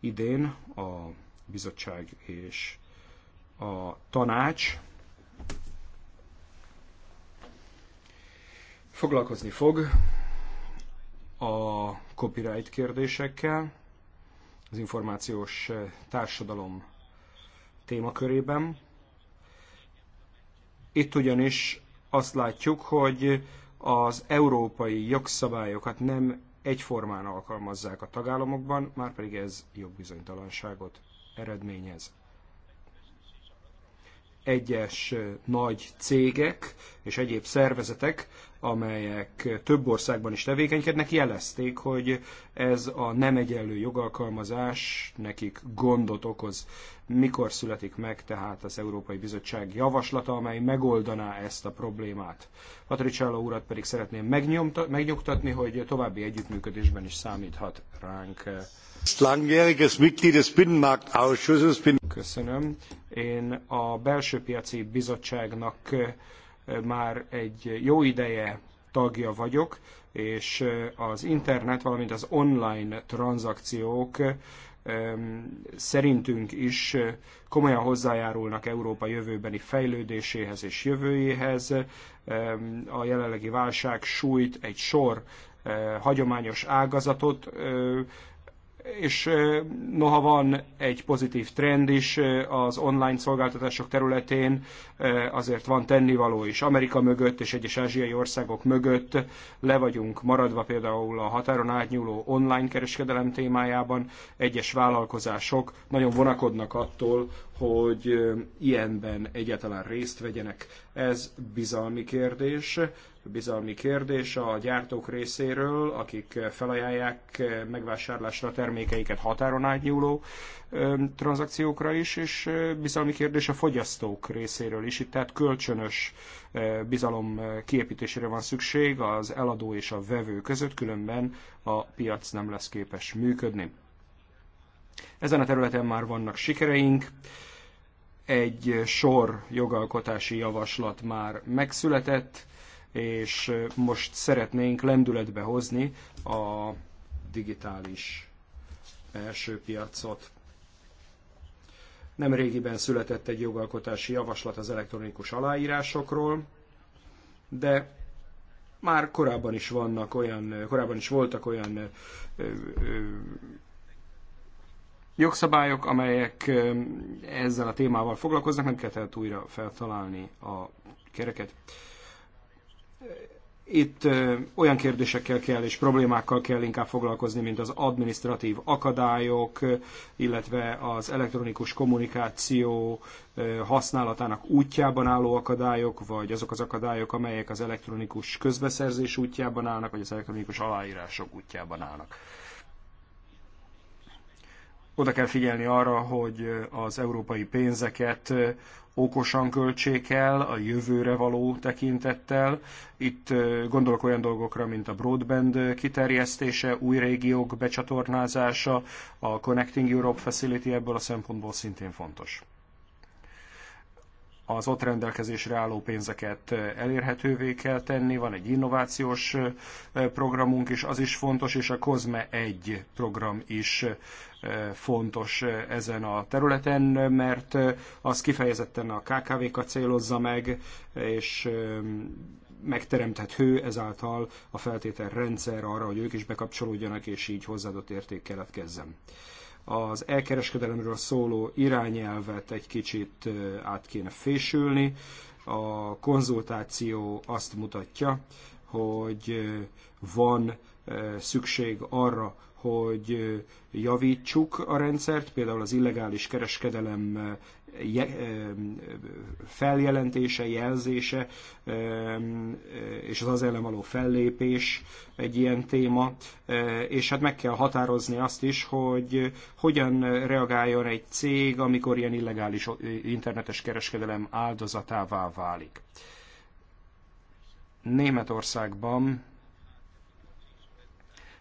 Idén a bizottság és a tanács foglalkozni fog a copyright kérdésekkel, az információs eh, társadalom témakörében. Itt ugyanis azt látjuk, hogy az európai jogszabályokat nem egyformán alkalmazzák a tagállamokban, már pedig ez bizonytalanságot eredményez. Egyes nagy cégek és egyéb szervezetek amelyek több országban is tevékenykednek, jelezték, hogy ez a nem egyenlő jogalkalmazás nekik gondot okoz. Mikor születik meg tehát az Európai Bizottság javaslata, amely megoldaná ezt a problémát? Patricello urat pedig szeretném megnyomta, megnyugtatni, hogy további együttműködésben is számíthat ránk. Köszönöm. Én a Belső Piaci Bizottságnak már egy jó ideje tagja vagyok, és az internet, valamint az online tranzakciók szerintünk is komolyan hozzájárulnak Európa jövőbeni fejlődéséhez és jövőjéhez. A jelenlegi válság sújt egy sor hagyományos ágazatot, és noha van egy pozitív trend is az online szolgáltatások területén, azért van tennivaló is. Amerika mögött és egyes ázsiai országok mögött le vagyunk maradva például a határon átnyúló online kereskedelem témájában. Egyes vállalkozások nagyon vonakodnak attól, hogy ilyenben egyáltalán részt vegyenek. Ez bizalmi kérdés, bizalmi kérdés a gyártók részéről, akik felajánlják megvásárlásra termékeiket határon átnyúló tranzakciókra is, és bizalmi kérdés a fogyasztók részéről is. Itt tehát kölcsönös bizalom kiépítésére van szükség az eladó és a vevő között, különben a piac nem lesz képes működni. Ezen a területen már vannak sikereink, egy sor jogalkotási javaslat már megszületett, és most szeretnénk lendületbe hozni a digitális első piacot. Nem régiben született egy jogalkotási javaslat az elektronikus aláírásokról, de már korábban is vannak olyan, korábban is voltak olyan ö, ö, jogszabályok, amelyek ezzel a témával foglalkoznak, nem kell tehát újra feltalálni a kereket. Itt olyan kérdésekkel kell és problémákkal kell inkább foglalkozni, mint az administratív akadályok, illetve az elektronikus kommunikáció használatának útjában álló akadályok, vagy azok az akadályok, amelyek az elektronikus közbeszerzés útjában állnak, vagy az elektronikus aláírások útjában állnak oda kell figyelni arra, hogy az európai pénzeket okosan költsék el, a jövőre való tekintettel. Itt gondolok olyan dolgokra, mint a broadband kiterjesztése, új régiók becsatornázása, a Connecting Europe Facility ebből a szempontból szintén fontos az ott rendelkezésre álló pénzeket elérhetővé kell tenni, van egy innovációs programunk is, az is fontos, és a COSME 1 program is fontos ezen a területen, mert az kifejezetten a KKV-kat célozza meg, és megteremthető ezáltal a rendszer arra, hogy ők is bekapcsolódjanak, és így hozzáadott érték keletkezzen az elkereskedelemről szóló irányelvet egy kicsit át kéne fésülni. A konzultáció azt mutatja, hogy van szükség arra, hogy javítsuk a rendszert, például az illegális kereskedelem feljelentése, jelzése és az az ellen való fellépés egy ilyen téma, és hát meg kell határozni azt is, hogy hogyan reagáljon egy cég, amikor ilyen illegális internetes kereskedelem áldozatává válik. Németországban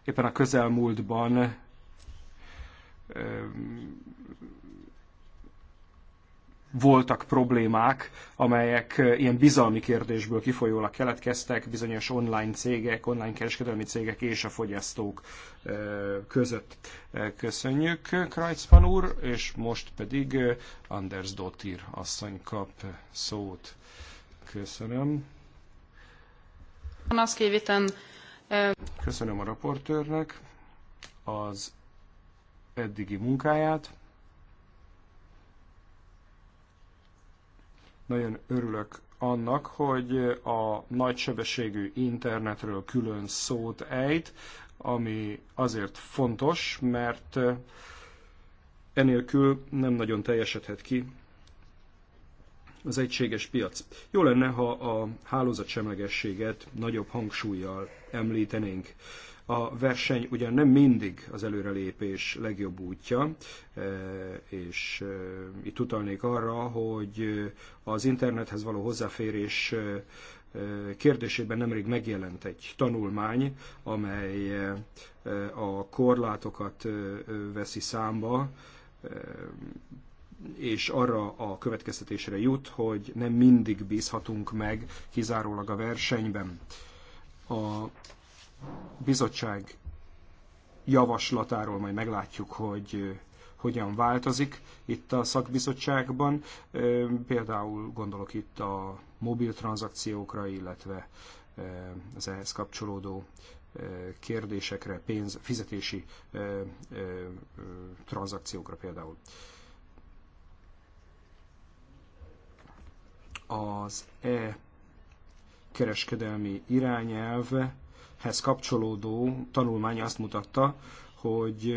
éppen a közelmúltban voltak problémák, amelyek ilyen bizalmi kérdésből kifolyólag keletkeztek, bizonyos online cégek, online kereskedelmi cégek és a fogyasztók között. Köszönjük, Krajcman úr, és most pedig Anders Dottir asszony kap szót. Köszönöm. Köszönöm a raportőrnek az eddigi munkáját. Nagyon örülök annak, hogy a nagysebességű internetről külön szót ejt, ami azért fontos, mert enélkül nem nagyon teljesedhet ki az egységes piac. Jó lenne, ha a hálózatsemlegességet nagyobb hangsúlyjal említenénk. A verseny ugyan nem mindig az előrelépés legjobb útja, e, és e, itt utalnék arra, hogy az internethez való hozzáférés e, kérdésében nemrég megjelent egy tanulmány, amely a korlátokat veszi számba, és arra a következtetésre jut, hogy nem mindig bízhatunk meg kizárólag a versenyben. A bizottság javaslatáról majd meglátjuk, hogy hogyan változik itt a szakbizottságban. Például gondolok itt a mobil tranzakciókra, illetve az ehhez kapcsolódó kérdésekre, pénz, fizetési tranzakciókra például. Az e kereskedelmi irányelve hez kapcsolódó tanulmány azt mutatta, hogy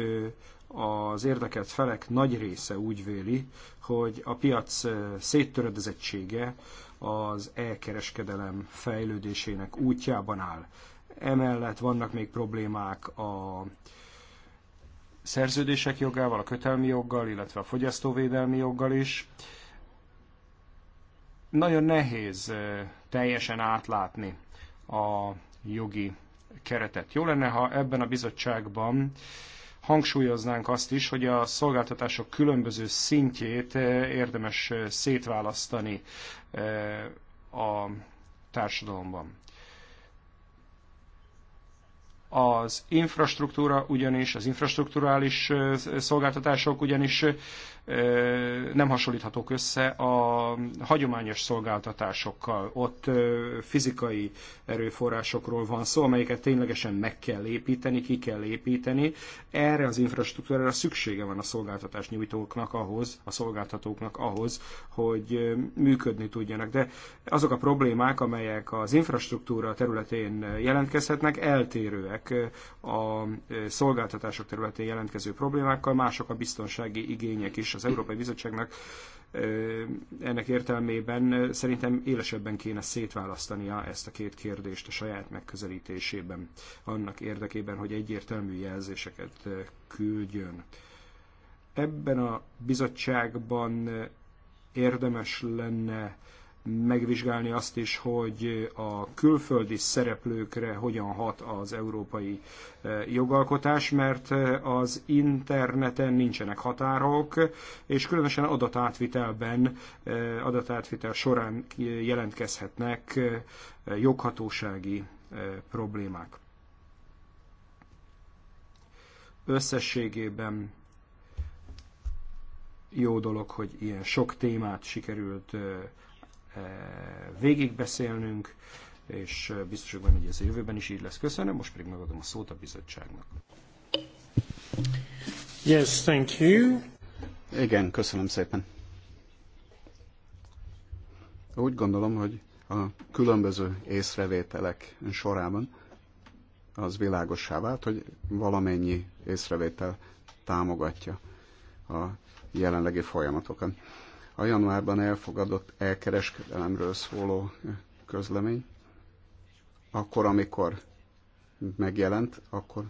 az érdekelt felek nagy része úgy véli, hogy a piac széttöredezettsége az elkereskedelem fejlődésének útjában áll. Emellett vannak még problémák a szerződések jogával, a kötelmi joggal, illetve a fogyasztóvédelmi joggal is. Nagyon nehéz teljesen átlátni a jogi keretet. Jó lenne, ha ebben a bizottságban hangsúlyoznánk azt is, hogy a szolgáltatások különböző szintjét eh, érdemes eh, szétválasztani eh, a társadalomban az infrastruktúra ugyanis, az infrastruktúrális szolgáltatások ugyanis nem hasonlíthatók össze a hagyományos szolgáltatásokkal. Ott fizikai erőforrásokról van szó, amelyeket ténylegesen meg kell építeni, ki kell építeni. Erre az infrastruktúrára szüksége van a szolgáltatás nyújtóknak ahhoz, a szolgáltatóknak ahhoz, hogy működni tudjanak. De azok a problémák, amelyek az infrastruktúra területén jelentkezhetnek, eltérőek küzdenek a szolgáltatások területén jelentkező problémákkal, mások a biztonsági igények is az Európai Bizottságnak ennek értelmében szerintem élesebben kéne szétválasztania ezt a két kérdést a saját megközelítésében, annak érdekében, hogy egyértelmű jelzéseket küldjön. Ebben a bizottságban érdemes lenne megvizsgálni azt is, hogy a külföldi szereplőkre hogyan hat az európai e, jogalkotás, mert e, az interneten nincsenek határok, és különösen adatátvitelben, e, adatátvitel során jelentkezhetnek joghatósági problémák. Összességében jó dolog, hogy ilyen sok témát sikerült Eh, végigbeszélnünk, és eh, biztos vagyok benne, hogy ez a jövőben is így lesz. Köszönöm, most pedig megadom a szót a bizottságnak. Yes, thank you. Igen, köszönöm szépen. Úgy gondolom, hogy a különböző észrevételek sorában az világossá vált, hogy valamennyi észrevétel támogatja a jelenlegi folyamatokat a januárban elfogadott elkereskedelemről szóló közlemény, akkor, amikor megjelent, akkor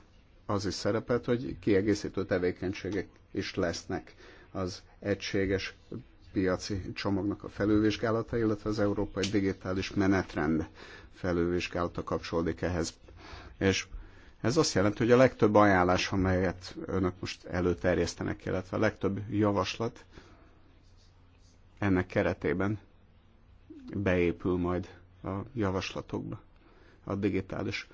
az is szerepelt, hogy kiegészítő tevékenységek is lesznek az egységes piaci csomagnak a felülvizsgálata, illetve az európai digitális menetrend felülvizsgálata kapcsolódik ehhez. És ez azt jelenti, hogy a legtöbb ajánlás, amelyet önök most előterjesztenek, illetve a legtöbb javaslat ennek keretében beépül majd a javaslatokba a digitális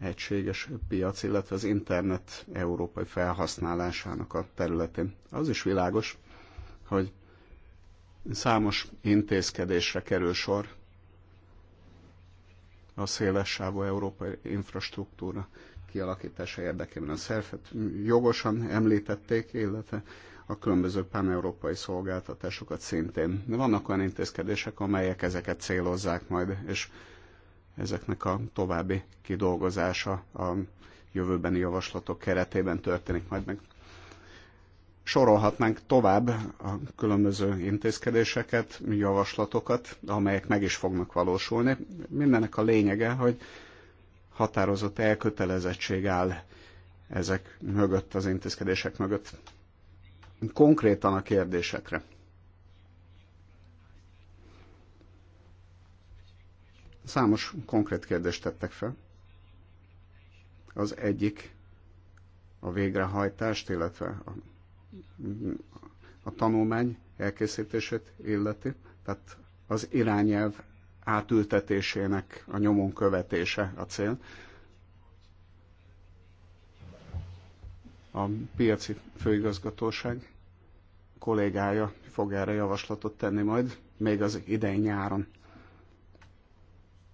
egységes piac, illetve az internet európai felhasználásának a területén. Az is világos, hogy számos intézkedésre kerül sor a széles sávú európai infrastruktúra kialakítása érdekében. A szerfet jogosan említették, illetve a különböző pan európai szolgáltatásokat szintén. De vannak olyan intézkedések, amelyek ezeket célozzák majd, és ezeknek a további kidolgozása a jövőbeni javaslatok keretében történik majd meg. Sorolhatnánk tovább a különböző intézkedéseket, javaslatokat, amelyek meg is fognak valósulni. Mindennek a lényege, hogy határozott elkötelezettség áll ezek mögött, az intézkedések mögött konkrétan a kérdésekre. Számos konkrét kérdést tettek fel. Az egyik a végrehajtást, illetve a, a tanulmány elkészítését illeti, tehát az irányelv átültetésének a nyomon követése a cél. a piaci főigazgatóság kollégája fog erre javaslatot tenni majd, még az idei nyáron.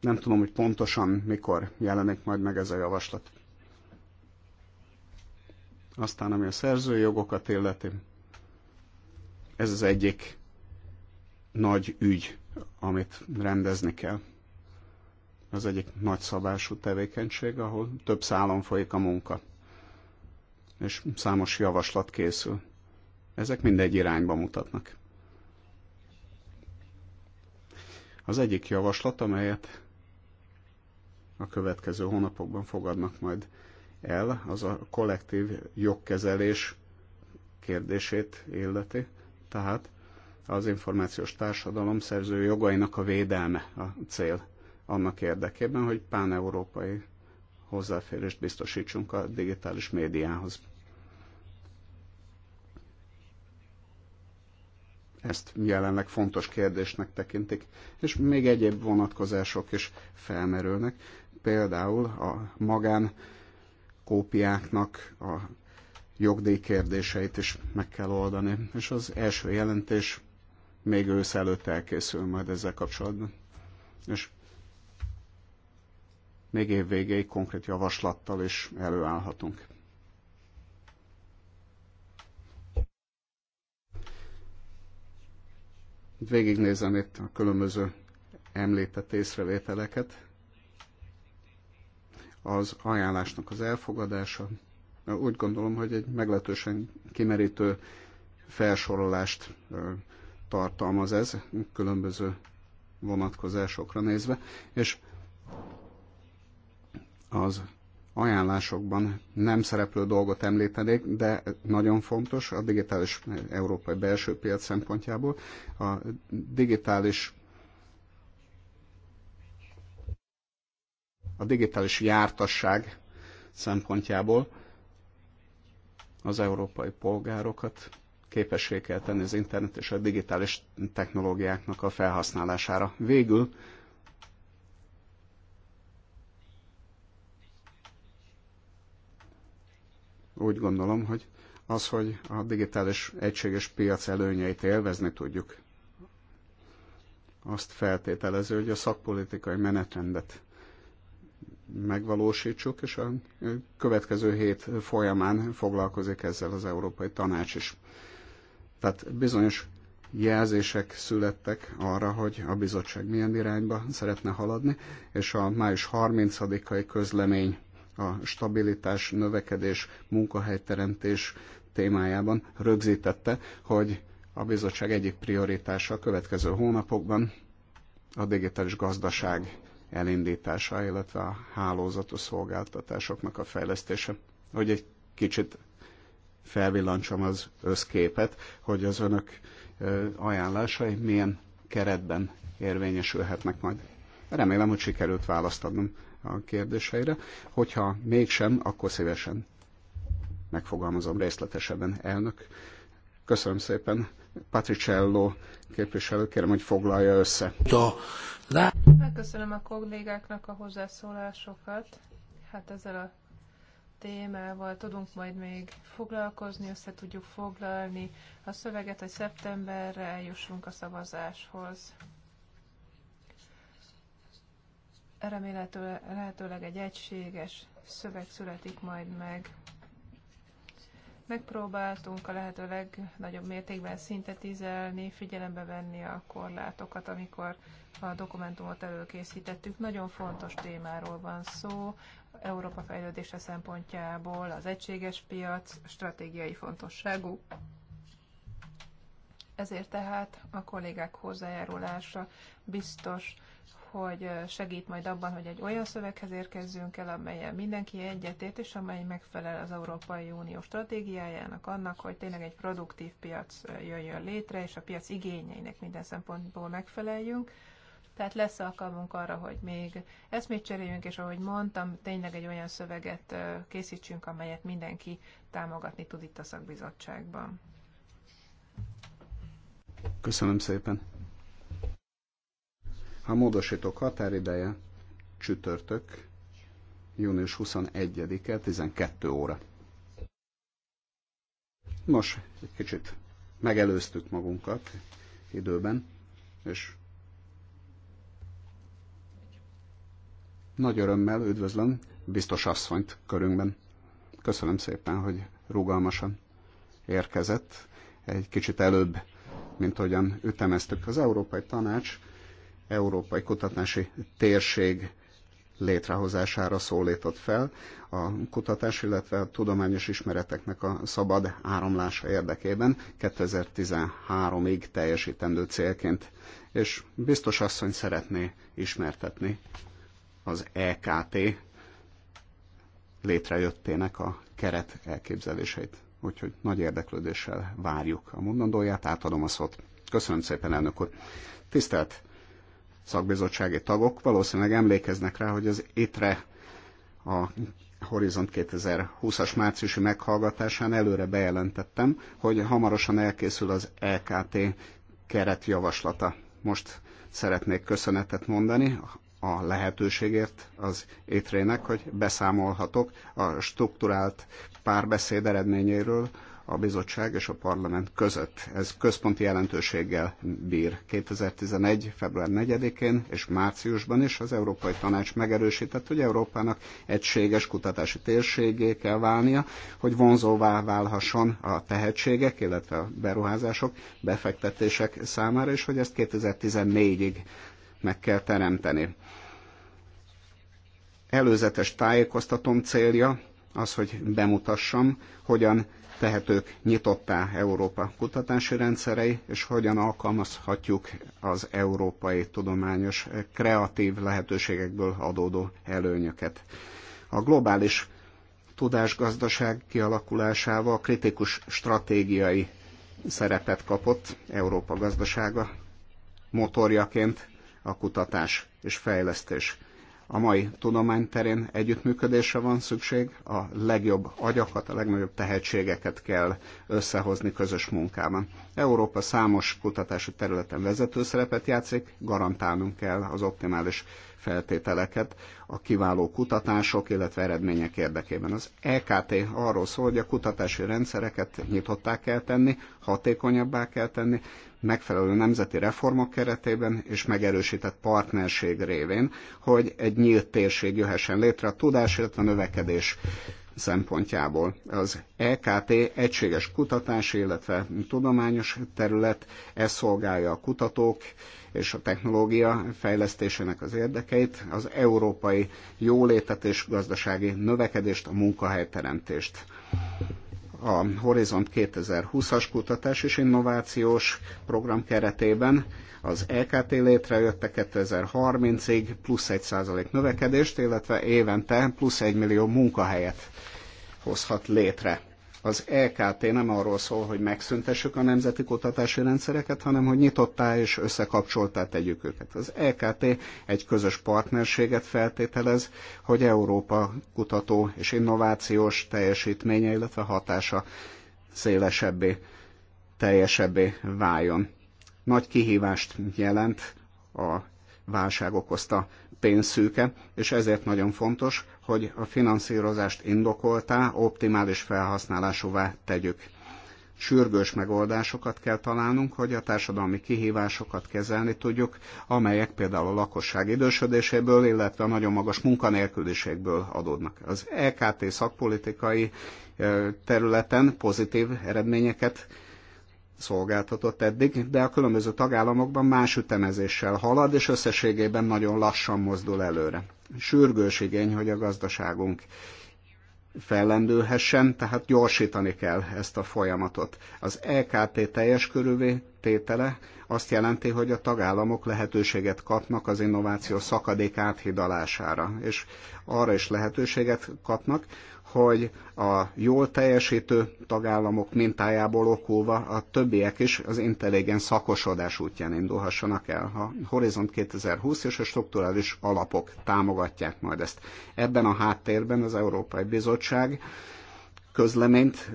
Nem tudom, hogy pontosan mikor jelenik majd meg ez a javaslat. Aztán, ami a szerzői jogokat illeti, ez az egyik nagy ügy, amit rendezni kell. Az egyik nagyszabású tevékenység, ahol több szálon folyik a munka és számos javaslat készül. Ezek mindegy irányba mutatnak. Az egyik javaslat, amelyet a következő hónapokban fogadnak majd el, az a kollektív jogkezelés kérdését illeti, tehát az információs társadalom szerző jogainak a védelme a cél annak érdekében, hogy páneurópai hozzáférést biztosítsunk a digitális médiához. Ezt jelenleg fontos kérdésnek tekintik, és még egyéb vonatkozások is felmerülnek. Például a magán kópiáknak a jogdíj kérdéseit is meg kell oldani, és az első jelentés még ősz előtt elkészül majd ezzel kapcsolatban. És még év végéig konkrét javaslattal is előállhatunk. Végignézem itt a különböző említett észrevételeket. Az ajánlásnak az elfogadása. Úgy gondolom, hogy egy meglehetősen kimerítő felsorolást tartalmaz ez, különböző vonatkozásokra nézve, és az ajánlásokban nem szereplő dolgot említenék, de nagyon fontos a digitális európai belső piac szempontjából. A digitális a digitális jártasság szempontjából az európai polgárokat képessé kell tenni az internet és a digitális technológiáknak a felhasználására. Végül úgy gondolom, hogy az, hogy a digitális egységes piac előnyeit élvezni tudjuk, azt feltételező, hogy a szakpolitikai menetrendet megvalósítsuk, és a következő hét folyamán foglalkozik ezzel az Európai Tanács is. Tehát bizonyos jelzések születtek arra, hogy a bizottság milyen irányba szeretne haladni, és a május 30-ai közlemény a stabilitás, növekedés, munkahelyteremtés témájában rögzítette, hogy a bizottság egyik prioritása a következő hónapokban a digitális gazdaság elindítása, illetve a hálózatos szolgáltatásoknak a fejlesztése. Hogy egy kicsit felvillancsam az összképet, hogy az önök ajánlásai milyen keretben érvényesülhetnek majd. Remélem, hogy sikerült választ adnom a kérdéseire. Hogyha mégsem, akkor szívesen megfogalmazom részletesebben, elnök. Köszönöm szépen. Patricello képviselő, kérem, hogy foglalja össze. Megköszönöm a kollégáknak a hozzászólásokat. Hát ezzel a témával tudunk majd még foglalkozni, össze tudjuk foglalni a szöveget, hogy szeptemberre eljussunk a szavazáshoz remélhetőleg egy egységes szöveg születik majd meg. Megpróbáltunk a lehető legnagyobb mértékben szintetizálni, figyelembe venni a korlátokat, amikor a dokumentumot előkészítettük. Nagyon fontos témáról van szó, Európa fejlődése szempontjából az egységes piac stratégiai fontosságú. Ezért tehát a kollégák hozzájárulása biztos, hogy segít majd abban, hogy egy olyan szöveghez érkezzünk el, amelyen mindenki egyetért, és amely megfelel az Európai Unió stratégiájának, annak, hogy tényleg egy produktív piac jöjjön létre, és a piac igényeinek minden szempontból megfeleljünk. Tehát lesz alkalmunk arra, hogy még mit cseréljünk, és ahogy mondtam, tényleg egy olyan szöveget készítsünk, amelyet mindenki támogatni tud itt a szakbizottságban. Köszönöm szépen! A módosítok határideje csütörtök, június 21-e, 12 óra. Nos, egy kicsit megelőztük magunkat időben, és nagy örömmel üdvözlöm biztos asszonyt körünkben. Köszönöm szépen, hogy rugalmasan érkezett, egy kicsit előbb, mint ahogyan ütemeztük az Európai Tanács Európai Kutatási Térség létrehozására szólított fel a kutatás, illetve a tudományos ismereteknek a szabad áramlása érdekében 2013-ig teljesítendő célként. És biztos asszony szeretné ismertetni az EKT létrejöttének a keret elképzeléseit. Úgyhogy nagy érdeklődéssel várjuk a mondandóját, átadom a szót. Köszönöm szépen, elnök úr. Tisztelt szakbizottsági tagok valószínűleg emlékeznek rá, hogy az ITRE a Horizont 2020-as márciusi meghallgatásán előre bejelentettem, hogy hamarosan elkészül az LKT e keretjavaslata. Most szeretnék köszönetet mondani a lehetőségért az étrének, hogy beszámolhatok a strukturált párbeszéd eredményéről a bizottság és a parlament között. Ez központi jelentőséggel bír. 2011. február 4-én és márciusban is az Európai Tanács megerősített, hogy Európának egységes kutatási térségé kell válnia, hogy vonzóvá válhasson a tehetségek, illetve a beruházások, befektetések számára, és hogy ezt 2014-ig meg kell teremteni. Előzetes tájékoztatom célja az, hogy bemutassam, hogyan tehetők nyitottá Európa kutatási rendszerei, és hogyan alkalmazhatjuk az európai tudományos kreatív lehetőségekből adódó előnyöket. A globális tudásgazdaság kialakulásával kritikus stratégiai szerepet kapott Európa gazdasága motorjaként a kutatás és fejlesztés. A mai tudományterén együttműködésre van szükség, a legjobb agyakat, a legnagyobb tehetségeket kell összehozni közös munkában. Európa számos kutatási területen vezető szerepet játszik, garantálnunk kell az optimális feltételeket a kiváló kutatások, illetve eredmények érdekében. Az EKT arról szól, hogy a kutatási rendszereket nyitottá kell tenni, hatékonyabbá kell tenni, megfelelő nemzeti reformok keretében és megerősített partnerség révén, hogy egy nyílt térség jöhessen létre a tudás, illetve a növekedés szempontjából. Az EKT egységes kutatás, illetve tudományos terület, ez szolgálja a kutatók és a technológia fejlesztésének az érdekeit, az európai jólétet és gazdasági növekedést, a munkahelyteremtést a Horizont 2020-as kutatás és innovációs program keretében az EKT létrejötte 2030-ig plusz százalék növekedést, illetve évente plusz egy millió munkahelyet hozhat létre. Az EKT nem arról szól, hogy megszüntessük a nemzeti kutatási rendszereket, hanem hogy nyitottá és összekapcsoltá tegyük őket. Az EKT egy közös partnerséget feltételez, hogy Európa kutató és innovációs teljesítménye, illetve hatása szélesebbé, teljesebbé váljon. Nagy kihívást jelent a válság okozta pénzszűke, és ezért nagyon fontos, hogy a finanszírozást indokoltá, optimális felhasználásúvá tegyük. Sürgős megoldásokat kell találnunk, hogy a társadalmi kihívásokat kezelni tudjuk, amelyek például a lakosság idősödéséből, illetve a nagyon magas munkanélküliségből adódnak. Az EKT szakpolitikai területen pozitív eredményeket szolgáltatott eddig, de a különböző tagállamokban más ütemezéssel halad, és összességében nagyon lassan mozdul előre. Sürgős igény, hogy a gazdaságunk fellendülhessen, tehát gyorsítani kell ezt a folyamatot. Az EKT teljes körülvé tétele azt jelenti, hogy a tagállamok lehetőséget kapnak az innováció szakadék áthidalására, és arra is lehetőséget kapnak, hogy a jól teljesítő tagállamok mintájából okulva a többiek is az intelligens szakosodás útján indulhassanak el. A Horizont 2020 és a strukturális alapok támogatják majd ezt. Ebben a háttérben az Európai Bizottság közleményt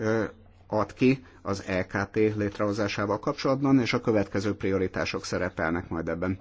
ad ki az LKT létrehozásával kapcsolatban, és a következő prioritások szerepelnek majd ebben.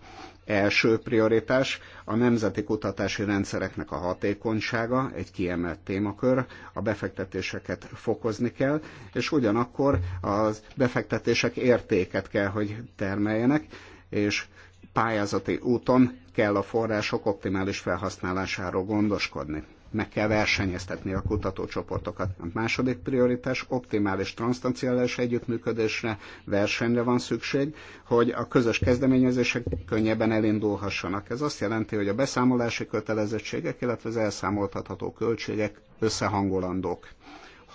Első prioritás a nemzeti kutatási rendszereknek a hatékonysága, egy kiemelt témakör, a befektetéseket fokozni kell, és ugyanakkor az befektetések értéket kell, hogy termeljenek, és pályázati úton kell a források optimális felhasználásáról gondoskodni meg kell versenyeztetni a kutatócsoportokat. A második prioritás optimális transzstanciális együttműködésre, versenyre van szükség, hogy a közös kezdeményezések könnyebben elindulhassanak. Ez azt jelenti, hogy a beszámolási kötelezettségek, illetve az elszámoltatható költségek összehangolandók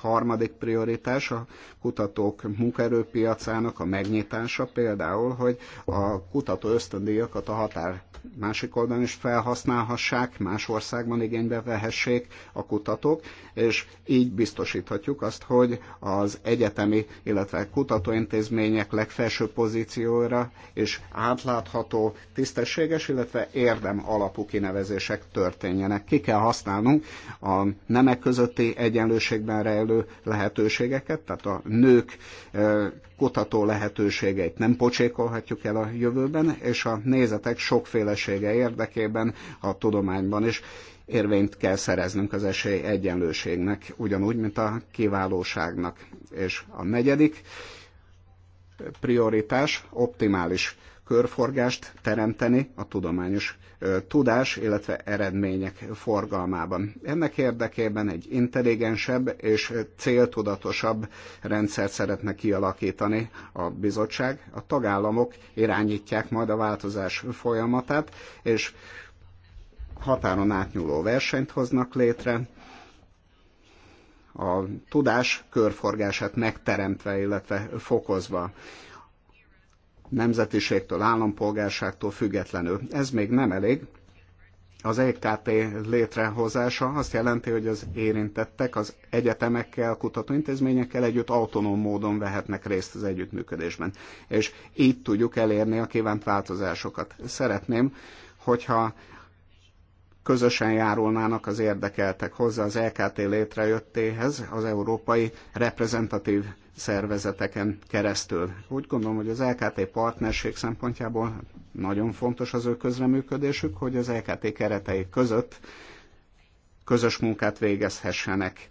harmadik prioritás a kutatók munkaerőpiacának a megnyitása, például, hogy a kutató ösztöndíjakat a határ másik oldalon is felhasználhassák, más országban igénybe vehessék a kutatók, és így biztosíthatjuk azt, hogy az egyetemi, illetve kutatóintézmények legfelső pozícióra és átlátható, tisztességes, illetve érdem alapú kinevezések történjenek. Ki kell használnunk a nemek közötti egyenlőségben rejlő megfelelő lehetőségeket, tehát a nők e, kutató lehetőségeit nem pocsékolhatjuk el a jövőben, és a nézetek sokfélesége érdekében a tudományban is érvényt kell szereznünk az esély egyenlőségnek, ugyanúgy, mint a kiválóságnak. És a negyedik prioritás optimális körforgást teremteni a tudományos tudás, illetve eredmények forgalmában. Ennek érdekében egy intelligensebb és céltudatosabb rendszert szeretne kialakítani a bizottság. A tagállamok irányítják majd a változás folyamatát, és határon átnyúló versenyt hoznak létre, a tudás körforgását megteremtve, illetve fokozva nemzetiségtől, állampolgárságtól függetlenül. Ez még nem elég. Az EKT létrehozása azt jelenti, hogy az érintettek az egyetemekkel, kutatóintézményekkel együtt autonóm módon vehetnek részt az együttműködésben. És így tudjuk elérni a kívánt változásokat. Szeretném, hogyha közösen járulnának az érdekeltek hozzá az EKT létrejöttéhez, az európai reprezentatív szervezeteken keresztül. Úgy gondolom, hogy az LKT partnerség szempontjából nagyon fontos az ő közreműködésük, hogy az LKT keretei között közös munkát végezhessenek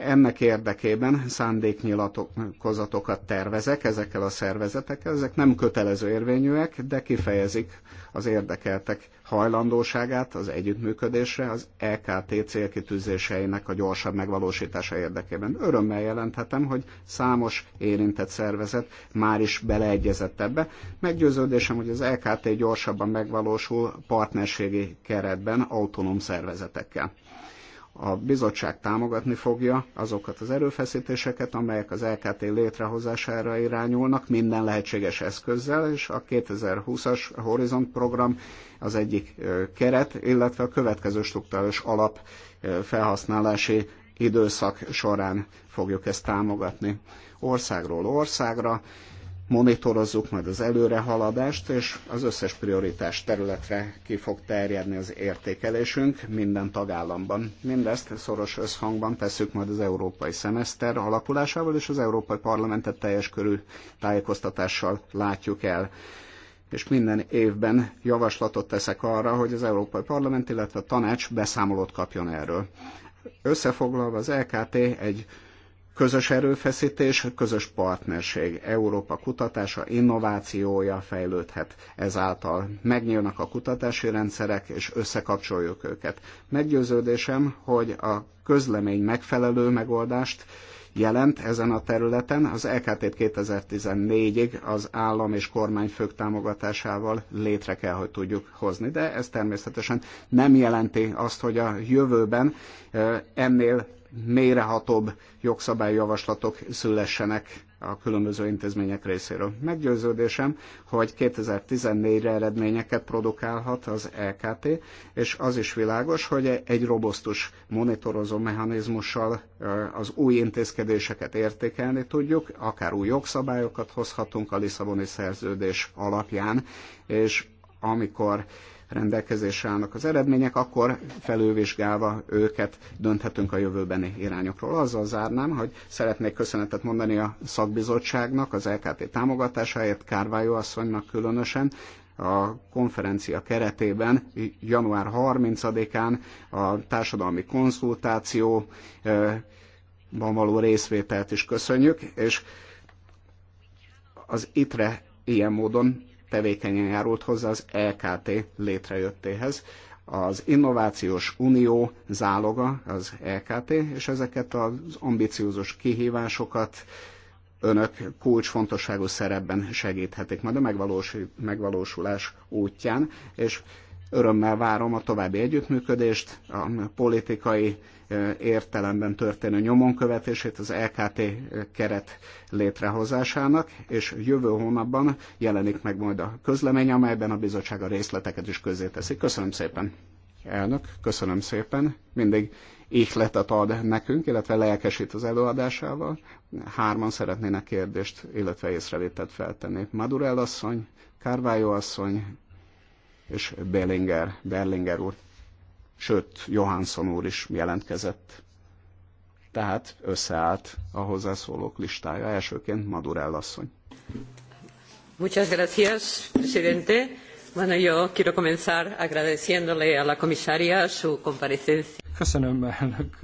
ennek érdekében szándéknyilatkozatokat tervezek ezekkel a szervezetekkel, ezek nem kötelező érvényűek, de kifejezik az érdekeltek hajlandóságát az együttműködésre az EKT célkitűzéseinek a gyorsabb megvalósítása érdekében. Örömmel jelenthetem, hogy számos érintett szervezet már is beleegyezett ebbe. Meggyőződésem, hogy az EKT gyorsabban megvalósul partnerségi keretben autonóm szervezetekkel a bizottság támogatni fogja azokat az erőfeszítéseket, amelyek az LKT létrehozására irányulnak minden lehetséges eszközzel, és a 2020-as Horizont program az egyik keret, illetve a következő struktúrális alap felhasználási időszak során fogjuk ezt támogatni. Országról országra monitorozzuk majd az előrehaladást, és az összes prioritás területre ki fog terjedni az értékelésünk minden tagállamban. Mindezt szoros összhangban tesszük majd az európai szemeszter alakulásával, és az Európai Parlamentet teljes körű tájékoztatással látjuk el és minden évben javaslatot teszek arra, hogy az Európai Parlament, illetve a tanács beszámolót kapjon erről. Összefoglalva az LKT egy Közös erőfeszítés, közös partnerség, Európa kutatása, innovációja fejlődhet ezáltal. Megnyílnak a kutatási rendszerek, és összekapcsoljuk őket. Meggyőződésem, hogy a közlemény megfelelő megoldást jelent ezen a területen. Az lkt e 2014-ig az állam és kormányfők támogatásával létre kell, hogy tudjuk hozni, de ez természetesen nem jelenti azt, hogy a jövőben eh, ennél mélyrehatóbb jogszabályjavaslatok szülessenek a különböző intézmények részéről. Meggyőződésem, hogy 2014-re eredményeket produkálhat az LKT, és az is világos, hogy egy robosztus monitorozó mechanizmussal az új intézkedéseket értékelni tudjuk, akár új jogszabályokat hozhatunk a Lisszaboni szerződés alapján, és amikor rendelkezésre állnak az eredmények, akkor felülvizsgálva őket dönthetünk a jövőbeni irányokról. Azzal zárnám, hogy szeretnék köszönetet mondani a szakbizottságnak, az LKT támogatásáért, Kárvájó asszonynak különösen, a konferencia keretében január 30-án a társadalmi konzultáció eh, van való részvételt is köszönjük, és az ITRE ilyen módon tevékenyen járult hozzá az EKT létrejöttéhez. Az Innovációs Unió záloga az EKT, és ezeket az ambiciózus kihívásokat önök kulcsfontosságú szerepben segíthetik majd a megvalósulás útján, és Örömmel várom a további együttműködést, a politikai értelemben történő nyomonkövetését az LKT keret létrehozásának, és jövő hónapban jelenik meg majd a közlemény, amelyben a bizottság a részleteket is közé teszi. Köszönöm szépen! elnök, köszönöm szépen, mindig ihletet ad nekünk, illetve lelkesít az előadásával. Hárman szeretnének kérdést, illetve észrevételt feltenni. Madurell asszony, Carvalho asszony, és Bellinger, Berlinger úr, sőt, Johansson úr is jelentkezett. Tehát összeállt a hozzászólók listája, elsőként Madurell asszony. Muchas gracias, presidente. Bueno, yo quiero comenzar agradeciéndole a la comisaria su comparecencia. Köszönöm, elnök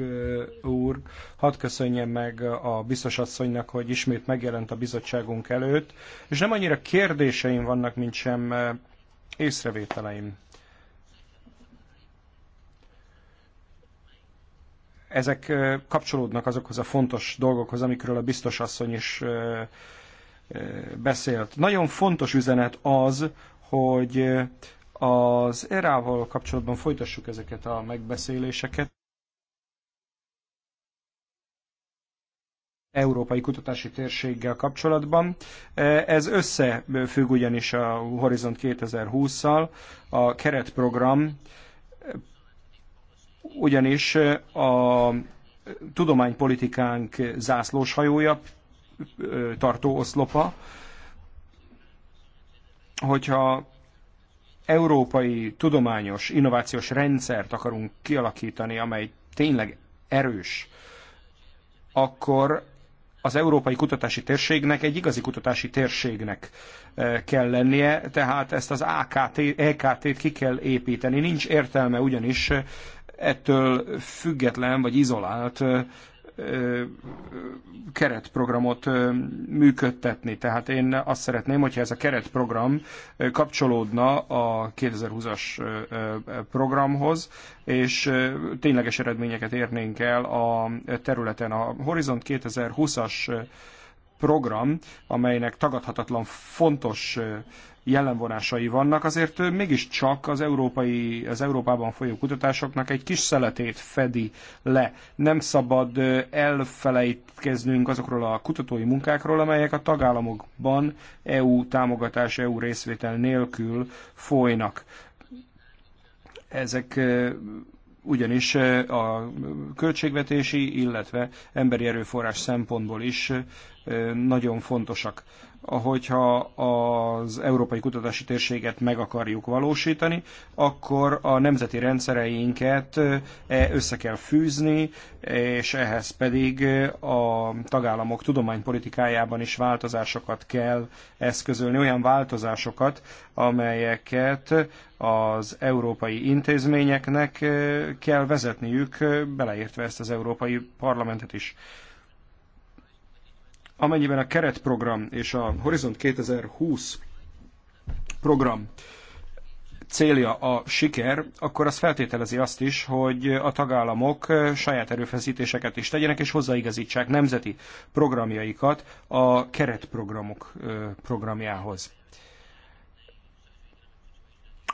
úr. Hadd köszönjem meg a biztos asszonynak, hogy ismét megjelent a bizottságunk előtt. És nem annyira kérdéseim vannak, mint sem észrevételeim. Ezek kapcsolódnak azokhoz a fontos dolgokhoz, amikről a biztos asszony is beszélt. Nagyon fontos üzenet az, hogy az erával kapcsolatban folytassuk ezeket a megbeszéléseket. európai kutatási térséggel kapcsolatban. E, ez összefügg ugyanis a Horizont 2020-szal, a keretprogram ugyanis e, a tudománypolitikánk zászlóshajója, e, tartó oszlopa, hogyha európai tudományos, innovációs rendszert akarunk kialakítani, amely tényleg erős, akkor az európai kutatási térségnek egy igazi kutatási térségnek e, kell lennie, tehát ezt az AKT, EKT-t ki kell építeni. Nincs értelme ugyanis ettől független vagy izolált e, keretprogramot működtetni. Tehát én azt szeretném, hogyha ez a keretprogram kapcsolódna a 2020-as programhoz, és tényleges eredményeket érnénk el a területen. A Horizont 2020-as program, amelynek tagadhatatlan fontos jellemvonásai vannak, azért mégiscsak az, európai, az Európában folyó kutatásoknak egy kis szeletét fedi le. Nem szabad elfelejtkeznünk azokról a kutatói munkákról, amelyek a tagállamokban EU támogatás, EU részvétel nélkül folynak. Ezek ugyanis a költségvetési, illetve emberi erőforrás szempontból is nagyon fontosak hogyha az európai kutatási térséget meg akarjuk valósítani, akkor a nemzeti rendszereinket eh, össze kell fűzni, és ehhez pedig eh, a tagállamok tudománypolitikájában is változásokat kell eszközölni, olyan változásokat, amelyeket az európai intézményeknek eh, kell vezetniük, beleértve ezt az európai parlamentet is. Amennyiben a keretprogram és a Horizont 2020 program célja a siker, akkor az feltételezi azt is, hogy a tagállamok saját erőfeszítéseket is tegyenek, és hozzáigazítsák nemzeti programjaikat a keretprogramok programjához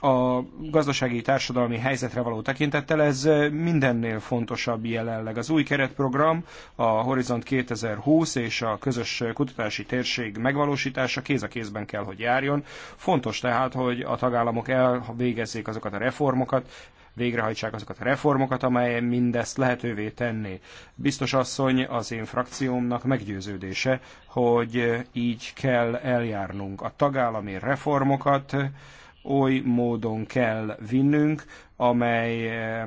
a gazdasági társadalmi helyzetre való tekintettel ez eh, mindennél fontosabb jelenleg. Az új keretprogram, a Horizont 2020 és a közös kutatási térség megvalósítása kéz a kézben kell, hogy járjon. Fontos tehát, hogy a tagállamok elvégezzék azokat a reformokat, végrehajtsák azokat a reformokat, amely mindezt lehetővé tenné. Biztos asszony az én frakciómnak meggyőződése, hogy eh, így kell eljárnunk. A tagállami reformokat oly módon kell vinnünk, amely eh,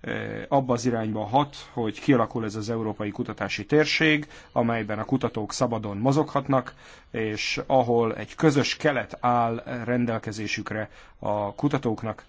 eh, abba az irányba hat, hogy kialakul ez az európai kutatási térség, amelyben a kutatók szabadon mozoghatnak, és ahol egy közös kelet áll rendelkezésükre a kutatóknak,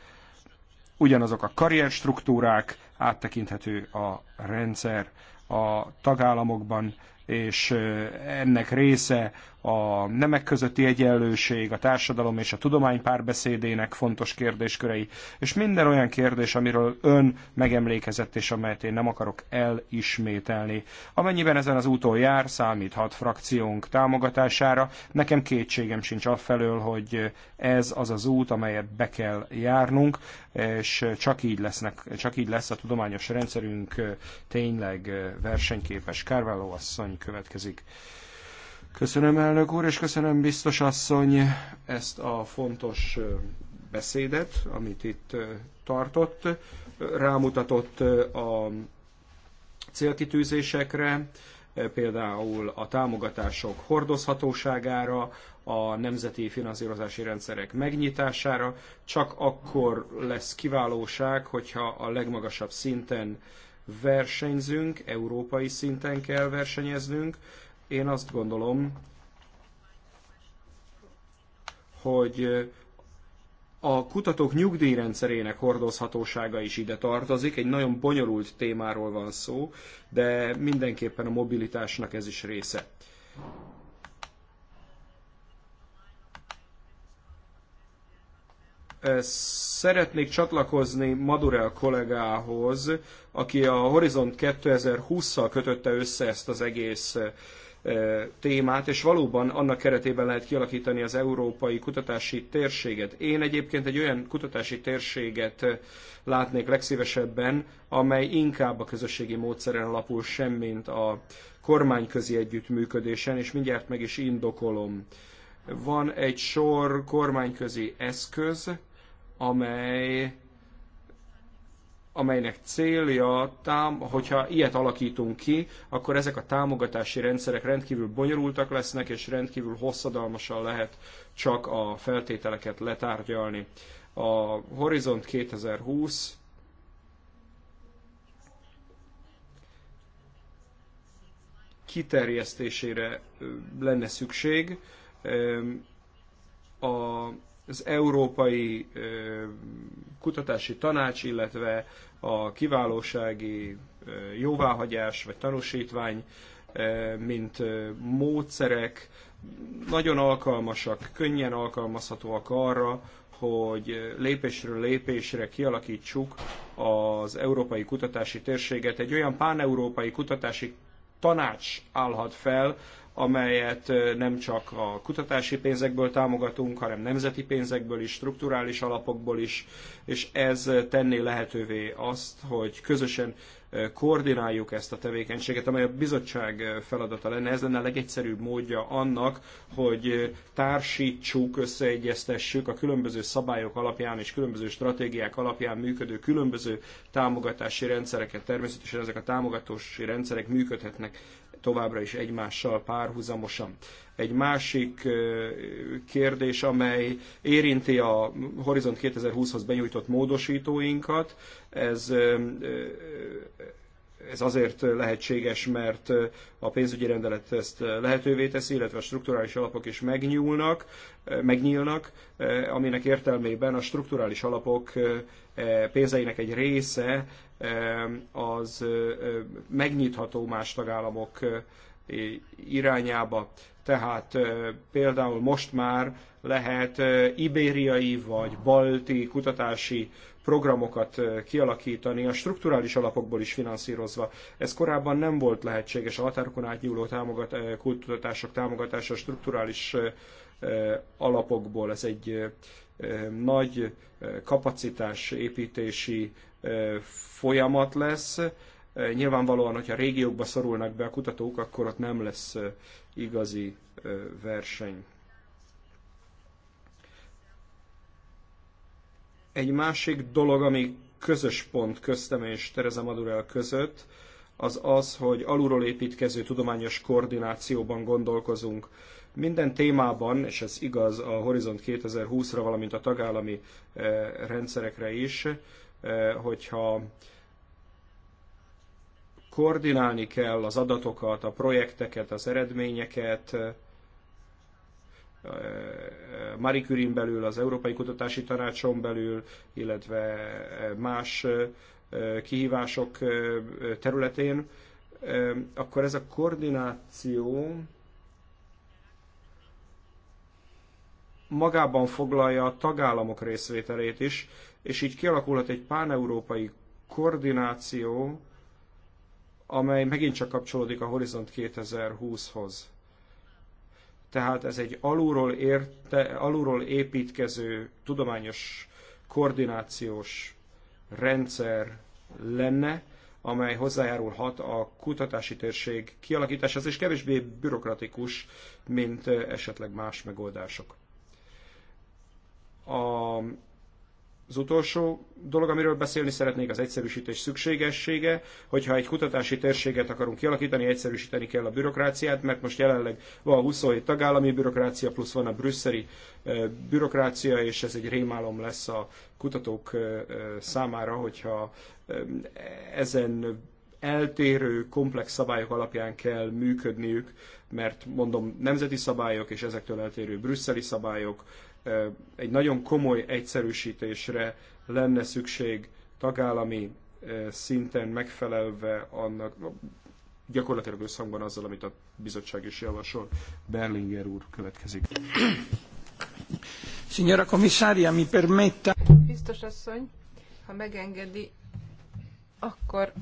ugyanazok a karrierstruktúrák, áttekinthető a rendszer a tagállamokban, és eh, ennek része a nemek közötti egyenlőség, a társadalom és a tudomány párbeszédének fontos kérdéskörei, és minden olyan kérdés, amiről ön megemlékezett, és amelyet én nem akarok elismételni. Amennyiben ezen az úton jár, számíthat frakciónk támogatására. Nekem kétségem sincs afelől, hogy ez az az út, amelyet be kell járnunk, és csak így, lesznek, csak így lesz a tudományos rendszerünk tényleg versenyképes. Kárváló asszony következik. Köszönöm, elnök úr, és köszönöm, biztos asszony, ezt a fontos beszédet, amit itt tartott. Rámutatott a célkitűzésekre, például a támogatások hordozhatóságára, a nemzeti finanszírozási rendszerek megnyitására. Csak akkor lesz kiválóság, hogyha a legmagasabb szinten versenyzünk, európai szinten kell versenyeznünk, én azt gondolom, hogy a kutatók nyugdíjrendszerének hordozhatósága is ide tartozik. Egy nagyon bonyolult témáról van szó, de mindenképpen a mobilitásnak ez is része. Szeretnék csatlakozni Madurel kollégához, aki a Horizont 2020-szal kötötte össze ezt az egész témát, és valóban annak keretében lehet kialakítani az európai kutatási térséget. Én egyébként egy olyan kutatási térséget látnék legszívesebben, amely inkább a közösségi módszeren alapul, semmint a kormányközi együttműködésen, és mindjárt meg is indokolom. Van egy sor kormányközi eszköz, amely amelynek célja, tám, hogyha ilyet alakítunk ki, akkor ezek a támogatási rendszerek rendkívül bonyolultak lesznek, és rendkívül hosszadalmasan lehet csak a feltételeket letárgyalni. A Horizont 2020 kiterjesztésére lenne szükség. Az Európai Kutatási Tanács, illetve a kiválósági jóváhagyás vagy tanúsítvány, mint módszerek nagyon alkalmasak, könnyen alkalmazhatóak arra, hogy lépésről lépésre kialakítsuk az európai kutatási térséget. Egy olyan páneurópai kutatási tanács állhat fel, amelyet nem csak a kutatási pénzekből támogatunk, hanem nemzeti pénzekből is, strukturális alapokból is, és ez tenné lehetővé azt, hogy közösen koordináljuk ezt a tevékenységet, amely a bizottság feladata lenne. Ez lenne a legegyszerűbb módja annak, hogy társítsuk, összeegyeztessük a különböző szabályok alapján és különböző stratégiák alapján működő különböző támogatási rendszereket. Természetesen ezek a támogatási rendszerek működhetnek továbbra is egymással párhuzamosan. Egy másik kérdés, amely érinti a Horizont 2020-hoz benyújtott módosítóinkat, ez ez azért lehetséges, mert a pénzügyi rendelet ezt lehetővé teszi, illetve a strukturális alapok is megnyúlnak, megnyílnak, aminek értelmében a strukturális alapok pénzeinek egy része az megnyitható más tagállamok irányába. Tehát például most már lehet ibériai vagy balti kutatási programokat kialakítani, a strukturális alapokból is finanszírozva. Ez korábban nem volt lehetséges a határokon átnyúló támogat, kutatások támogatása a strukturális alapokból. Ez egy nagy kapacitás építési folyamat lesz. Nyilvánvalóan, hogyha régiókba szorulnak be a kutatók, akkor ott nem lesz igazi verseny. Egy másik dolog, ami közös pont köztem és Tereza Madurel között, az az, hogy alulról építkező tudományos koordinációban gondolkozunk. Minden témában, és ez igaz a Horizont 2020-ra, valamint a tagállami eh, rendszerekre is, eh, hogyha koordinálni kell az adatokat, a projekteket, az eredményeket, eh, Marie Curie-n belül, az Európai Kutatási Tanácson belül, illetve más kihívások területén, akkor ez a koordináció magában foglalja a tagállamok részvételét is, és így kialakulhat egy páneurópai koordináció, amely megint csak kapcsolódik a Horizont 2020-hoz. Tehát ez egy alulról, érte, alulról építkező tudományos koordinációs rendszer lenne, amely hozzájárulhat a kutatási térség kialakításához, és kevésbé bürokratikus, mint esetleg más megoldások. A, az utolsó dolog, amiről beszélni szeretnék, az egyszerűsítés szükségessége. Hogyha egy kutatási térséget akarunk kialakítani, egyszerűsíteni kell a bürokráciát, mert most jelenleg van a 27 tagállami bürokrácia, plusz van a brüsszeli bürokrácia, és ez egy rémálom lesz a kutatók számára, hogyha ezen eltérő, komplex szabályok alapján kell működniük, mert mondom, nemzeti szabályok és ezektől eltérő brüsszeli szabályok, egy nagyon komoly egyszerűsítésre lenne szükség tagállami szinten megfelelve annak gyakorlatilag összhangban azzal, amit a bizottság is javasol. Berlinger úr következik. Signora commissaria, mi permetta... Biztos asszony, ha megengedi, akkor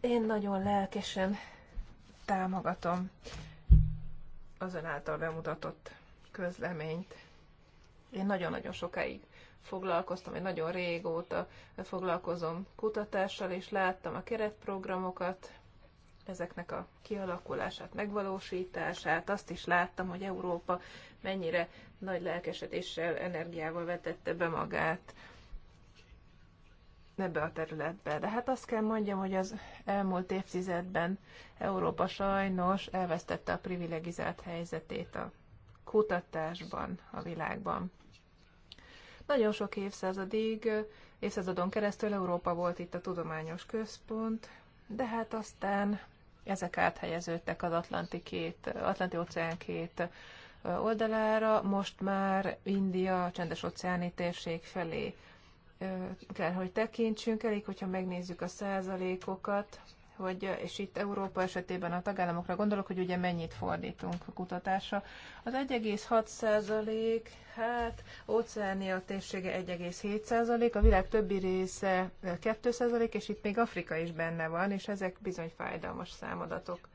én nagyon lelkesen támogatom azon által bemutatott közleményt. Én nagyon-nagyon sokáig foglalkoztam, én nagyon régóta foglalkozom kutatással, és láttam a keretprogramokat, ezeknek a kialakulását, megvalósítását, azt is láttam, hogy Európa mennyire nagy lelkesedéssel, energiával vetette be magát ebbe a területbe. De hát azt kell mondjam, hogy az elmúlt évtizedben Európa sajnos elvesztette a privilegizált helyzetét a kutatásban a világban. Nagyon sok évszázadig, évszázadon keresztül Európa volt itt a tudományos központ, de hát aztán ezek áthelyeződtek az Atlanti, két, Atlanti óceán két oldalára, most már India, csendes óceáni térség felé kell, hogy tekintsünk. Elég, hogyha megnézzük a százalékokat, hogy, és itt Európa esetében a tagállamokra gondolok, hogy ugye mennyit fordítunk a kutatásra. Az 1,6 százalék, hát Óceánia térsége 1,7 százalék, a világ többi része 2 százalék, és itt még Afrika is benne van, és ezek bizony fájdalmas számadatok.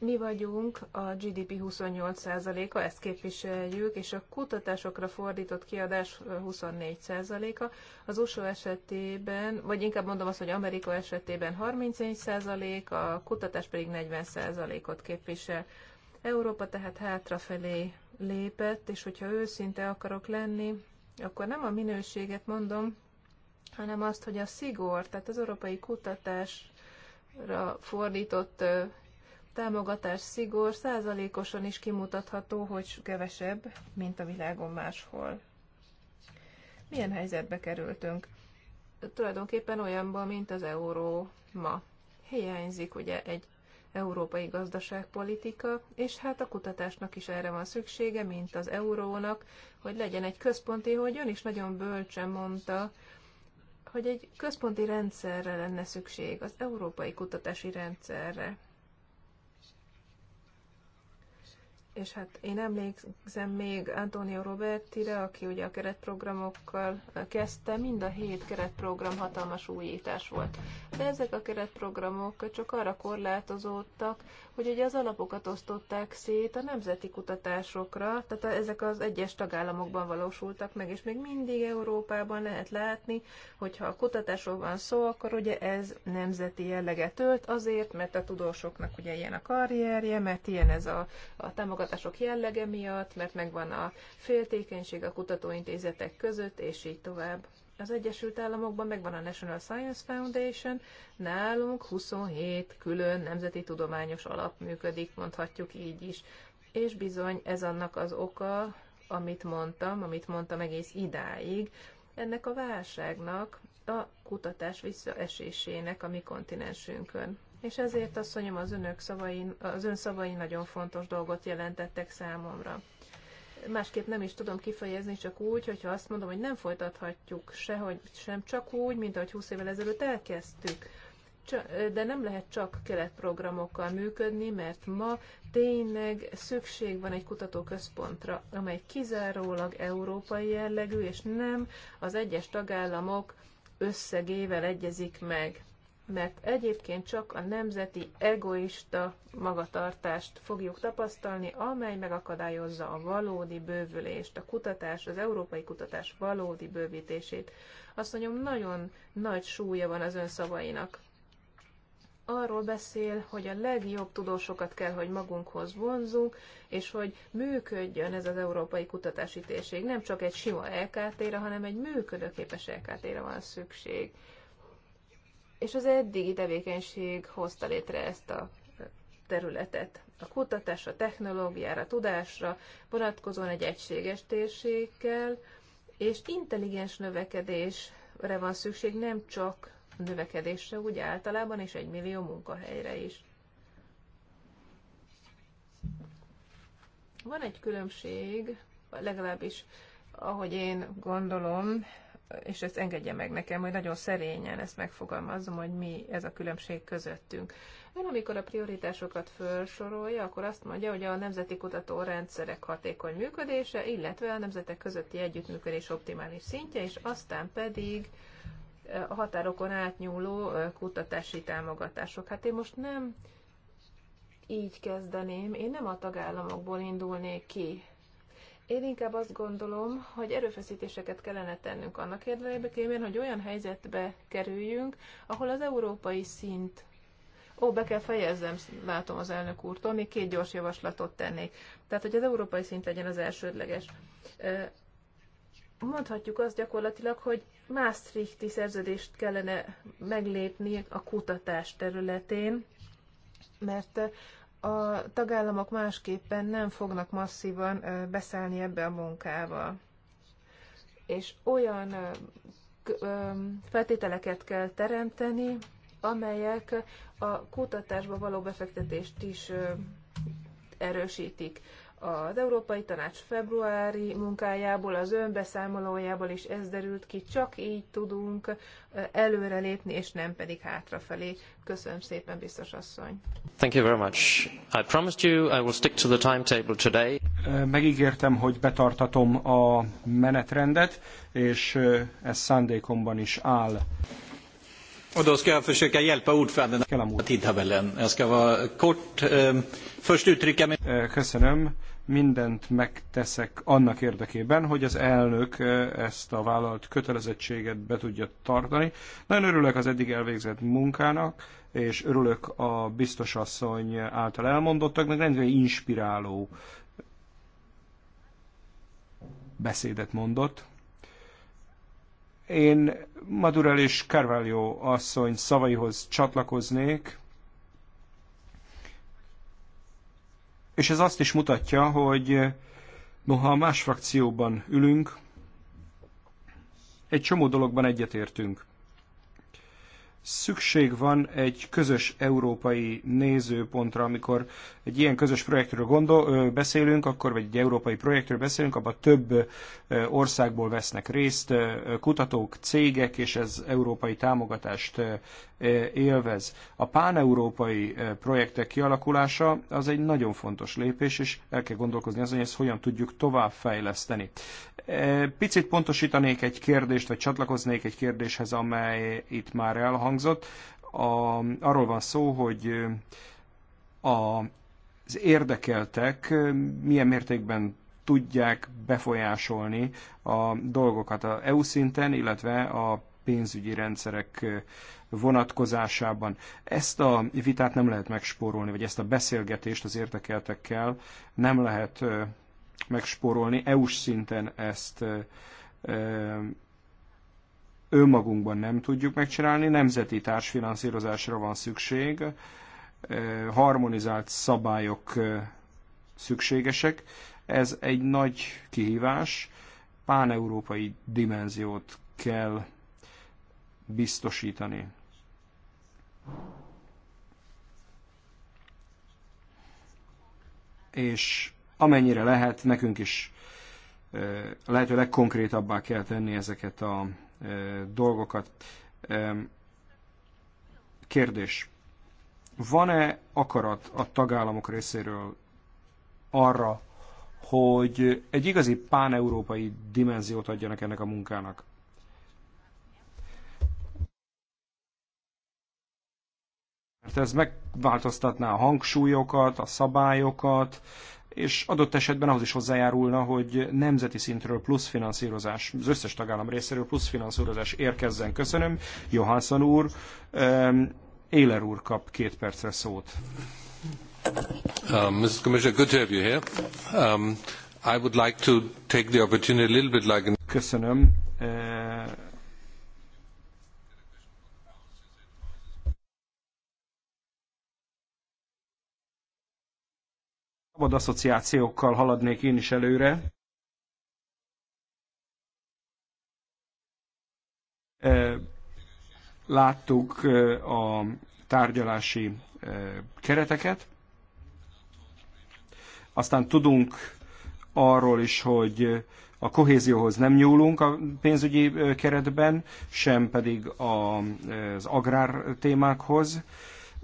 Mi vagyunk a GDP 28%-a, ezt képviseljük, és a kutatásokra fordított kiadás 24%-a. Az USA esetében, vagy inkább mondom azt, hogy Amerika esetében 34%, a kutatás pedig 40%-ot képvisel. Európa tehát hátrafelé lépett, és hogyha őszinte akarok lenni, akkor nem a minőséget mondom, hanem azt, hogy a szigor, tehát az európai kutatásra fordított támogatás szigor százalékosan is kimutatható, hogy kevesebb, mint a világon máshol. Milyen helyzetbe kerültünk? Tulajdonképpen olyanban, mint az euró ma. Hiányzik ugye egy európai gazdaságpolitika, és hát a kutatásnak is erre van szüksége, mint az eurónak, hogy legyen egy központi, hogy ön is nagyon bölcsen mondta, hogy egy központi rendszerre lenne szükség, az európai kutatási rendszerre. és hát én emlékszem még Antonio Robertire, aki ugye a keretprogramokkal kezdte, mind a hét keretprogram hatalmas újítás volt. De ezek a keretprogramok csak arra korlátozódtak, hogy ugye az alapokat osztották szét a nemzeti kutatásokra, tehát ezek az egyes tagállamokban valósultak meg, és még mindig Európában lehet látni, hogyha a kutatásról van szó, akkor ugye ez nemzeti jelleget ölt azért, mert a tudósoknak ugye ilyen a karrierje, mert ilyen ez a, a támogatások jellege miatt, mert megvan a féltékenység a kutatóintézetek között, és így tovább az Egyesült Államokban megvan a National Science Foundation, nálunk 27 külön nemzeti tudományos alap működik, mondhatjuk így is. És bizony ez annak az oka, amit mondtam, amit mondtam egész idáig, ennek a válságnak, a kutatás visszaesésének a mi kontinensünkön. És ezért, asszonyom, az önök az ön szavai nagyon fontos dolgot jelentettek számomra másképp nem is tudom kifejezni, csak úgy, hogyha azt mondom, hogy nem folytathatjuk sehogy, sem csak úgy, mint ahogy 20 évvel ezelőtt elkezdtük. De nem lehet csak keletprogramokkal működni, mert ma tényleg szükség van egy kutatóközpontra, amely kizárólag európai jellegű, és nem az egyes tagállamok összegével egyezik meg mert egyébként csak a nemzeti egoista magatartást fogjuk tapasztalni, amely megakadályozza a valódi bővülést, a kutatás, az európai kutatás valódi bővítését. Azt mondjam, nagyon nagy súlya van az ön szavainak. Arról beszél, hogy a legjobb tudósokat kell, hogy magunkhoz vonzunk, és hogy működjön ez az európai kutatási térség. Nem csak egy sima lkt hanem egy működőképes lkt van szükség és az eddigi tevékenység hozta létre ezt a területet. A kutatásra, technológiára, tudásra vonatkozóan egy egységes térség és intelligens növekedésre van szükség, nem csak növekedésre, úgy általában, és egy millió munkahelyre is. Van egy különbség, legalábbis ahogy én gondolom, és ezt engedje meg nekem, hogy nagyon szerényen ezt megfogalmazom, hogy mi ez a különbség közöttünk. Ön, amikor a prioritásokat felsorolja, akkor azt mondja, hogy a nemzeti kutatórendszerek hatékony működése, illetve a nemzetek közötti együttműködés optimális szintje, és aztán pedig eh, a határokon átnyúló eh, kutatási támogatások. Hát én most nem így kezdeném, én nem a tagállamokból indulnék ki, én inkább azt gondolom, hogy erőfeszítéseket kellene tennünk annak érdekében, hogy olyan helyzetbe kerüljünk, ahol az európai szint Ó, be kell fejezzem, látom az elnök úrtól, még két gyors javaslatot tennék. Tehát, hogy az európai szint legyen az elsődleges. Mondhatjuk azt gyakorlatilag, hogy Maastrichti szerződést kellene meglépni a kutatás területén, mert a tagállamok másképpen nem fognak masszívan beszállni ebbe a munkába. És olyan feltételeket kell teremteni, amelyek a kutatásba való befektetést is erősítik. Az Európai Tanács februári munkájából, az önbeszámolójából is ez derült ki, csak így tudunk előrelépni, és nem pedig hátrafelé. Köszönöm szépen, biztos asszony. Thank you very much. I promised you I will stick to the timetable today. Megígértem, hogy betartatom a menetrendet, és ez szándékomban is áll. Och då ska jag försöka hjälpa ordföranden att tidtabellen. Jag ska vara kort. Ehm, först uttrycka mig... Eh, köszönöm. Mindent megteszek annak érdekében, hogy az elnök eh, ezt a vállalt kötelezettséget be tudja tartani. Nagyon örülök az eddig elvégzett munkának, és örülök a biztosasszony által elmondottaknak, rendkívül inspiráló beszédet mondott. Én Madurell és Carvalho asszony szavaihoz csatlakoznék, és ez azt is mutatja, hogy noha más frakcióban ülünk, egy csomó dologban egyetértünk szükség van egy közös európai nézőpontra, amikor egy ilyen közös projektről gondol, beszélünk, akkor vagy egy európai projektről beszélünk, abban több országból vesznek részt kutatók, cégek, és ez európai támogatást élvez. A páneurópai projektek kialakulása az egy nagyon fontos lépés, és el kell gondolkozni azon, hogy ezt hogyan tudjuk továbbfejleszteni. Picit pontosítanék egy kérdést, vagy csatlakoznék egy kérdéshez, amely itt már elhangzott elhangzott. A, arról van szó, hogy a, az érdekeltek milyen mértékben tudják befolyásolni a dolgokat a EU szinten, illetve a pénzügyi rendszerek vonatkozásában. Ezt a vitát nem lehet megspórolni, vagy ezt a beszélgetést az érdekeltekkel nem lehet megspórolni. EU-s szinten ezt önmagunkban nem tudjuk megcsinálni, nemzeti társfinanszírozásra van szükség, harmonizált szabályok szükségesek. Ez egy nagy kihívás, páneurópai dimenziót kell biztosítani. És amennyire lehet, nekünk is lehető legkonkrétabbá kell tenni ezeket a dolgokat. Kérdés. Van-e akarat a tagállamok részéről arra, hogy egy igazi páneurópai dimenziót adjanak ennek a munkának? mert ez megváltoztatná a hangsúlyokat, a szabályokat, és adott esetben ahhoz is hozzájárulna, hogy nemzeti szintről plusz finanszírozás, az összes tagállam részéről plusz finanszírozás érkezzen. Köszönöm, Johansson úr. Éler úr kap két percre szót. Um, Mr. Commissioner, good to have you here. Um, I would like to take the opportunity a little bit like... Köszönöm. Uh, szabad asszociációkkal haladnék én is előre. E, láttuk e, a tárgyalási e, kereteket. Aztán tudunk arról is, hogy a kohézióhoz nem nyúlunk a pénzügyi keretben, sem pedig az agrár témákhoz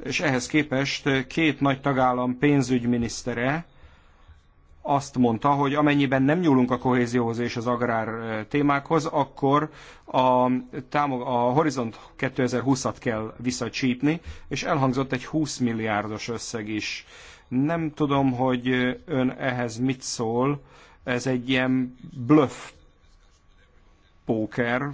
és ehhez képest két nagy tagállam pénzügyminisztere azt mondta, hogy amennyiben nem nyúlunk a kohézióhoz és az agrár témákhoz, akkor a, támog, a Horizont 2020-at kell visszacsípni, és elhangzott egy 20 milliárdos összeg is. Nem tudom, hogy ön ehhez mit szól, ez egy ilyen bluff póker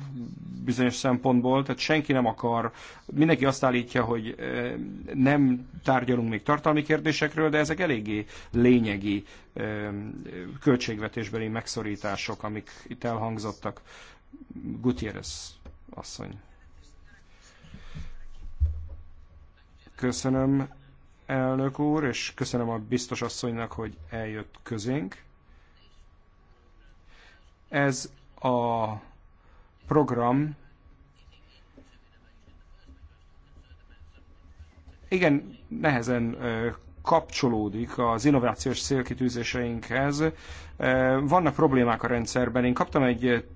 bizonyos szempontból, tehát senki nem akar, mindenki azt állítja, hogy eh, nem tárgyalunk még tartalmi kérdésekről, de ezek eléggé lényegi eh, költségvetésbeli megszorítások, amik itt elhangzottak. Gutierrez asszony. Köszönöm, elnök úr, és köszönöm a biztos asszonynak, hogy eljött közénk. Ez a program igen, nehezen kapcsolódik az innovációs célkitűzéseinkhez. Vannak problémák a rendszerben. Én kaptam egy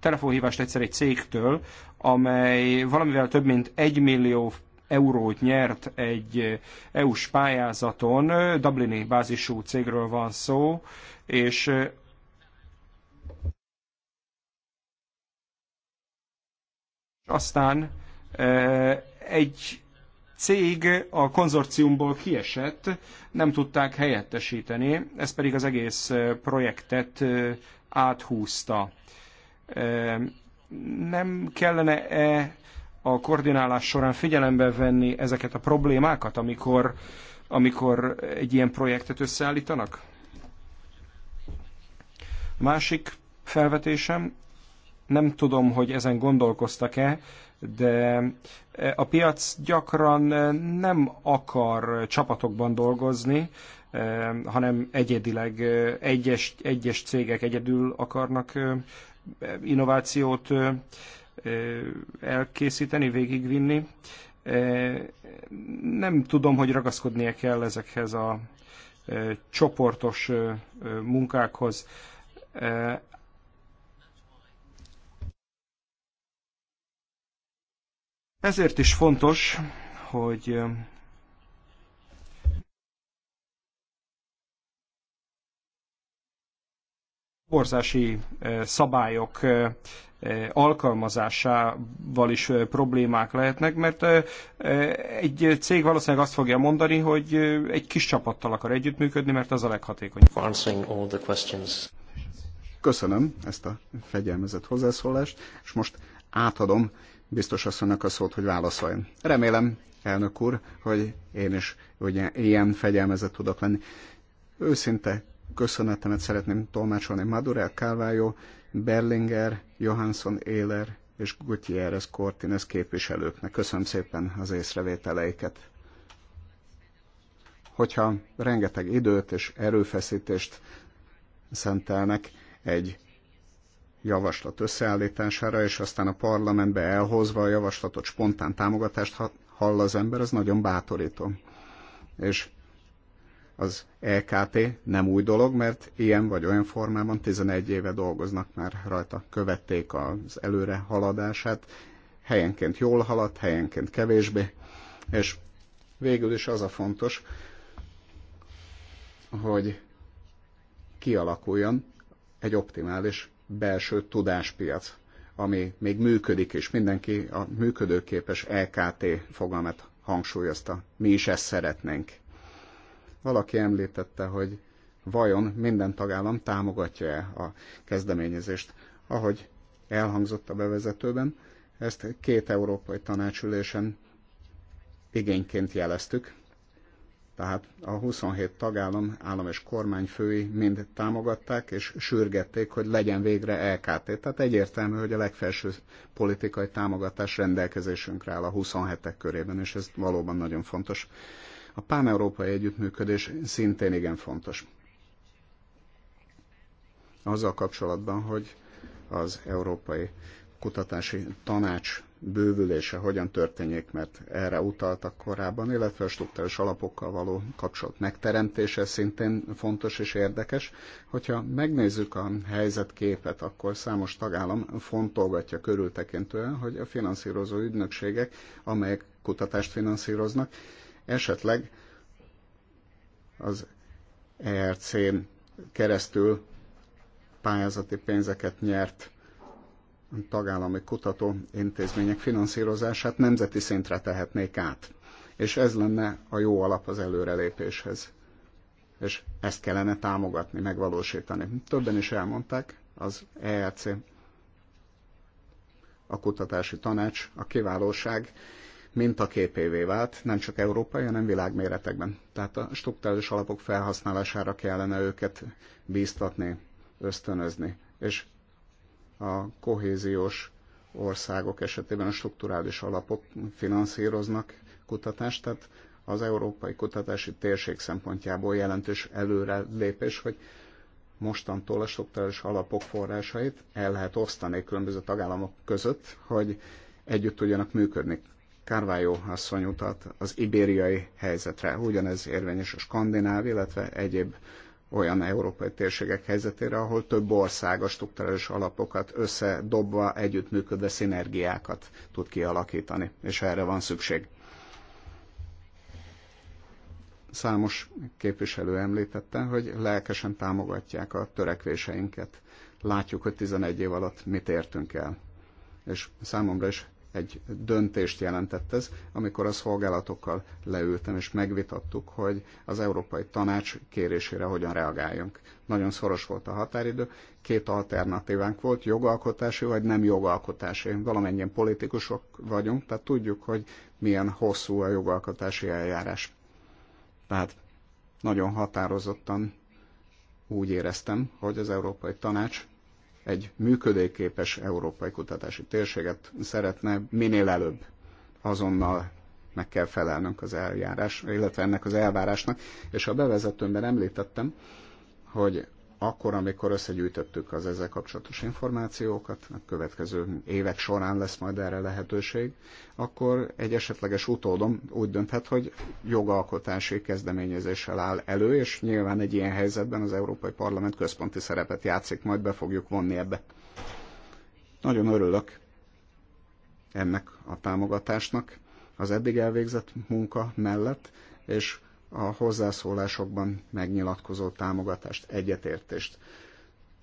telefonhívást egyszer egy cégtől, amely valamivel több mint egy millió eurót nyert egy EU-s pályázaton, Dublini bázisú cégről van szó, és Aztán e, egy cég a konzorciumból kiesett, nem tudták helyettesíteni, ez pedig az egész e, projektet e, áthúzta. Nem kellene-e a koordinálás során figyelembe venni ezeket a problémákat, amikor, amikor egy ilyen projektet összeállítanak? másik felvetésem nem tudom, hogy ezen gondolkoztak-e, de e, a piac gyakran e, nem akar csapatokban dolgozni, e, hanem egyedileg egyes, egyes cégek egyedül akarnak innovációt elkészíteni, végigvinni. Nem tudom, hogy ragaszkodnia kell ezekhez a csoportos munkákhoz. Ezért is fontos, hogy borzási szabályok alkalmazásával is problémák lehetnek, mert egy cég valószínűleg azt fogja mondani, hogy egy kis csapattal akar együttműködni, mert az a leghatékonyabb. Köszönöm ezt a fegyelmezett hozzászólást, és most átadom biztos asszonynak a szót, hogy válaszoljon. Remélem, elnök úr, hogy én is ugye, ilyen fegyelmezett tudok lenni. Őszinte köszönetemet szeretném tolmácsolni Madurel Carvalho, Berlinger, Johansson, Éler és Gutierrez Cortines képviselőknek. Köszönöm szépen az észrevételeiket. Hogyha rengeteg időt és erőfeszítést szentelnek egy javaslat összeállítására, és aztán a parlamentbe elhozva a javaslatot spontán támogatást hall az ember, az nagyon bátorító. És az EKT nem új dolog, mert ilyen vagy olyan formában 11 éve dolgoznak már rajta, követték az előre haladását, helyenként jól haladt, helyenként kevésbé, és végül is az a fontos, hogy kialakuljon egy optimális belső tudáspiac, ami még működik, és mindenki a működőképes LKT fogalmat hangsúlyozta. Mi is ezt szeretnénk. Valaki említette, hogy vajon minden tagállam támogatja-e a kezdeményezést. Ahogy elhangzott a bevezetőben, ezt két európai tanácsülésen igényként jeleztük, tehát a 27 tagállam állam és kormányfői mind támogatták és sürgették, hogy legyen végre LKT. Tehát egyértelmű, hogy a legfelső politikai támogatás rendelkezésünkre áll a 27-ek körében, és ez valóban nagyon fontos. A pán-európai együttműködés szintén igen fontos. Azzal kapcsolatban, hogy az Európai Kutatási Tanács bővülése hogyan történjék, mert erre utaltak korábban, illetve a struktúrás alapokkal való kapcsolat megteremtése szintén fontos és érdekes. Hogyha megnézzük a helyzetképet, akkor számos tagállam fontolgatja körültekintően, hogy a finanszírozó ügynökségek, amelyek kutatást finanszíroznak, esetleg az ERC-n keresztül pályázati pénzeket nyert tagállami kutató intézmények finanszírozását nemzeti szintre tehetnék át. És ez lenne a jó alap az előrelépéshez. És ezt kellene támogatni, megvalósítani. Többen is elmondták, az ERC, a kutatási tanács, a kiválóság mint a mintaképévé vált, nem csak európai, hanem világméretekben. Tehát a struktúrális alapok felhasználására kellene őket bíztatni, ösztönözni. És a kohéziós országok esetében a strukturális alapok finanszíroznak kutatást, tehát az európai kutatási térség szempontjából jelentős előrelépés, hogy mostantól a strukturális alapok forrásait el lehet osztani különböző tagállamok között, hogy együtt tudjanak működni. Kárvájó asszony utat az ibériai helyzetre, ugyanez érvényes a skandináv, illetve egyéb olyan európai térségek helyzetére, ahol több ország a struktúrális alapokat összedobva, együttműködve szinergiákat tud kialakítani, és erre van szükség. Számos képviselő említette, hogy lelkesen támogatják a törekvéseinket. Látjuk, hogy 11 év alatt mit értünk el. És számomra is egy döntést jelentett ez, amikor a szolgálatokkal leültem és megvitattuk, hogy az Európai Tanács kérésére hogyan reagáljunk. Nagyon szoros volt a határidő, két alternatívánk volt, jogalkotási vagy nem jogalkotási. Valamennyien politikusok vagyunk, tehát tudjuk, hogy milyen hosszú a jogalkotási eljárás. Tehát nagyon határozottan úgy éreztem, hogy az Európai Tanács egy működőképes európai kutatási térséget szeretne minél előbb azonnal meg kell felelnünk az eljárás, illetve ennek az elvárásnak. És a bevezetőmben említettem, hogy akkor, amikor összegyűjtöttük az ezzel kapcsolatos információkat, a következő évek során lesz majd erre lehetőség, akkor egy esetleges utódom úgy dönthet, hogy jogalkotási kezdeményezéssel áll elő, és nyilván egy ilyen helyzetben az Európai Parlament központi szerepet játszik, majd be fogjuk vonni ebbe. Nagyon örülök ennek a támogatásnak az eddig elvégzett munka mellett, és a hozzászólásokban megnyilatkozó támogatást, egyetértést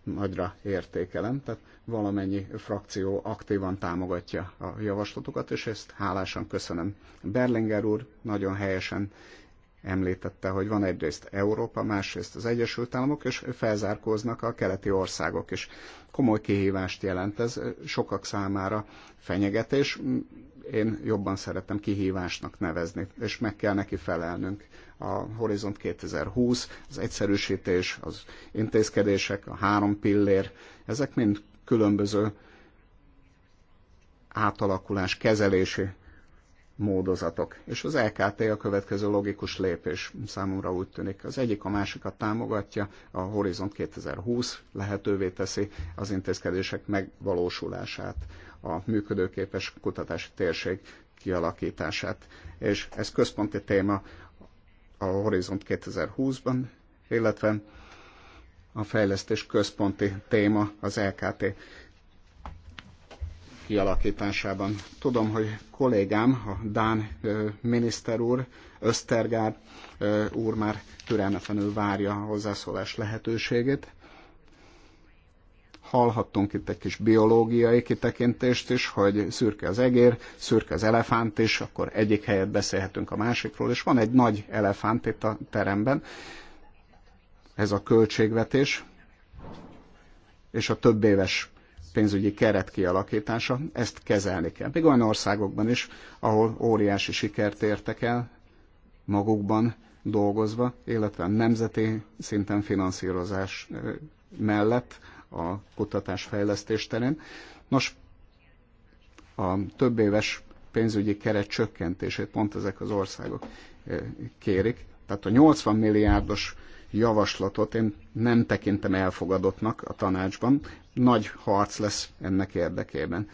nagyra értékelem, tehát valamennyi frakció aktívan támogatja a javaslatokat, és ezt hálásan köszönöm. Berlinger úr nagyon helyesen említette, hogy van egyrészt Európa, másrészt az Egyesült Államok, és felzárkóznak a keleti országok is. Komoly kihívást jelent ez sokak számára fenyegetés én jobban szeretem kihívásnak nevezni, és meg kell neki felelnünk. A Horizont 2020, az egyszerűsítés, az intézkedések, a három pillér, ezek mind különböző átalakulás kezelési módozatok. És az LKT a következő logikus lépés számomra úgy tűnik. Az egyik a másikat támogatja, a Horizont 2020 lehetővé teszi az intézkedések megvalósulását a működőképes kutatási térség kialakítását. És ez központi téma a Horizont 2020-ban, illetve a fejlesztés központi téma az LKT kialakításában. Tudom, hogy kollégám, a Dán miniszter úr, Ösztergár úr már türelmetlenül várja a hozzászólás lehetőségét hallhattunk itt egy kis biológiai kitekintést is, hogy szürke az egér, szürke az elefánt is, akkor egyik helyet beszélhetünk a másikról, és van egy nagy elefánt itt a teremben, ez a költségvetés, és a több éves pénzügyi keret kialakítása, ezt kezelni kell. Még olyan országokban is, ahol óriási sikert értek el magukban dolgozva, illetve nemzeti szinten finanszírozás mellett a kutatásfejlesztés terén. Nos, a több éves pénzügyi keret csökkentését pont ezek az országok eh, kérik. Tehát a 80 milliárdos javaslatot én nem tekintem elfogadottnak a tanácsban. Nagy harc lesz ennek érdekében.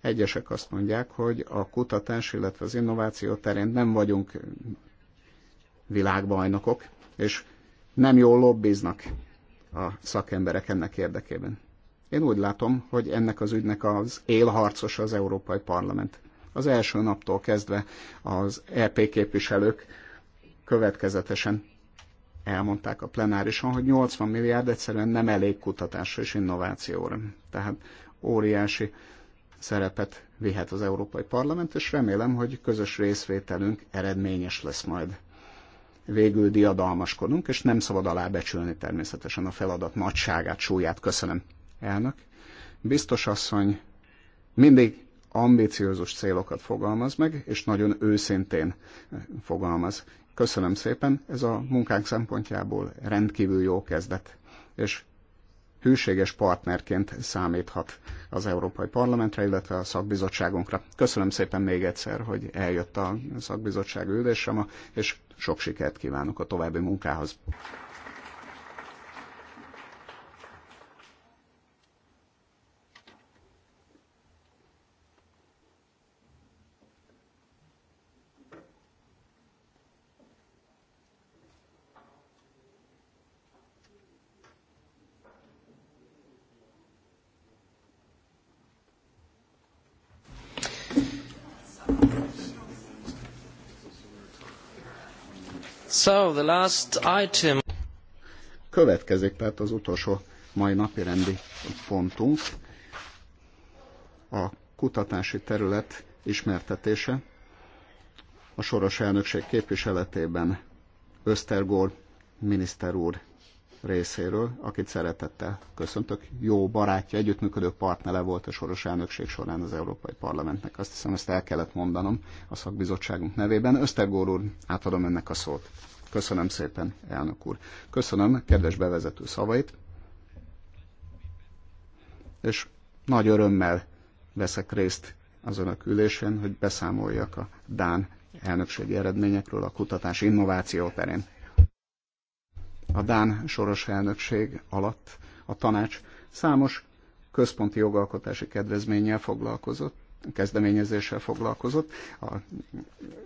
Egyesek azt mondják, hogy a kutatás, illetve az innováció terén nem vagyunk világbajnokok, és nem jól lobbiznak a szakemberek ennek érdekében. Én úgy látom, hogy ennek az ügynek az élharcos az Európai Parlament. Az első naptól kezdve az EP képviselők következetesen elmondták a plenárison, hogy 80 milliárd egyszerűen nem elég kutatásra és innovációra. Tehát óriási szerepet vihet az Európai Parlament, és remélem, hogy közös részvételünk eredményes lesz majd végül diadalmaskodunk, és nem szabad alábecsülni természetesen a feladat nagyságát, súlyát. Köszönöm, elnök. Biztos asszony mindig ambiciózus célokat fogalmaz meg, és nagyon őszintén fogalmaz. Köszönöm szépen, ez a munkánk szempontjából rendkívül jó kezdet, és hűséges partnerként számíthat az Európai Parlamentre, illetve a szakbizottságunkra. Köszönöm szépen még egyszer, hogy eljött a szakbizottság ülésre ma, és sok sikert kívánok a további munkához. So, the last item. Következik tehát az utolsó mai napi rendi pontunk, a kutatási terület ismertetése a soros elnökség képviseletében Ösztergór miniszter úr részéről, akit szeretettel köszöntök. Jó barátja, együttműködő partnere volt a soros elnökség során az Európai Parlamentnek. Azt hiszem, ezt el kellett mondanom a szakbizottságunk nevében. Ösztergór úr, átadom önnek a szót. Köszönöm szépen, elnök úr. Köszönöm kedves bevezető szavait, és nagy örömmel veszek részt az önök ülésén, hogy beszámoljak a Dán elnökségi eredményekről a kutatás innováció terén. A Dán soros elnökség alatt a tanács számos központi jogalkotási kedvezménnyel foglalkozott, kezdeményezéssel foglalkozott, a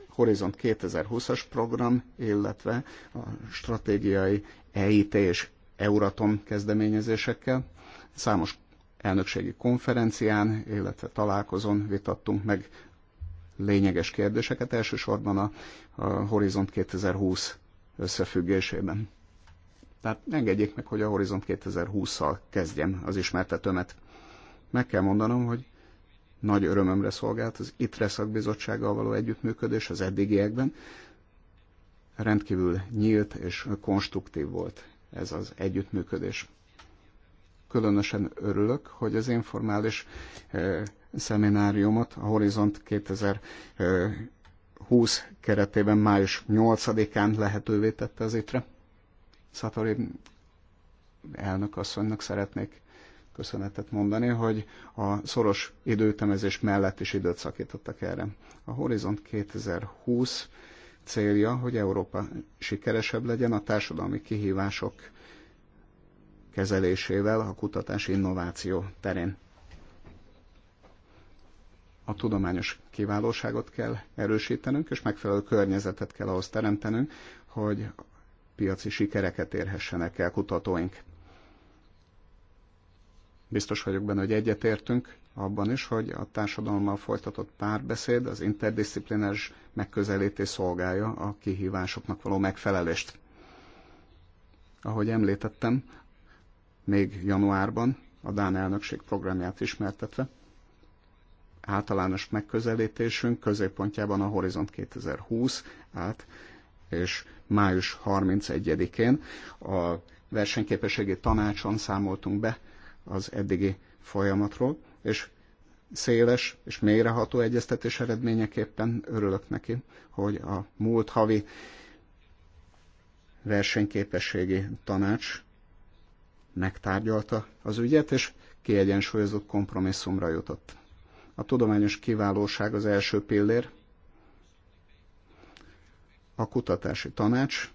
Horizont 2020-as program, illetve a stratégiai EIT és Euratom kezdeményezésekkel. Számos elnökségi konferencián, illetve találkozón vitattunk meg lényeges kérdéseket, elsősorban a, a Horizont 2020 összefüggésében. Tehát engedjék meg, hogy a Horizont 2020-szal kezdjem az ismertetőmet. Meg kell mondanom, hogy nagy örömömre szolgált az ITRESZAK bizottsággal való együttműködés az eddigiekben. Rendkívül nyílt és konstruktív volt ez az együttműködés. Különösen örülök, hogy az informális eh, szemináriumot a Horizont 2020 keretében május 8-án lehetővé tette az ITRE. Szatori elnök asszonynak szeretnék köszönetet mondani, hogy a szoros időtemezés mellett is időt szakítottak erre. A Horizont 2020 célja, hogy Európa sikeresebb legyen a társadalmi kihívások kezelésével a kutatás innováció terén. A tudományos kiválóságot kell erősítenünk, és megfelelő környezetet kell ahhoz teremtenünk, hogy piaci sikereket érhessenek el kutatóink. Biztos vagyok benne, hogy egyetértünk abban is, hogy a társadalommal folytatott párbeszéd az interdisziplinás megközelítés szolgálja a kihívásoknak való megfelelést. Ahogy említettem, még januárban a Dán elnökség programját ismertetve, általános megközelítésünk középpontjában a Horizont 2020 állt, és május 31-én a versenyképességi tanácson számoltunk be az eddigi folyamatról, és széles és mélyreható egyeztetés eredményeképpen örülök neki, hogy a múlt havi versenyképességi tanács megtárgyalta az ügyet, és kiegyensúlyozott kompromisszumra jutott. A tudományos kiválóság az első pillér, a kutatási tanács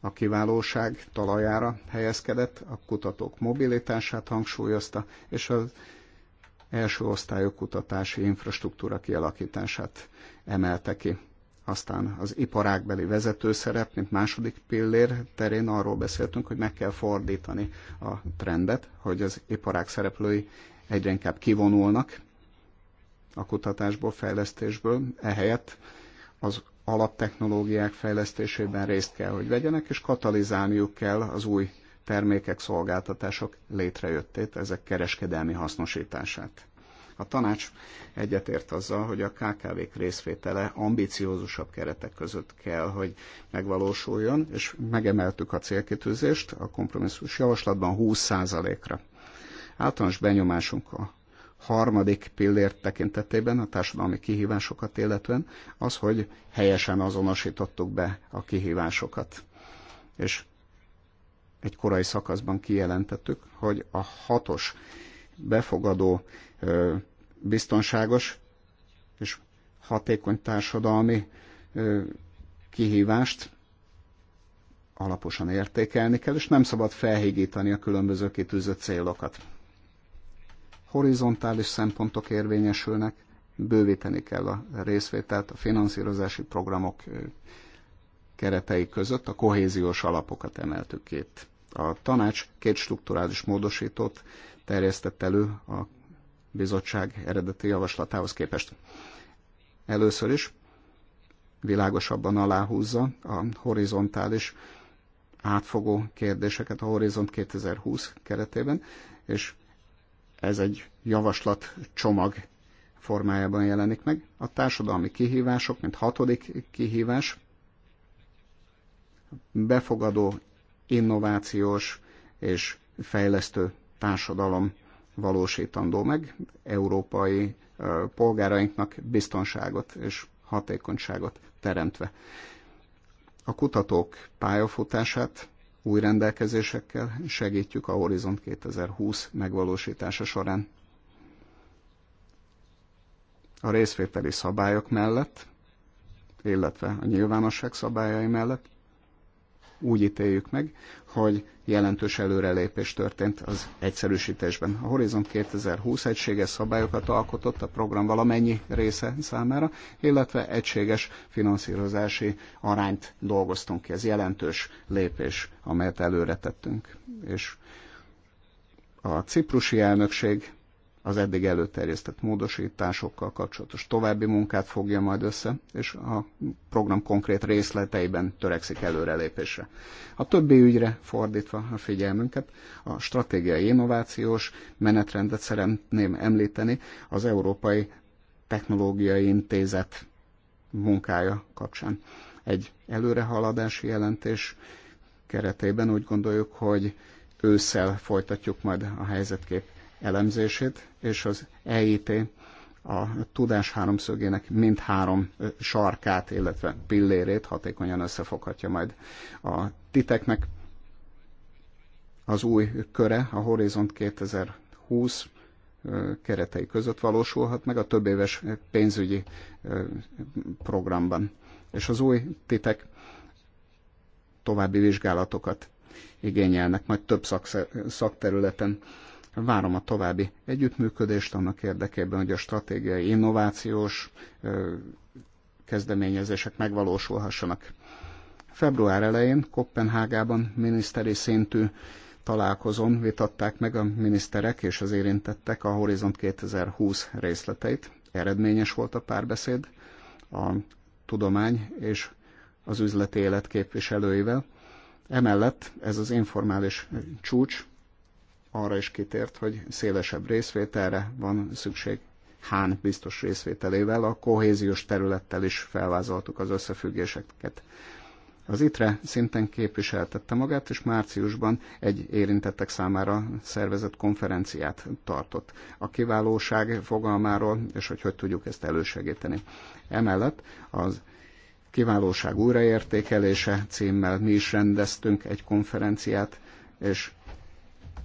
a kiválóság talajára helyezkedett, a kutatók mobilitását hangsúlyozta, és az első osztályú kutatási infrastruktúra kialakítását emelte ki. Aztán az iparágbeli vezetőszerep, mint második pillér terén arról beszéltünk, hogy meg kell fordítani a trendet, hogy az iparág szereplői egyre inkább kivonulnak a kutatásból, fejlesztésből, ehelyett az alaptechnológiák fejlesztésében részt kell, hogy vegyenek, és katalizálniuk kell az új termékek, szolgáltatások létrejöttét, ezek kereskedelmi hasznosítását. A tanács egyetért azzal, hogy a KKV-k részvétele ambiciózusabb keretek között kell, hogy megvalósuljon, és megemeltük a célkitűzést a kompromisszus javaslatban 20%-ra. Általános benyomásunk a harmadik pillér tekintetében, a társadalmi kihívásokat illetően, az, hogy helyesen azonosítottuk be a kihívásokat. És egy korai szakaszban kijelentettük, hogy a hatos befogadó, biztonságos és hatékony társadalmi kihívást alaposan értékelni kell, és nem szabad felhigítani a különböző kitűzött célokat horizontális szempontok érvényesülnek, bővíteni kell a részvételt a finanszírozási programok keretei között, a kohéziós alapokat emeltük ki. A tanács két strukturális módosítót terjesztett elő a bizottság eredeti javaslatához képest. Először is világosabban aláhúzza a horizontális átfogó kérdéseket a Horizont 2020 keretében, és ez egy javaslat csomag formájában jelenik meg. A társadalmi kihívások, mint hatodik kihívás, befogadó, innovációs és fejlesztő társadalom valósítandó meg, európai polgárainknak biztonságot és hatékonyságot teremtve. A kutatók pályafutását új rendelkezésekkel segítjük a Horizont 2020 megvalósítása során. A részvételi szabályok mellett, illetve a nyilvánosság szabályai mellett úgy ítéljük meg, hogy jelentős előrelépés történt az egyszerűsítésben. A Horizont 2020 egységes szabályokat alkotott a program valamennyi része számára, illetve egységes finanszírozási arányt dolgoztunk ki. Ez jelentős lépés, amelyet előre tettünk. És a ciprusi elnökség az eddig előterjesztett módosításokkal kapcsolatos további munkát fogja majd össze, és a program konkrét részleteiben törekszik előrelépésre. A többi ügyre fordítva a figyelmünket, a stratégiai innovációs menetrendet szeretném említeni az Európai Technológiai Intézet munkája kapcsán. Egy előrehaladási jelentés keretében úgy gondoljuk, hogy ősszel folytatjuk majd a helyzetkép elemzését, és az EIT a tudás háromszögének mind három sarkát, illetve pillérét hatékonyan összefoghatja majd a titeknek. Az új köre, a Horizont 2020 keretei között valósulhat meg a több éves pénzügyi programban. És az új titek további vizsgálatokat igényelnek majd több szakterületen Várom a további együttműködést annak érdekében, hogy a stratégiai innovációs kezdeményezések megvalósulhassanak. Február elején Kopenhágában miniszteri szintű találkozón vitatták meg a miniszterek és az érintettek a Horizont 2020 részleteit. Eredményes volt a párbeszéd a tudomány és az üzleti élet képviselőivel. Emellett ez az informális csúcs arra is kitért, hogy szélesebb részvételre van szükség. Hán biztos részvételével a kohéziós területtel is felvázoltuk az összefüggéseket. Az ITRE szinten képviseltette magát, és márciusban egy érintettek számára szervezett konferenciát tartott a kiválóság fogalmáról, és hogy hogy tudjuk ezt elősegíteni. Emellett az kiválóság újraértékelése címmel mi is rendeztünk egy konferenciát, és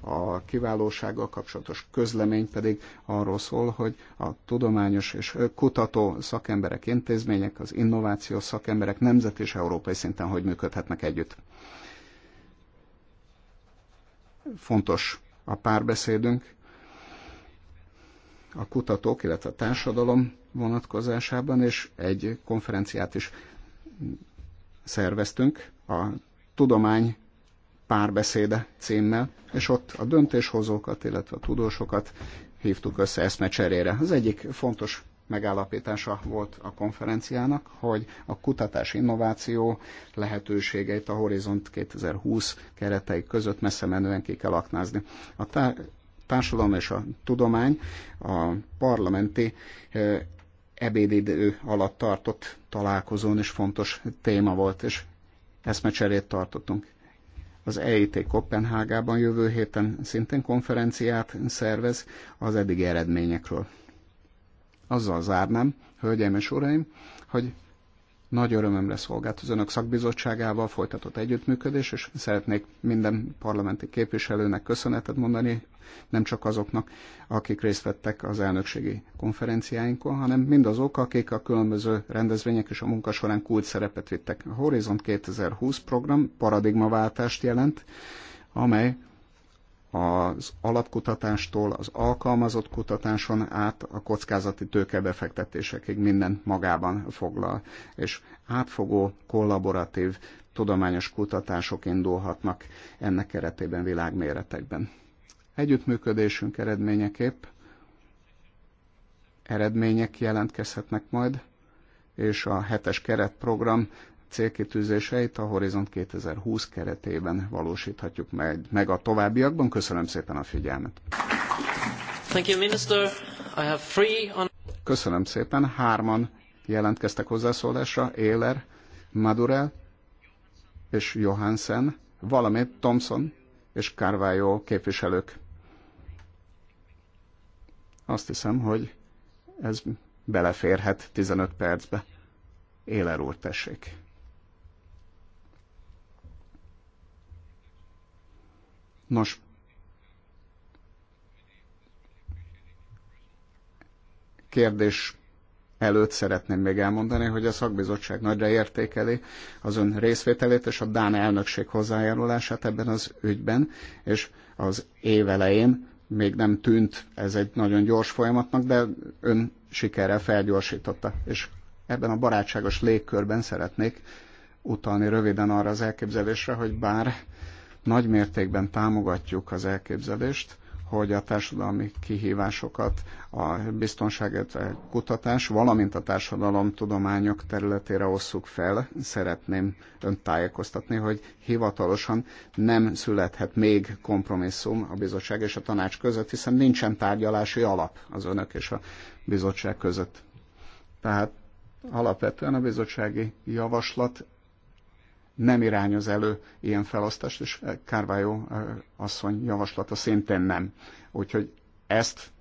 a kiválósággal kapcsolatos közlemény pedig arról szól, hogy a tudományos és kutató szakemberek, intézmények, az innovációs szakemberek nemzet és európai szinten hogy működhetnek együtt. Fontos a párbeszédünk a kutatók, illetve a társadalom vonatkozásában, és egy konferenciát is szerveztünk a tudomány párbeszéde címmel, és ott a döntéshozókat, illetve a tudósokat hívtuk össze eszmecserére. Az egyik fontos megállapítása volt a konferenciának, hogy a kutatás innováció lehetőségeit a Horizont 2020 keretei között messze menően ki kell aknázni. A társadalom és a tudomány a parlamenti ebédidő alatt tartott találkozón is fontos téma volt, és eszmecserét tartottunk. Az EIT Kopenhágában jövő héten szintén konferenciát szervez az eddigi eredményekről. Azzal zárnám, hölgyeim és uraim, hogy nagy örömömre szolgált az Önök szakbizottságával folytatott együttműködés, és szeretnék minden parlamenti képviselőnek köszönetet mondani, nem csak azoknak, akik részt vettek az elnökségi konferenciáinkon, hanem mindazok, akik a különböző rendezvények és a munka során kult szerepet vittek. A Horizont 2020 program paradigmaváltást jelent, amely az alapkutatástól, az alkalmazott kutatáson át a kockázati tőkebefektetésekig mindent magában foglal, és átfogó, kollaboratív, tudományos kutatások indulhatnak ennek keretében világméretekben. Együttműködésünk eredményeképp eredmények jelentkezhetnek majd, és a hetes keretprogram célkitűzéseit a Horizont 2020 keretében valósíthatjuk meg, meg a továbbiakban. Köszönöm szépen a figyelmet. Thank you, Minister. I have three on... Köszönöm szépen. Hárman jelentkeztek hozzászólásra. Éler, Madurel és Johansen, valamint Thomson és Carvalho képviselők. Azt hiszem, hogy ez beleférhet 15 percbe. Éler úr, tessék. Nos, kérdés előtt szeretném még elmondani, hogy a szakbizottság nagyra értékeli az ön részvételét és a Dán elnökség hozzájárulását ebben az ügyben, és az év elején még nem tűnt ez egy nagyon gyors folyamatnak, de ön sikerrel felgyorsította. És ebben a barátságos légkörben szeretnék utalni röviden arra az elképzelésre, hogy bár nagy mértékben támogatjuk az elképzelést, hogy a társadalmi kihívásokat a biztonságot kutatás, valamint a társadalom tudományok területére osszuk fel. Szeretném önt tájékoztatni, hogy hivatalosan nem születhet még kompromisszum a bizottság és a tanács között, hiszen nincsen tárgyalási alap az önök és a bizottság között. Tehát alapvetően a bizottsági javaslat nem irányoz elő ilyen felosztást, és Kárvájó asszony javaslata szintén nem. Úgyhogy ezt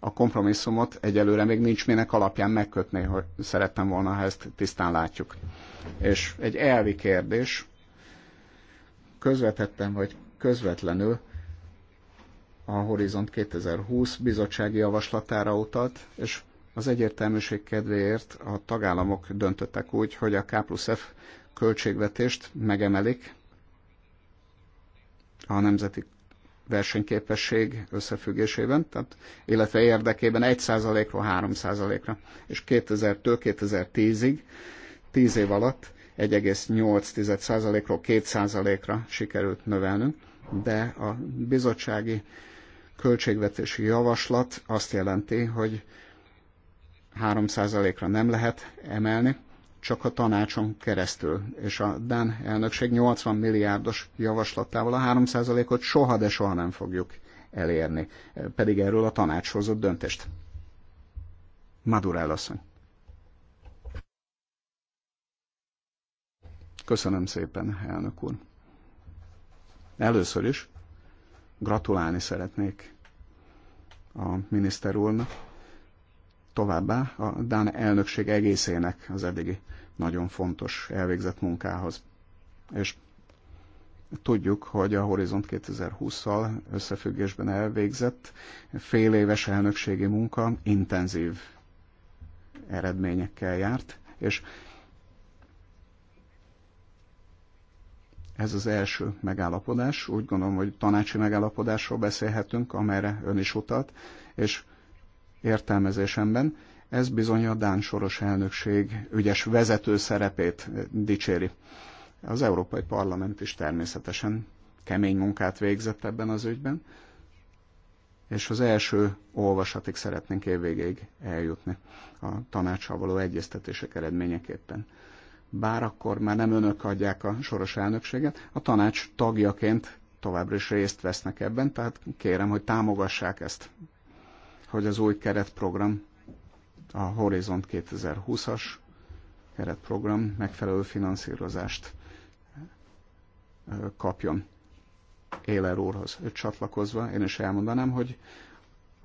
a kompromisszumot egyelőre még nincs minek alapján megkötni, hogy szerettem volna, ha ezt tisztán látjuk. És egy elvi kérdés, közvetettem vagy közvetlenül a Horizont 2020 bizottsági javaslatára utalt, és az egyértelműség kedvéért a tagállamok döntöttek úgy, hogy a K plusz F költségvetést megemelik a nemzeti versenyképesség összefüggésében, tehát, illetve érdekében 1%-ról 3%-ra, és 2000-től 2010-ig, 10 év alatt 1,8%-ról 2%-ra sikerült növelnünk, de a bizottsági költségvetési javaslat azt jelenti, hogy 3%-ra nem lehet emelni, csak a tanácson keresztül, és a Dán elnökség 80 milliárdos javaslatával a 3%-ot soha, de soha nem fogjuk elérni, pedig erről a tanács hozott döntést. Madurell asszony. Köszönöm szépen, elnök úr. Először is gratulálni szeretnék a miniszter úrnak továbbá a Dán elnökség egészének az eddigi nagyon fontos elvégzett munkához. És tudjuk, hogy a Horizont 2020-szal összefüggésben elvégzett fél éves elnökségi munka intenzív eredményekkel járt, és ez az első megállapodás, úgy gondolom, hogy tanácsi megállapodásról beszélhetünk, amelyre ön is utalt, és értelmezésemben. Ez bizony a Dán soros elnökség ügyes vezető szerepét dicséri. Az Európai Parlament is természetesen kemény munkát végzett ebben az ügyben, és az első olvasatig szeretnénk évvégéig eljutni a tanácssal való egyeztetések eredményeképpen. Bár akkor már nem önök adják a soros elnökséget, a tanács tagjaként továbbra is részt vesznek ebben, tehát kérem, hogy támogassák ezt hogy az új keretprogram, a Horizont 2020-as keretprogram megfelelő finanszírozást kapjon. Éler úrhoz csatlakozva, én is elmondanám, hogy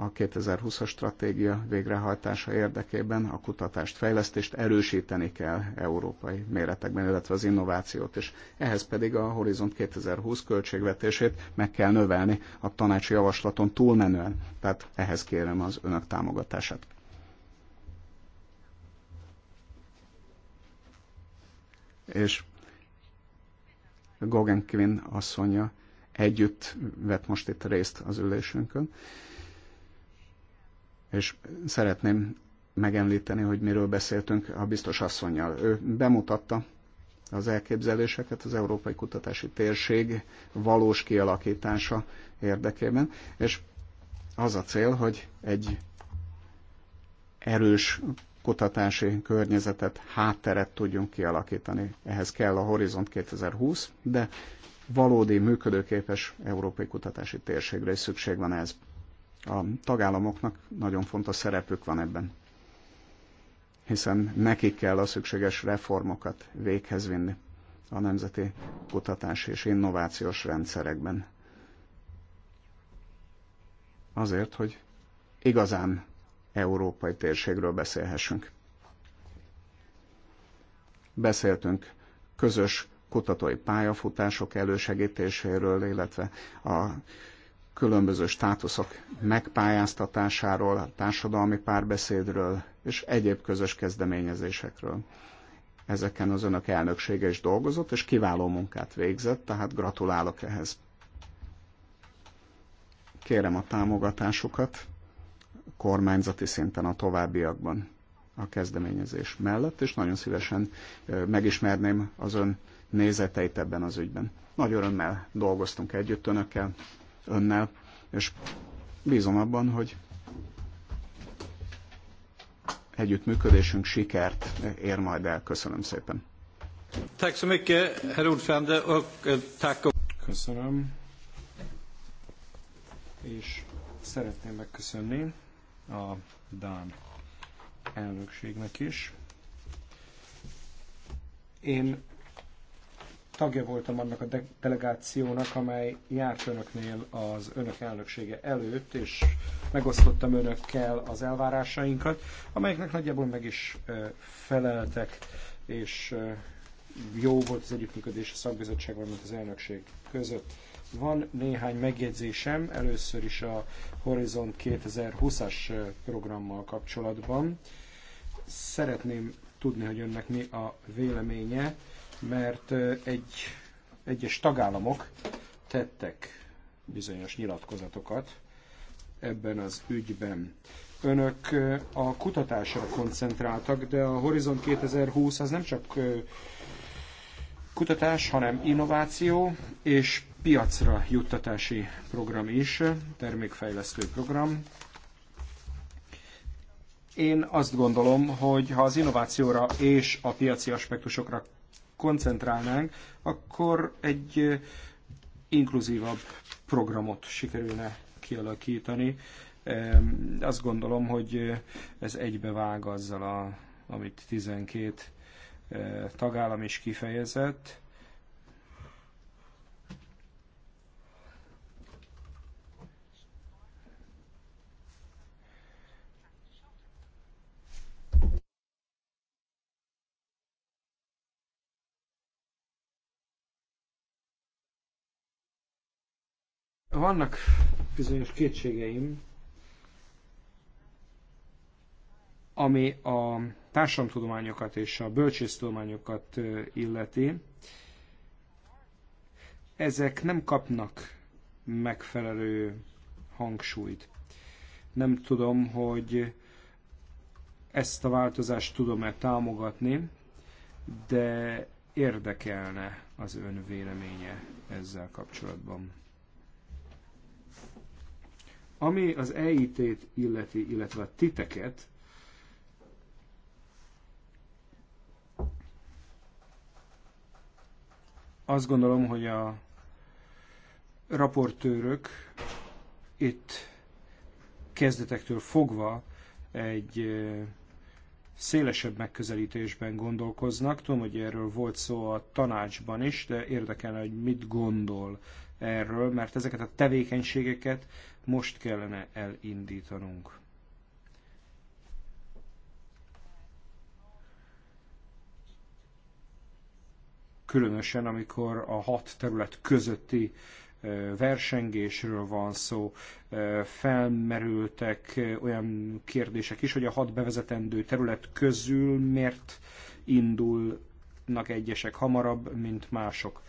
a 2020-as stratégia végrehajtása érdekében a kutatást, fejlesztést erősíteni kell európai méretekben, illetve az innovációt, és ehhez pedig a Horizont 2020 költségvetését meg kell növelni a tanácsi javaslaton túlmenően. Tehát ehhez kérem az önök támogatását. És Gogan Quinn asszonya együtt vett most itt részt az ülésünkön és szeretném megemlíteni, hogy miről beszéltünk a biztos asszonynal. Ő bemutatta az elképzeléseket az európai kutatási térség valós kialakítása érdekében, és az a cél, hogy egy erős kutatási környezetet, hátteret tudjunk kialakítani. Ehhez kell a Horizont 2020, de valódi, működőképes európai kutatási térségre is szükség van ez a tagállamoknak nagyon fontos szerepük van ebben, hiszen nekik kell a szükséges reformokat véghez vinni a nemzeti kutatás és innovációs rendszerekben. Azért, hogy igazán európai térségről beszélhessünk. Beszéltünk közös kutatói pályafutások elősegítéséről, illetve a különböző státuszok megpályáztatásáról, társadalmi párbeszédről és egyéb közös kezdeményezésekről. Ezeken az önök elnöksége is dolgozott, és kiváló munkát végzett, tehát gratulálok ehhez. Kérem a támogatásukat kormányzati szinten a továbbiakban a kezdeményezés mellett, és nagyon szívesen megismerném az ön nézeteit ebben az ügyben. Nagy örömmel dolgoztunk együtt önökkel, önnel, és bízom abban, hogy együttműködésünk sikert ér majd el. Köszönöm szépen. Eh, Köszönöm. És szeretném megköszönni a Dán elnökségnek is. Én tagja voltam annak a de- delegációnak, amely járt önöknél az önök elnöksége előtt, és megosztottam önökkel az elvárásainkat, amelyeknek nagyjából meg is feleltek, és jó volt az együttműködés a szakbizottság, valamint az elnökség között. Van néhány megjegyzésem, először is a Horizont 2020-as programmal kapcsolatban. Szeretném tudni, hogy önnek mi a véleménye mert egy, egyes tagállamok tettek bizonyos nyilatkozatokat ebben az ügyben. Önök a kutatásra koncentráltak, de a Horizon 2020 az nem csak kutatás, hanem innováció és piacra juttatási program is, termékfejlesztő program. Én azt gondolom, hogy ha az innovációra és a piaci aspektusokra koncentrálnánk, akkor egy inkluzívabb programot sikerülne kialakítani. Azt gondolom, hogy ez egybevág azzal, a, amit 12 tagállam is kifejezett. Vannak bizonyos kétségeim, ami a társadalomtudományokat és a bölcsésztudományokat illeti. Ezek nem kapnak megfelelő hangsúlyt. Nem tudom, hogy ezt a változást tudom-e támogatni, de érdekelne az ön véleménye ezzel kapcsolatban. Ami az EIT-t illeti, illetve a titeket, azt gondolom, hogy a raportőrök itt kezdetektől fogva egy szélesebb megközelítésben gondolkoznak. Tudom, hogy erről volt szó a tanácsban is, de érdekelne, hogy mit gondol erről, mert ezeket a tevékenységeket most kellene elindítanunk. Különösen, amikor a hat terület közötti versengésről van szó, felmerültek olyan kérdések is, hogy a hat bevezetendő terület közül miért indulnak egyesek hamarabb, mint mások.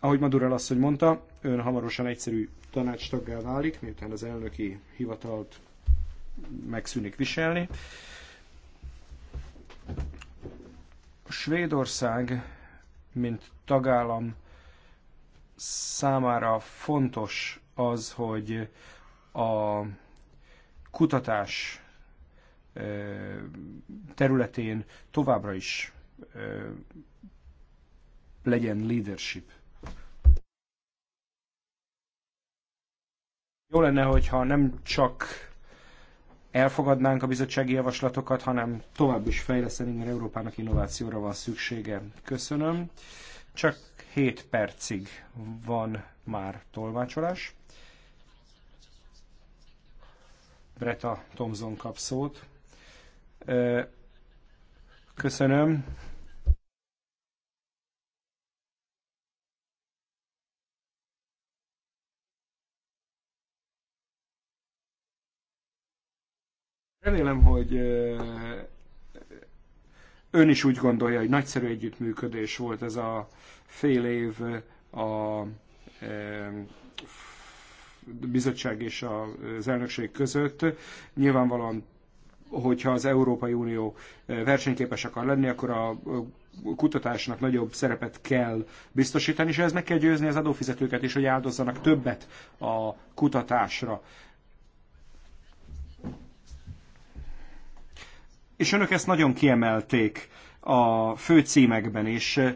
Ahogy Madurell asszony mondta, ön hamarosan egyszerű tanácstaggá válik, miután az elnöki hivatalt megszűnik viselni. Svédország, mint tagállam számára fontos az, hogy a kutatás területén továbbra is legyen leadership Jó lenne, hogyha nem csak elfogadnánk a bizottsági javaslatokat, hanem tovább is fejlesztenénk, mert Európának innovációra van szüksége. Köszönöm. Csak 7 percig van már tolmácsolás. Breta Tomzon kap szót. Köszönöm. Remélem, hogy ön is úgy gondolja, hogy nagyszerű együttműködés volt ez a fél év a bizottság és az elnökség között. Nyilvánvalóan, hogyha az Európai Unió versenyképes akar lenni, akkor a kutatásnak nagyobb szerepet kell biztosítani, és ez meg kell győzni az adófizetőket is, hogy áldozzanak többet a kutatásra. és önök ezt nagyon kiemelték a főcímekben is, eh,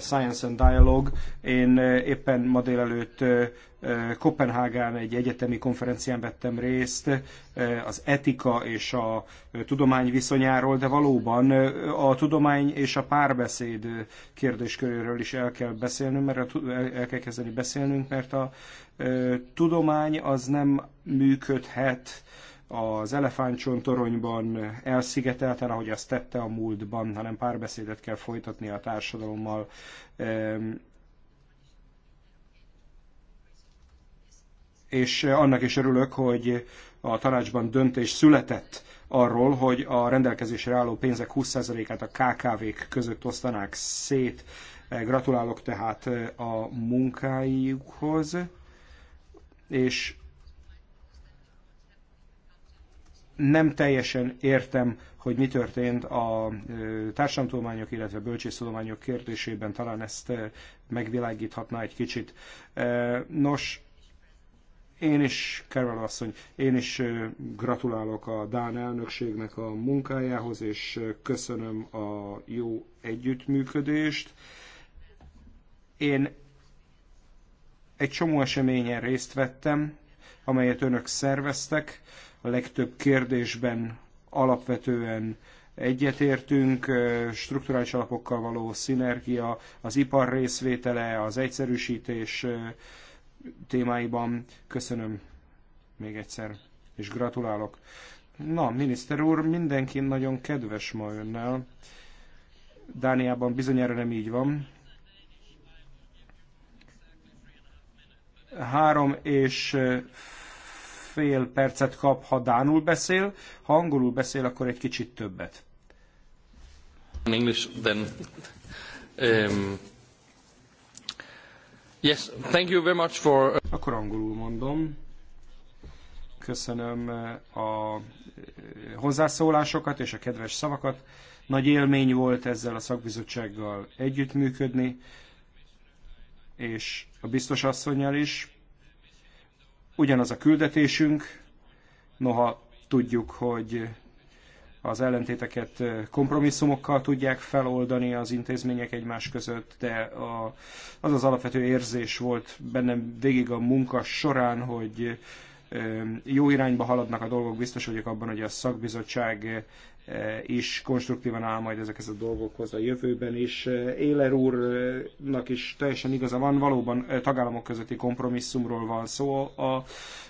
Science and Dialogue. Én eh, éppen ma délelőtt eh, Kopenhágán egy egyetemi konferencián vettem részt az etika és a tudomány viszonyáról, de valóban a tudomány és a párbeszéd kérdésköréről is el kell beszélnünk, mert el kell kezdeni beszélnünk, mert a tudomány az nem működhet az elefántcsontoronyban elszigetelten, ahogy azt tette a múltban, hanem párbeszédet kell folytatni a társadalommal. És annak is örülök, hogy a tanácsban döntés született arról, hogy a rendelkezésre álló pénzek 20%-át a KKV-k között osztanák szét. Gratulálok tehát a munkájukhoz, és nem teljesen értem, hogy mi történt a társadalomtudományok, illetve bölcsészudományok kérdésében, talán ezt megvilágíthatná egy kicsit. Nos, én is, Carol asszony, én is gratulálok a Dán elnökségnek a munkájához, és köszönöm a jó együttműködést. Én egy csomó eseményen részt vettem, amelyet önök szerveztek a legtöbb kérdésben alapvetően egyetértünk, strukturális alapokkal való szinergia, az ipar részvétele, az egyszerűsítés témáiban. Köszönöm még egyszer, és gratulálok. Na, miniszter úr, mindenki nagyon kedves ma önnel. Dániában bizonyára nem így van. Három és fél percet kap, ha dánul beszél, ha angolul beszél, akkor egy kicsit többet. In English, then. Um, yes, thank you very much for... Uh, akkor angolul mondom. Köszönöm uh, a uh, hozzászólásokat és a kedves szavakat. Nagy élmény volt ezzel a szakbizottsággal együttműködni, és a biztos asszonyjal is ugyanaz a küldetésünk, noha tudjuk, hogy az ellentéteket kompromisszumokkal tudják feloldani az intézmények egymás között, de a, az az alapvető érzés volt bennem végig a munka során, hogy jó irányba haladnak a dolgok, biztos vagyok abban, hogy a szakbizottság is konstruktívan áll majd ezekhez a dolgokhoz a jövőben is. Éler úrnak is teljesen igaza van, valóban eh, tagállamok közötti kompromisszumról van szó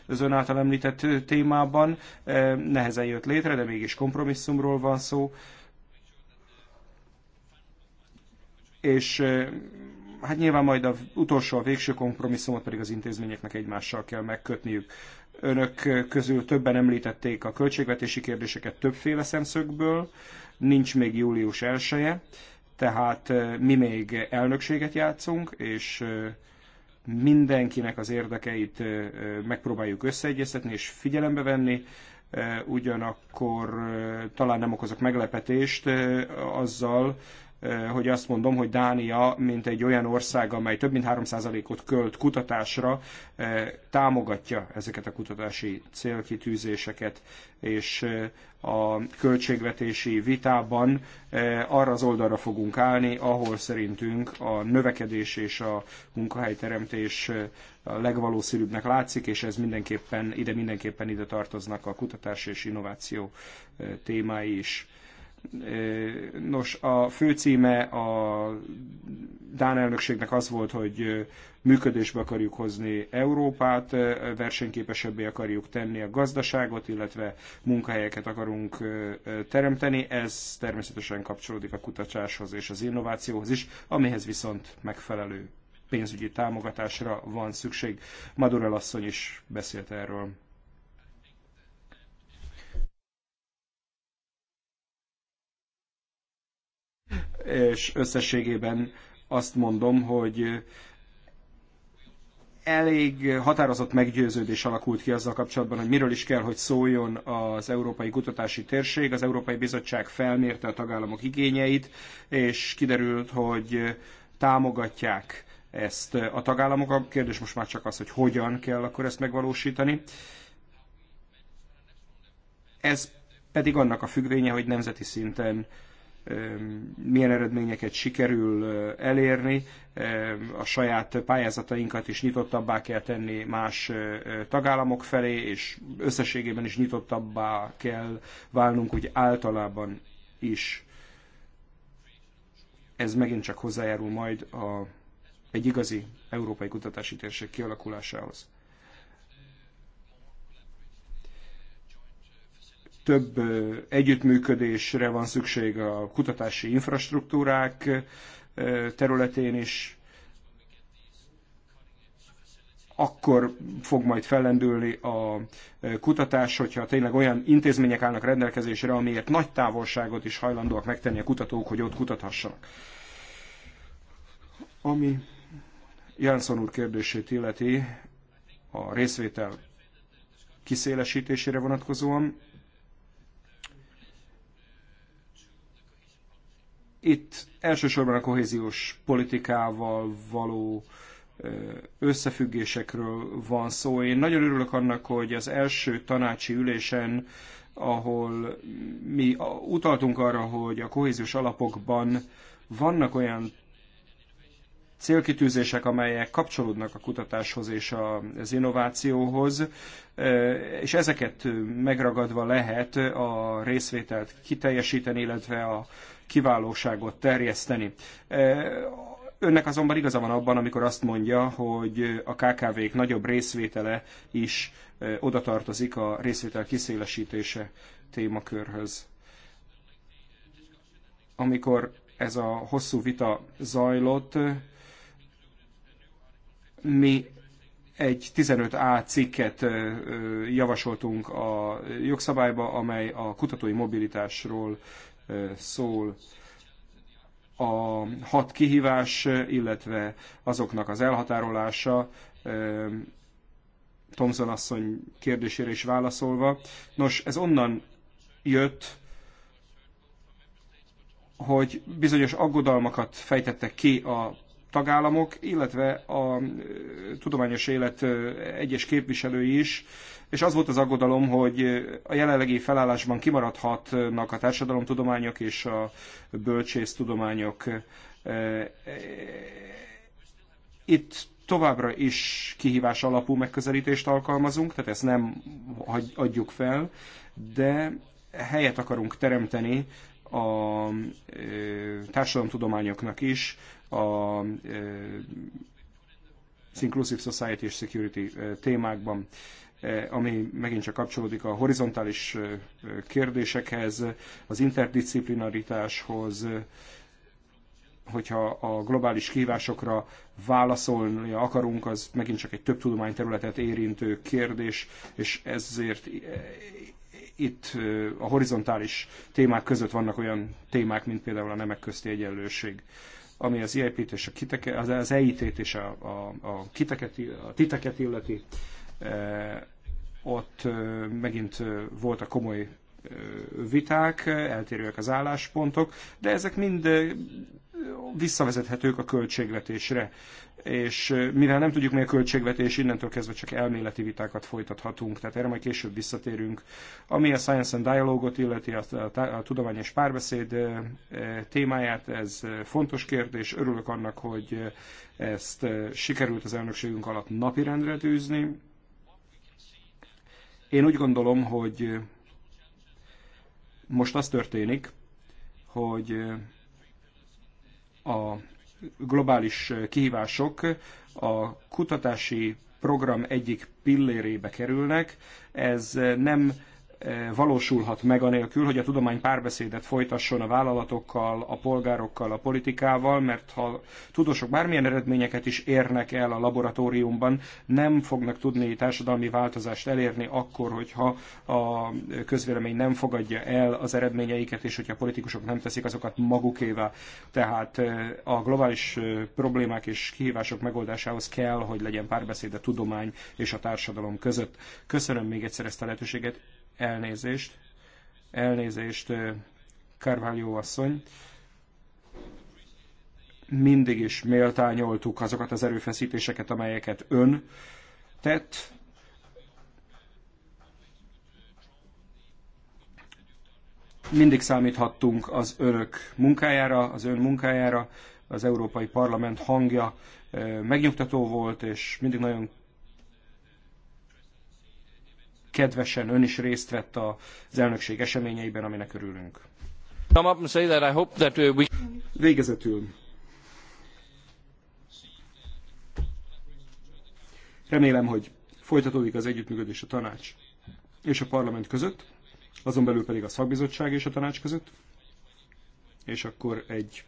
az ön által említett eh, témában. Eh, nehezen jött létre, de mégis kompromisszumról van szó. És hát nyilván majd a utolsó, a végső kompromisszumot pedig az intézményeknek egymással kell megkötniük. Önök közül többen említették a költségvetési kérdéseket többféle szemszögből, nincs még július elsője, tehát mi még elnökséget játszunk, és mindenkinek az érdekeit megpróbáljuk összeegyeztetni és figyelembe venni, ugyanakkor talán nem okozok meglepetést azzal, Eh, hogy azt mondom, hogy Dánia, mint egy olyan ország, amely több mint 3%-ot költ kutatásra, eh, támogatja ezeket a kutatási célkitűzéseket, és eh, a költségvetési vitában arra az oldalra fogunk állni, ahol szerintünk a növekedés és a munkahelyteremtés a legvalószínűbbnek látszik, és ez mindenképpen ide mindenképpen ide tartoznak a kutatás és innováció témái is. Nos, a főcíme a Dán elnökségnek az volt, hogy működésbe akarjuk hozni Európát, versenyképesebbé akarjuk tenni a gazdaságot, illetve munkahelyeket akarunk teremteni. Ez természetesen kapcsolódik a kutatáshoz és az innovációhoz is, amihez viszont megfelelő pénzügyi támogatásra van szükség. Madurel asszony is beszélt erről. és összességében azt mondom, hogy elég határozott meggyőződés alakult ki azzal kapcsolatban, hogy miről is kell, hogy szóljon az Európai Kutatási Térség. Az Európai Bizottság felmérte a tagállamok igényeit, és kiderült, hogy támogatják ezt a tagállamok. A kérdés most már csak az, hogy hogyan kell akkor ezt megvalósítani. Ez pedig annak a függvénye, hogy nemzeti szinten milyen eredményeket sikerül elérni, a saját pályázatainkat is nyitottabbá kell tenni más tagállamok felé, és összességében is nyitottabbá kell válnunk úgy általában is. Ez megint csak hozzájárul majd a, egy igazi európai kutatási térség kialakulásához. több együttműködésre van szükség a kutatási infrastruktúrák területén is, akkor fog majd fellendülni a kutatás, hogyha tényleg olyan intézmények állnak rendelkezésre, amiért nagy távolságot is hajlandóak megtenni a kutatók, hogy ott kutathassanak. Ami Jánszon úr kérdését illeti a részvétel kiszélesítésére vonatkozóan, Itt elsősorban a kohéziós politikával való összefüggésekről van szó. Én nagyon örülök annak, hogy az első tanácsi ülésen, ahol mi utaltunk arra, hogy a kohéziós alapokban vannak olyan célkitűzések, amelyek kapcsolódnak a kutatáshoz és az innovációhoz, és ezeket megragadva lehet a részvételt kiteljesíteni, illetve a kiválóságot terjeszteni. E, önnek azonban igaza van abban, amikor azt mondja, hogy a KKV-k nagyobb részvétele is e, oda tartozik a részvétel kiszélesítése témakörhöz. Amikor ez a hosszú vita zajlott, mi egy 15A cikket e, javasoltunk a jogszabályba, amely a kutatói mobilitásról szól a hat kihívás, illetve azoknak az elhatárolása, Thomson asszony kérdésére is válaszolva. Nos, ez onnan jött, hogy bizonyos aggodalmakat fejtettek ki a tagállamok, illetve a tudományos élet egyes képviselői is és az volt az aggodalom, hogy a jelenlegi felállásban kimaradhatnak a társadalomtudományok és a bölcsésztudományok. Itt továbbra is kihívás alapú megközelítést alkalmazunk, tehát ezt nem adjuk fel, de helyet akarunk teremteni a társadalomtudományoknak is, a az Inclusive Society és Security témákban. Eh, ami megint csak kapcsolódik a horizontális eh, kérdésekhez, az interdisziplinaritáshoz, hogyha a globális kihívásokra válaszolni akarunk, az megint csak egy több tudományterületet érintő kérdés, és ezért eh, itt a horizontális témák között vannak olyan témák, mint például a nemek közti egyenlőség, ami az EIP-t és a kiteke, az EIT-t és a, a, a, kiteket, a titeket illeti. Ott megint voltak komoly viták, eltérőek az álláspontok, de ezek mind visszavezethetők a költségvetésre. És mivel nem tudjuk mi a költségvetés, innentől kezdve csak elméleti vitákat folytathatunk, tehát erre majd később visszatérünk. Ami a Science and Dialogot illeti, a, a, a tudomány és párbeszéd témáját, ez fontos kérdés. Örülök annak, hogy ezt sikerült az elnökségünk alatt napirendre tűzni én úgy gondolom, hogy eh, most az történik, hogy eh, a globális eh, kihívások a kutatási program egyik pillérébe kerülnek. Ez nem valósulhat meg anélkül, hogy a tudomány párbeszédet folytasson a vállalatokkal, a polgárokkal, a politikával, mert ha tudósok bármilyen eredményeket is érnek el a laboratóriumban, nem fognak tudni társadalmi változást elérni akkor, hogyha a közvélemény nem fogadja el az eredményeiket, és hogyha a politikusok nem teszik azokat magukévá. Tehát a globális problémák és kihívások megoldásához kell, hogy legyen párbeszéd a tudomány és a társadalom között. Köszönöm még egyszer ezt a lehetőséget Elnézést. Elnézést, Carvalho asszony. Mindig is méltányoltuk azokat az erőfeszítéseket, amelyeket ön tett. Mindig számíthattunk az önök munkájára, az ön munkájára, az Európai Parlament hangja megnyugtató volt, és mindig nagyon kedvesen ön is részt vett az elnökség eseményeiben, aminek örülünk. Uh, Végezetül. Remélem, hogy folytatódik az együttműködés a tanács és a parlament között, azon belül pedig a szakbizottság és a tanács között, és akkor egy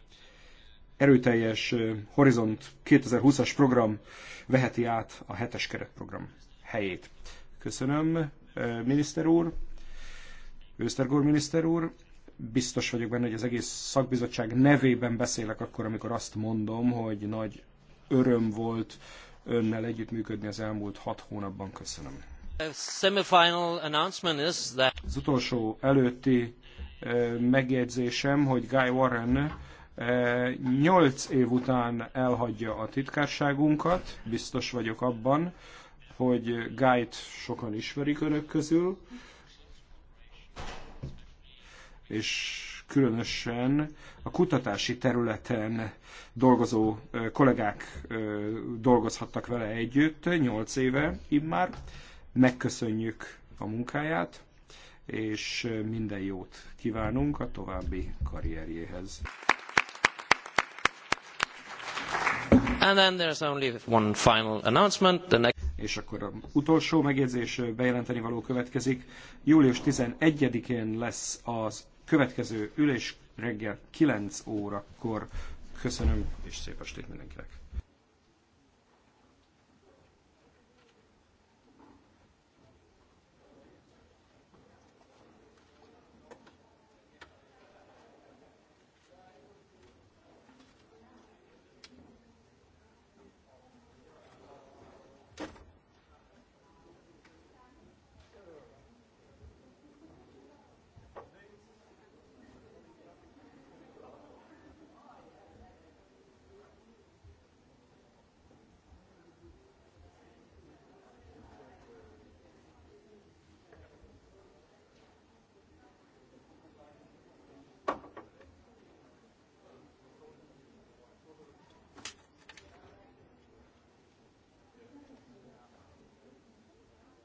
erőteljes Horizont 2020-as program veheti át a hetes keretprogram helyét. Köszönöm, eh, miniszter úr, Ősztergór miniszter úr. Biztos vagyok benne, hogy az egész szakbizottság nevében beszélek akkor, amikor azt mondom, hogy nagy öröm volt önnel együttműködni az elmúlt hat hónapban. Köszönöm. Az utolsó előtti eh, megjegyzésem, hogy Guy Warren eh, nyolc év után elhagyja a titkárságunkat, biztos vagyok abban, hogy Guy-t sokan ismerik önök közül, és különösen a kutatási területen dolgozó kollégák dolgozhattak vele együtt, 8 éve immár. Megköszönjük a munkáját, és minden jót kívánunk a további karrierjéhez. And then there's only one final announcement. The next és akkor a utolsó megjegyzés bejelenteni való következik. Július 11-én lesz az következő ülés reggel 9 órakor. Köszönöm, és szép estét mindenkinek!